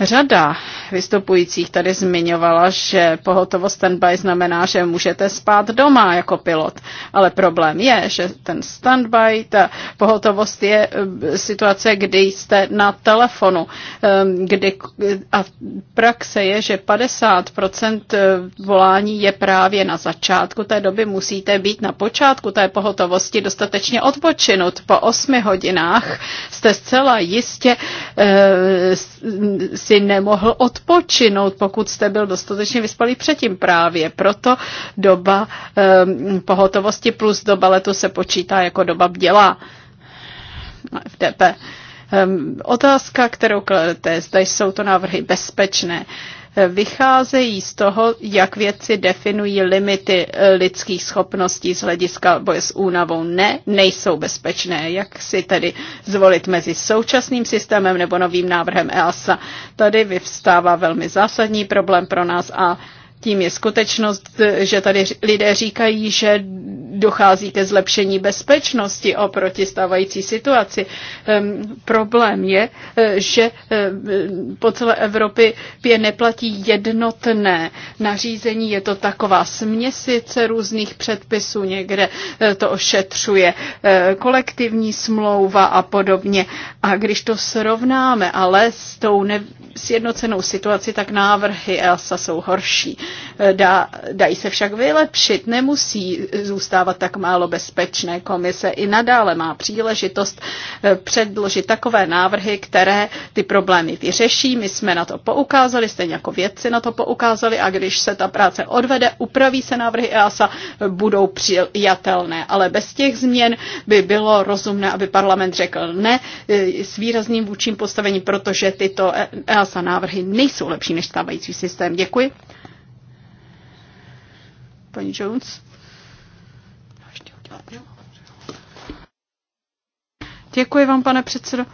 Řada vystupujících tady zmiňovala, že pohotovo standby znamená, že můžete spát doma jako pilot, ale problém je, že ten standby, ta pohotovost je eh, situace, kdy jste na telefonu. Ehm, kdy, a praxe je, že 50% eh, volání je právě na začátku té doby, musíte být na počátku té pohotovosti dostatečně odpočinut. Po 8 hodinách jste zcela jistě eh, si nemohl odpočinout, pokud jste byl dostatečně vyspalý předtím. Právě proto doba um, pohotovosti plus doba letu se počítá jako doba bdělá no, FDP. Um, ehm, otázka, kterou kladete, zda jsou to návrhy bezpečné vycházejí z toho, jak vědci definují limity eh, lidských schopností z hlediska boje s únavou. Ne, nejsou bezpečné. Jak si tedy zvolit mezi současným systémem nebo novým návrhem EASA? Tady vyvstává velmi zásadní problém pro nás a tím je skutečnost, že tady lidé říkají, že dochází ke zlepšení bezpečnosti oproti stávající situaci. Ehm, problém je, eh, že eh, po celé Evropě je neplatí jednotné nařízení. Je to taková směsice různých předpisů. Někde eh, to ošetřuje kolektivní smlouva a podobně. A když to srovnáme ale s tou ne- sjednocenou situaci, tak návrhy ELSA jsou horší. Eh, dá, dají se však vylepšit, nemusí zůstávat tak málo bezpečné. Komise i nadále má příležitost eh, předložit takové návrhy, které ty problémy vyřeší. My jsme na to poukázali, stejně jako vědci na to poukázali a když se ta práce odvede, upraví se návrhy EASA, budou přijatelné. Ale bez těch změn by bylo rozumné, aby parlament řekl ne eh, s výrazným vůčím postavením, protože tyto EASA návrhy nejsou lepší než stávající systém. Děkuji. Paní Jones. Děkuji vám, pane předsedo.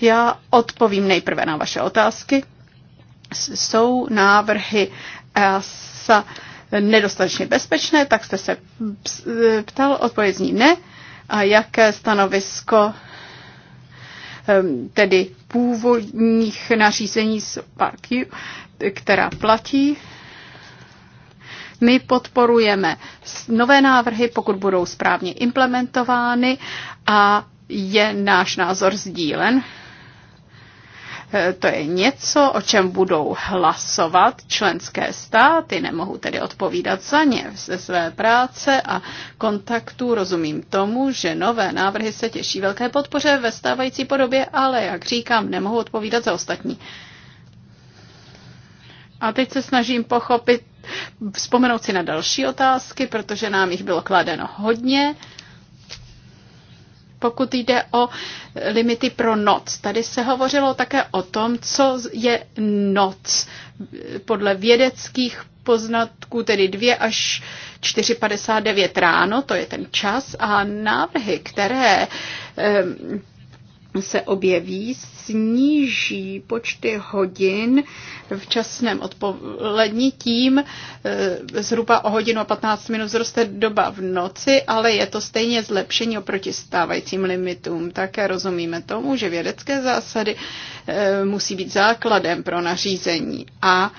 Já odpovím nejprve na vaše otázky. Jsou návrhy EASA nedostatečně bezpečné, tak jste se ptal, odpověď zní ne. A jaké stanovisko ehm, tedy původních nařízení z parky, která platí, my podporujeme nové návrhy, pokud budou správně implementovány a je náš názor sdílen. E, to je něco, o čem budou hlasovat členské státy, nemohu tedy odpovídat za ně ze své práce a kontaktů. Rozumím tomu, že nové návrhy se těší velké podpoře ve stávající podobě, ale jak říkám, nemohu odpovídat za ostatní. A teď se snažím pochopit vzpomenout si na další otázky, protože nám jich bylo kladeno hodně. Pokud jde o limity pro noc, tady se hovořilo také o tom, co je noc. Podle vědeckých poznatků, tedy 2 až 4.59 ráno, to je ten čas, a návrhy, které ehm, se objeví, sníží počty hodin v časném odpolední, tím e, zhruba o hodinu a 15 minut vzroste doba v noci, ale je to stejně zlepšení oproti stávajícím limitům. Také rozumíme tomu, že vědecké zásady e, musí být základem pro nařízení a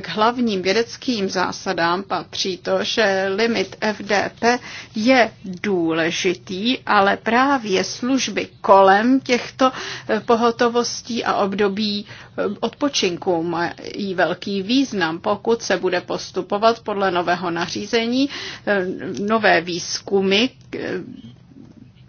k hlavním vědeckým zásadám patří to, že eh, limit FDP je důležitý, ale právě služby kolem těchto eh, pohotovostí a období eh, odpočinku mají velký význam. Pokud se bude postupovat podle nového nařízení, nové výzkumy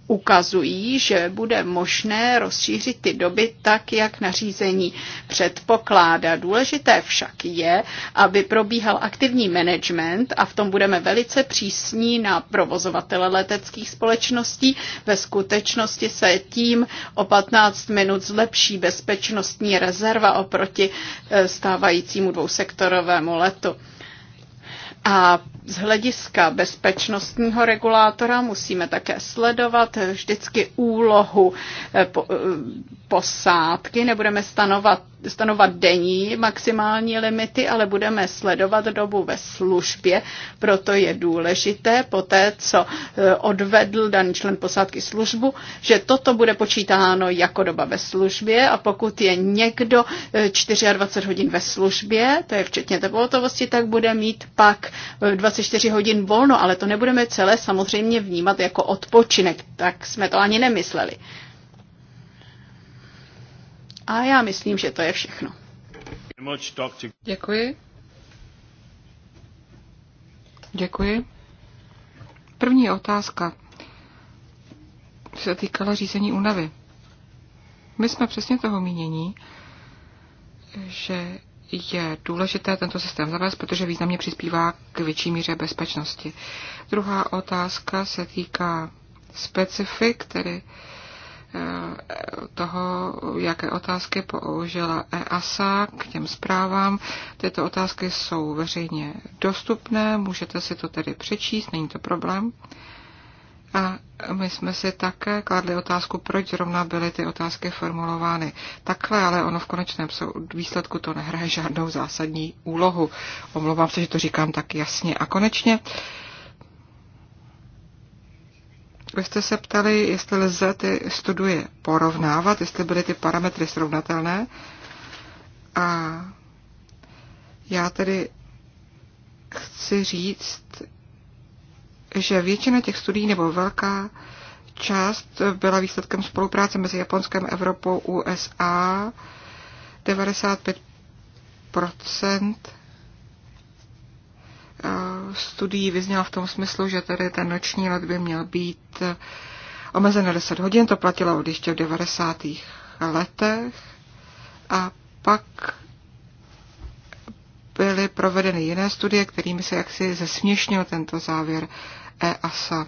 ukazují, že bude možné rozšířit ty doby tak, jak nařízení předpokládá. Důležité však je, aby probíhal aktivní management a v tom budeme velice přísní na provozovatele leteckých společností. Ve skutečnosti se tím o 15 minut zlepší bezpečnostní rezerva oproti eh, stávajícímu dvousektorovému letu. A z hlediska bezpečnostního regulátora musíme také sledovat vždycky úlohu eh, eh, posádky. Nebudeme stanovat, stanovat denní maximální limity, ale budeme sledovat dobu ve službě. Proto je důležité po té, co eh, odvedl daný člen posádky službu, že toto bude počítáno jako doba ve službě a pokud je někdo 24 hodin ve službě, to je včetně té pohotovosti, tak bude mít pak 20 24 hodin volno, ale to nebudeme celé samozřejmě vnímat jako odpočinek. Tak jsme to ani nemysleli. A já myslím, že to je všechno. Děkuji. Děkuji. První otázka se týkala řízení únavy. My jsme přesně toho mínění, že je důležité tento systém zavést, protože významně přispívá k větší míře bezpečnosti. Druhá otázka se týká specifik, tedy eh, toho, jaké otázky použila EASA k těm zprávám. Tyto otázky jsou veřejně dostupné, můžete si to tedy přečíst, není to problém. A my jsme si také kladli otázku, proč zrovna byly ty otázky formulovány takhle, ale ono v konečném výsledku to nehraje žádnou zásadní úlohu. Omlouvám se, že to říkám tak jasně. A konečně, vy jste se ptali, jestli lze ty studie porovnávat, jestli byly ty parametry srovnatelné. A já tedy chci říct, že většina těch studií nebo velká část byla výsledkem spolupráce mezi Japonskem, Evropou, USA. 95% eh, studií vyzněla v tom smyslu, že tedy ten noční let by měl být eh, omezen na 10 hodin, to platilo od ještě v 90. letech a pak byly provedeny jiné studie, kterými se jaksi zesměšnil tento závěr. EASA.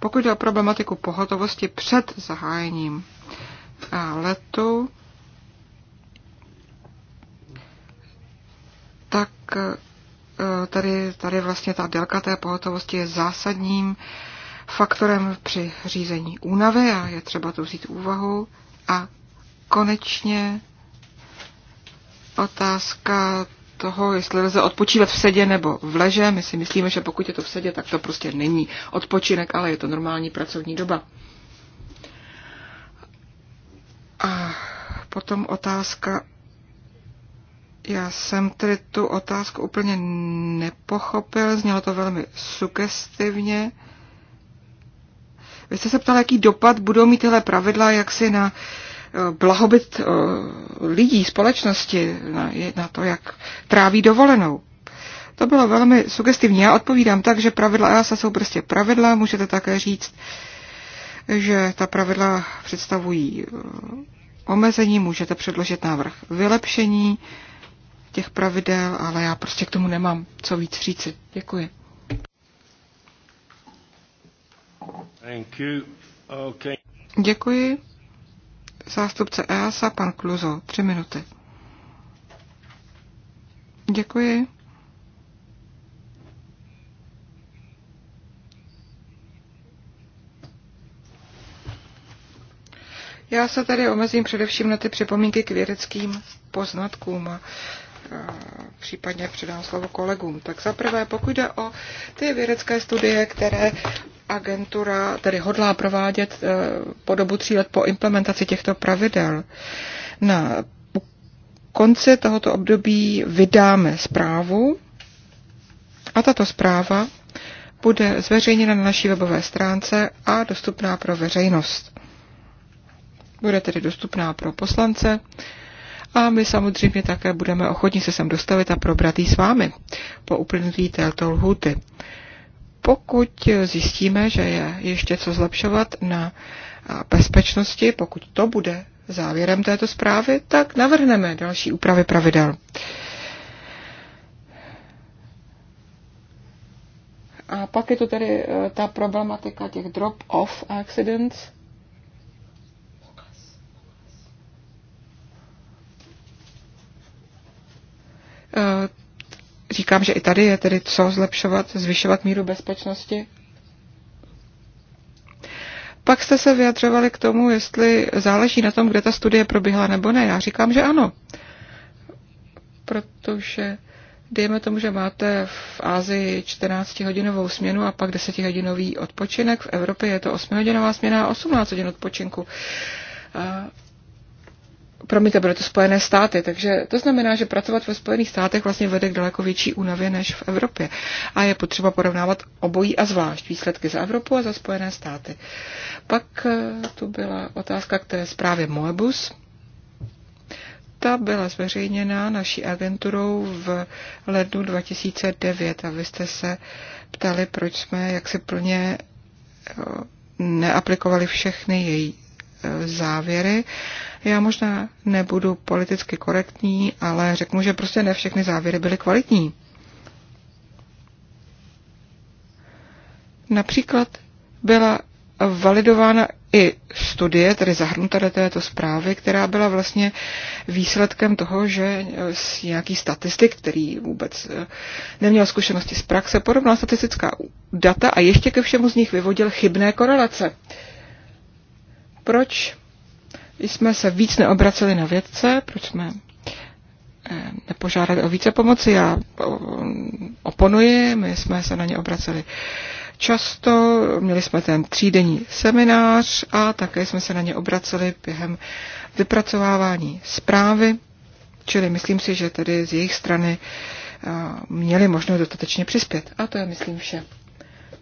Pokud jde o problematiku pohotovosti před zahájením e, letu, tak e, tady, tady vlastně ta délka té pohotovosti je zásadním faktorem při řízení únavy a je třeba to vzít úvahu. A konečně otázka toho, jestli lze odpočívat v sedě nebo v leže. My si myslíme, že pokud je to v sedě, tak to prostě není odpočinek, ale je to normální pracovní doba. A potom otázka. Já jsem tedy tu otázku úplně nepochopil, znělo to velmi sugestivně. Vy jste se ptal, jaký dopad budou mít tyhle pravidla, jak si na uh, blahobyt eh, lidí, společnosti, na to, jak tráví dovolenou. To bylo velmi sugestivní. Já odpovídám tak, že pravidla EASA jsou prostě pravidla. Můžete také říct, že ta pravidla představují eh, omezení, můžete předložit návrh vylepšení těch pravidel, ale já prostě k tomu nemám co víc říci. Děkuji. Thank you. Okay. Děkuji zástupce EASA, pan Kluzo. Tři minuty. Děkuji. Já se tady omezím především na ty připomínky k vědeckým poznatkům a případně předám slovo kolegům. Tak zaprvé pokud jde o ty vědecké studie, které agentura tedy hodlá provádět eh, po dobu tří let po implementaci těchto pravidel. Na konci tohoto období vydáme zprávu a tato zpráva bude zveřejněna na naší webové stránce a dostupná pro veřejnost. Bude tedy dostupná pro poslance a my samozřejmě také budeme ochotní se sem dostavit a probrat ji s vámi po uplynutí této lhuty pokud zjistíme, že je ještě co zlepšovat na bezpečnosti, pokud to bude závěrem této zprávy, tak navrhneme další úpravy pravidel. A pak je to tedy e, ta problematika těch drop-off accidents, říkám, že i tady je tedy co zlepšovat, zvyšovat míru bezpečnosti. Pak jste se vyjadřovali k tomu, jestli záleží na tom, kde ta studie proběhla nebo ne. Já říkám, že ano. Protože dejme tomu, že máte v Ázii 14-hodinovou směnu a pak 10-hodinový odpočinek. V Evropě je to 8-hodinová směna a 18 hodin odpočinku promiňte, byly to Spojené státy, takže to znamená, že pracovat ve Spojených státech vlastně vede k daleko větší únavě než v Evropě. A je potřeba porovnávat obojí a zvlášť výsledky za Evropu a za Spojené státy. Pak eh, tu byla otázka k té zprávě Moebus. Ta byla zveřejněna naší agenturou v lednu 2009 a vy jste se ptali, proč jsme jak se plně eh, neaplikovali všechny její závěry. Já možná nebudu politicky korektní, ale řeknu, že prostě ne všechny závěry byly kvalitní. Například byla validována i studie, tedy zahrnuta do této zprávy, která byla vlastně výsledkem toho, že eh, nějaký statistik, který vůbec eh, neměl zkušenosti z praxe, porovnal statistická data a ještě ke všemu z nich vyvodil chybné korelace. Proč jsme se víc neobraceli na vědce, proč jsme eh, nepožádali o více pomoci. Já oponuji, my jsme se na ně obraceli často, měli jsme ten třídenní seminář a také jsme se na ně obraceli během vypracovávání zprávy, čili myslím si, že tedy z jejich strany eh, měli možnost dostatečně přispět. A to je, myslím, vše.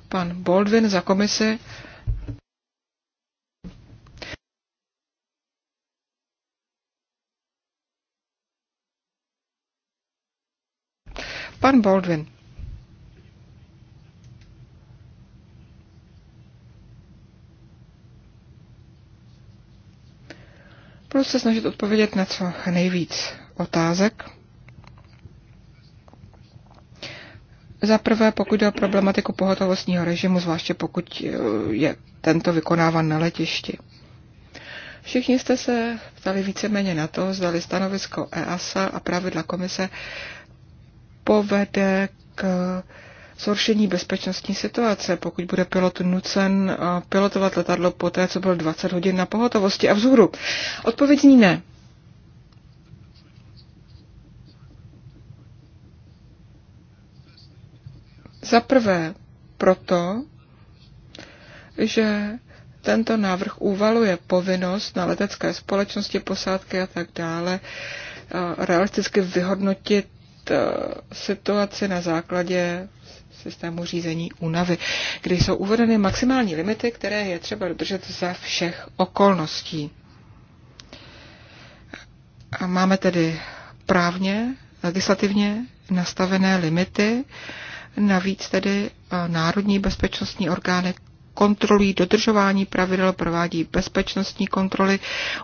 Pan Baldwin za komisi. Pan Baldwin. Budu se snažit odpovědět na co nejvíc otázek. Za prvé, pokud jde o problematiku pohotovostního režimu, zvláště pokud eh, je tento vykonáván na letišti. Všichni jste se ptali víceméně na to, zdali stanovisko EASA a pravidla komise povede k zhoršení bezpečnostní situace, pokud bude pilot nucen eh, pilotovat letadlo po té, co byl 20 hodin na pohotovosti a vzhůru? Odpověď zní ne. Za prvé proto, že tento návrh uvaluje povinnost na letecké společnosti, posádky a tak dále eh, realisticky vyhodnotit Eh, situaci na základě systému řízení únavy, kde jsou uvedeny maximální limity, které je třeba dodržet za všech okolností. A máme tedy právně, legislativně nastavené limity, navíc tedy eh, národní bezpečnostní orgány kontrolují dodržování pravidel, provádí bezpečnostní kontroly,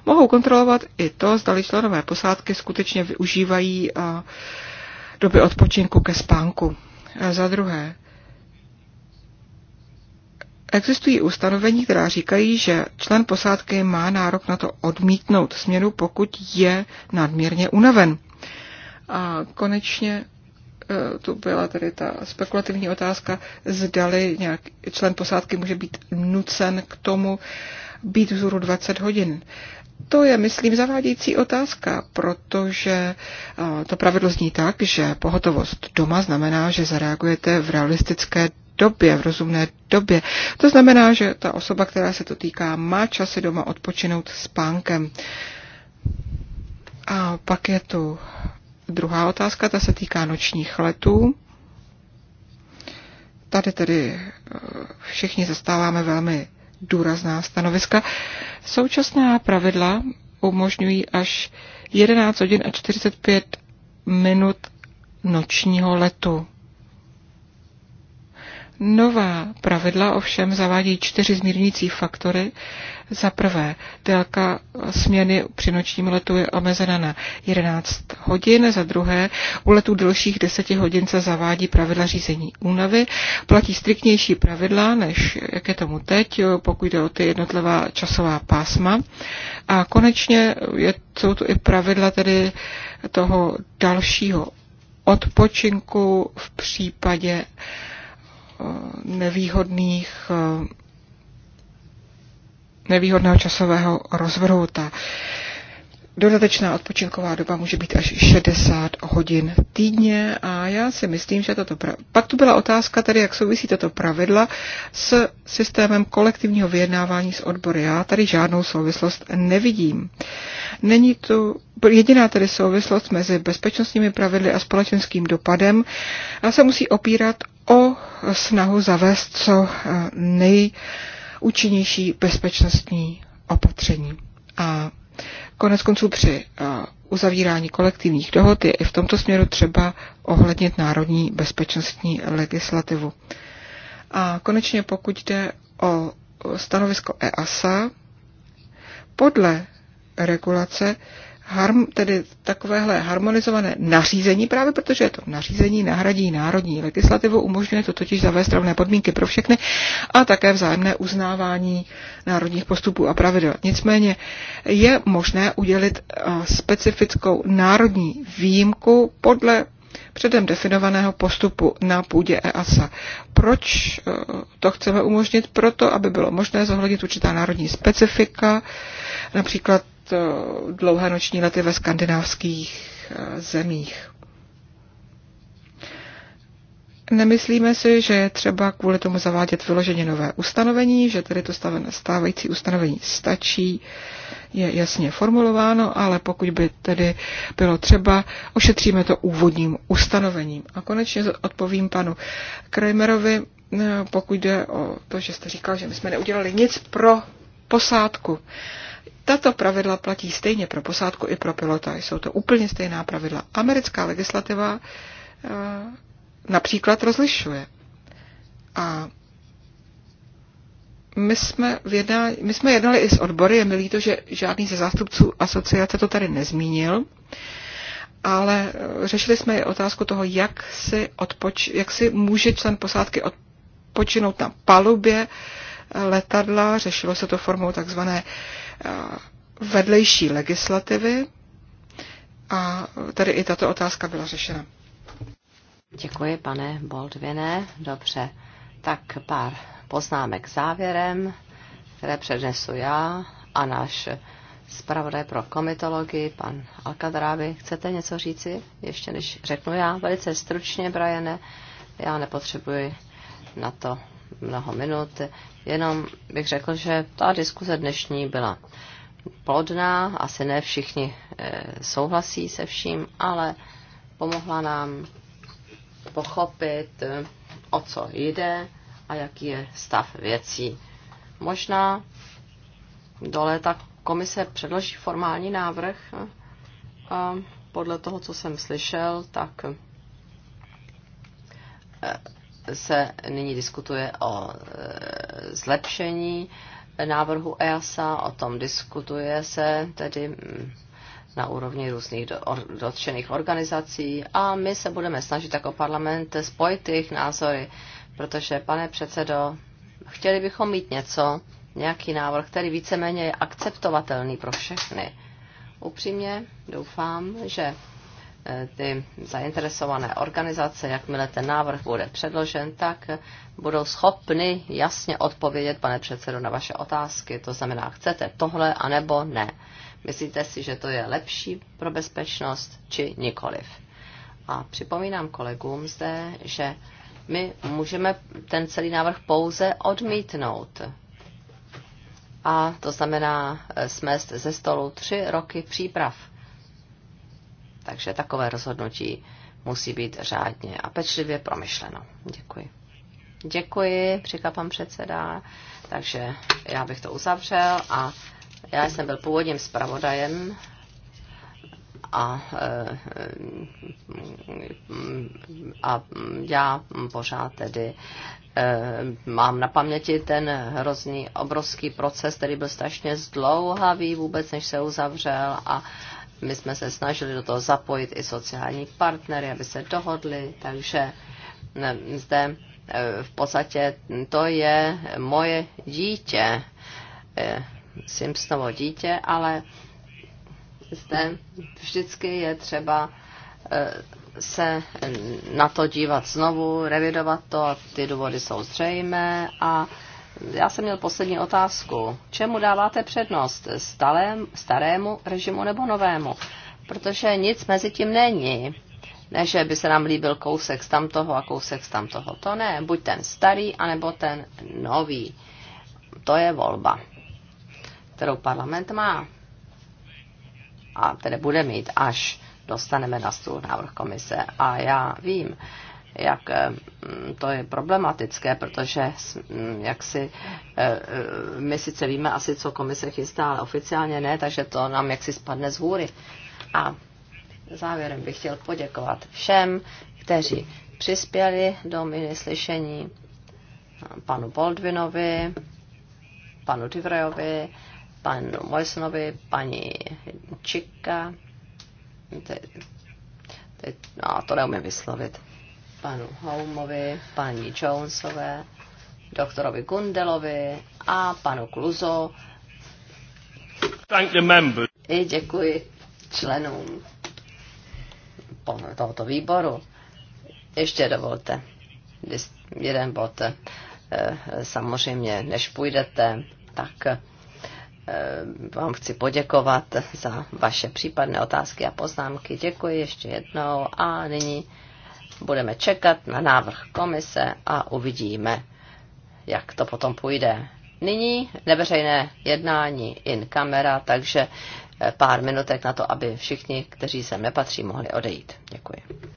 mohou kontrolovat i to, zda členové posádky skutečně využívají uh, doby odpočinku ke spánku. A za druhé, Existují ustanovení, která říkají, že člen posádky má nárok na to odmítnout směnu, pokud je nadměrně unaven. A konečně e, tu byla tedy ta spekulativní otázka, zdali nějaký člen posádky může být nucen k tomu být vzhůru 20 hodin to je, myslím, zavádějící otázka, protože to pravidlo zní tak, že pohotovost doma znamená, že zareagujete v realistické době, v rozumné době. To znamená, že ta osoba, která se to týká, má časy doma odpočinout spánkem. A pak je tu druhá otázka, ta se týká nočních letů. Tady tedy e, všichni zastáváme velmi důrazná stanoviska. Současná pravidla umožňují až 11 hodin a 45 minut nočního letu. Nová pravidla ovšem zavádí čtyři zmírnící faktory. Za prvé, délka směny při nočním letu je omezena na 11 hodin. Za druhé, u letů delších 10 hodin se zavádí pravidla řízení únavy. Platí striktnější pravidla, než jak je tomu teď, pokud jde o ty jednotlivá časová pásma. A konečně je, jsou tu i pravidla tedy toho dalšího odpočinku v případě Eh, nevýhodných eh, nevýhodného časového rozvrhu. dodatečná odpočinková doba může být až 60 hodin týdně a já si myslím, že toto pra... Pak tu byla otázka tedy, jak souvisí toto pravidla s systémem kolektivního vyjednávání s odbory. Já tady žádnou souvislost nevidím. Není tu jediná tedy souvislost mezi bezpečnostními pravidly a společenským dopadem a se musí opírat o snahu zavést co eh, nejúčinnější bezpečnostní opatření. A konec konců při eh, uzavírání kolektivních dohod je i v tomto směru třeba ohlednit národní bezpečnostní legislativu. A konečně pokud jde o stanovisko EASA, podle regulace harm, tedy takovéhle harmonizované nařízení, právě protože je to nařízení nahradí národní legislativu, umožňuje to totiž zavést rovné podmínky pro všechny a také vzájemné uznávání národních postupů a pravidel. Nicméně je možné udělit eh, specifickou národní výjimku podle předem definovaného postupu na půdě EASA. Proč eh, to chceme umožnit? Proto, aby bylo možné zohlednit určitá národní specifika, například dlouhé noční lety ve skandinávských eh, zemích. Nemyslíme si, že je třeba kvůli tomu zavádět vyloženě nové ustanovení, že tedy to stávající ustanovení stačí, je jasně formulováno, ale pokud by tedy bylo třeba, ošetříme to úvodním ustanovením. A konečně odpovím panu Kramerovi, eh, pokud jde o to, že jste říkal, že my jsme neudělali nic pro posádku. Uh, tato pravidla platí stejně pro posádku i pro pilota. Jsou to úplně stejná pravidla. Americká legislativa eh, například rozlišuje. A my jsme, jedna, my jsme jednali i s odbory, je mi líto, že žádný ze zástupců asociace to tady nezmínil, ale eh, řešili jsme i otázku toho, jak si, odpoč, jak si může člen posádky odpočinout na palubě eh, letadla. Řešilo se to formou takzvané uh, Eh, vedlejší legislativy a tady i tato otázka byla řešena. Děkuji, pane Boldvine. Dobře, tak pár poznámek závěrem, které přednesu já a náš zpravodaj pro komitologii, pan Alkadrávi. Chcete něco říci? Ještě než řeknu já, velice stručně, Brajene, já nepotřebuji na to mnoho minut. Jenom bych řekl, že ta diskuze dnešní byla plodná, asi ne všichni eh, souhlasí se vším, ale pomohla nám pochopit, eh, o co jde a jaký je stav věcí. Možná do léta komise předloží formální návrh eh, a podle toho, co jsem slyšel, tak se nyní diskutuje o e, zlepšení návrhu EASA, o tom diskutuje se tedy mm, na úrovni různých dotčených organizací a my se budeme snažit jako parlament spojit jejich názory, protože, pane předsedo, chtěli bychom mít něco, nějaký návrh, který víceméně je akceptovatelný pro všechny. Upřímně doufám, že ty zainteresované organizace, jakmile ten návrh bude předložen, tak budou schopny jasně odpovědět, pane předsedo, na vaše otázky. To znamená, chcete tohle anebo ne. Myslíte si, že to je lepší pro bezpečnost či nikoliv? A připomínám kolegům zde, že my můžeme ten celý návrh pouze odmítnout. A to znamená eh, smést ze stolu tři roky příprav takže takové rozhodnutí musí být řádně a pečlivě promyšleno. Děkuji. Děkuji, říká pan předseda. Takže já bych to uzavřel a já jsem byl původním zpravodajem a, eh, a já pořád tedy eh, mám na paměti ten hrozný obrovský proces, který byl strašně zdlouhavý vůbec, než se uzavřel a my jsme se snažili do toho zapojit i sociální partnery, aby se dohodli, takže zde e, v podstatě to je moje dítě, e, Simpsonovo dítě, ale zde vždycky je třeba e, se na to dívat znovu, revidovat to a ty důvody jsou zřejmé a já jsem měl poslední otázku. Čemu dáváte přednost? Stalém, starému režimu nebo novému? Protože nic mezi tím není. Ne, že by se nám líbil kousek z tamtoho a kousek z tamtoho. To ne. Buď ten starý, anebo ten nový. To je volba, kterou parlament má. A tedy bude mít, až dostaneme na stůl návrh komise. A já vím, jak eh, to je problematické, protože jak si eh, eh, my sice víme asi, co komise chystá, ale oficiálně ne, takže to nám jaksi spadne z hůry. A závěrem bych chtěl poděkovat všem, kteří přispěli do slyšení panu Boldvinovi, panu Divrejovi, panu Mojsnovi, paní Čika. Teď, teď, no, to neumím vyslovit panu Holmovi, paní Jonesové, doktorovi Gundelovi a panu Kluzo. Thank the members. I děkuji členům tohoto výboru. Ještě dovolte jeden bod. Eh, samozřejmě, než půjdete, tak eh, vám chci poděkovat za vaše případné otázky a poznámky. Děkuji ještě jednou a nyní budeme čekat na návrh komise a uvidíme, jak to potom půjde. Nyní neveřejné jednání in kamera, takže eh, pár minutek na to, aby všichni, kteří sem nepatří, mohli odejít. Děkuji.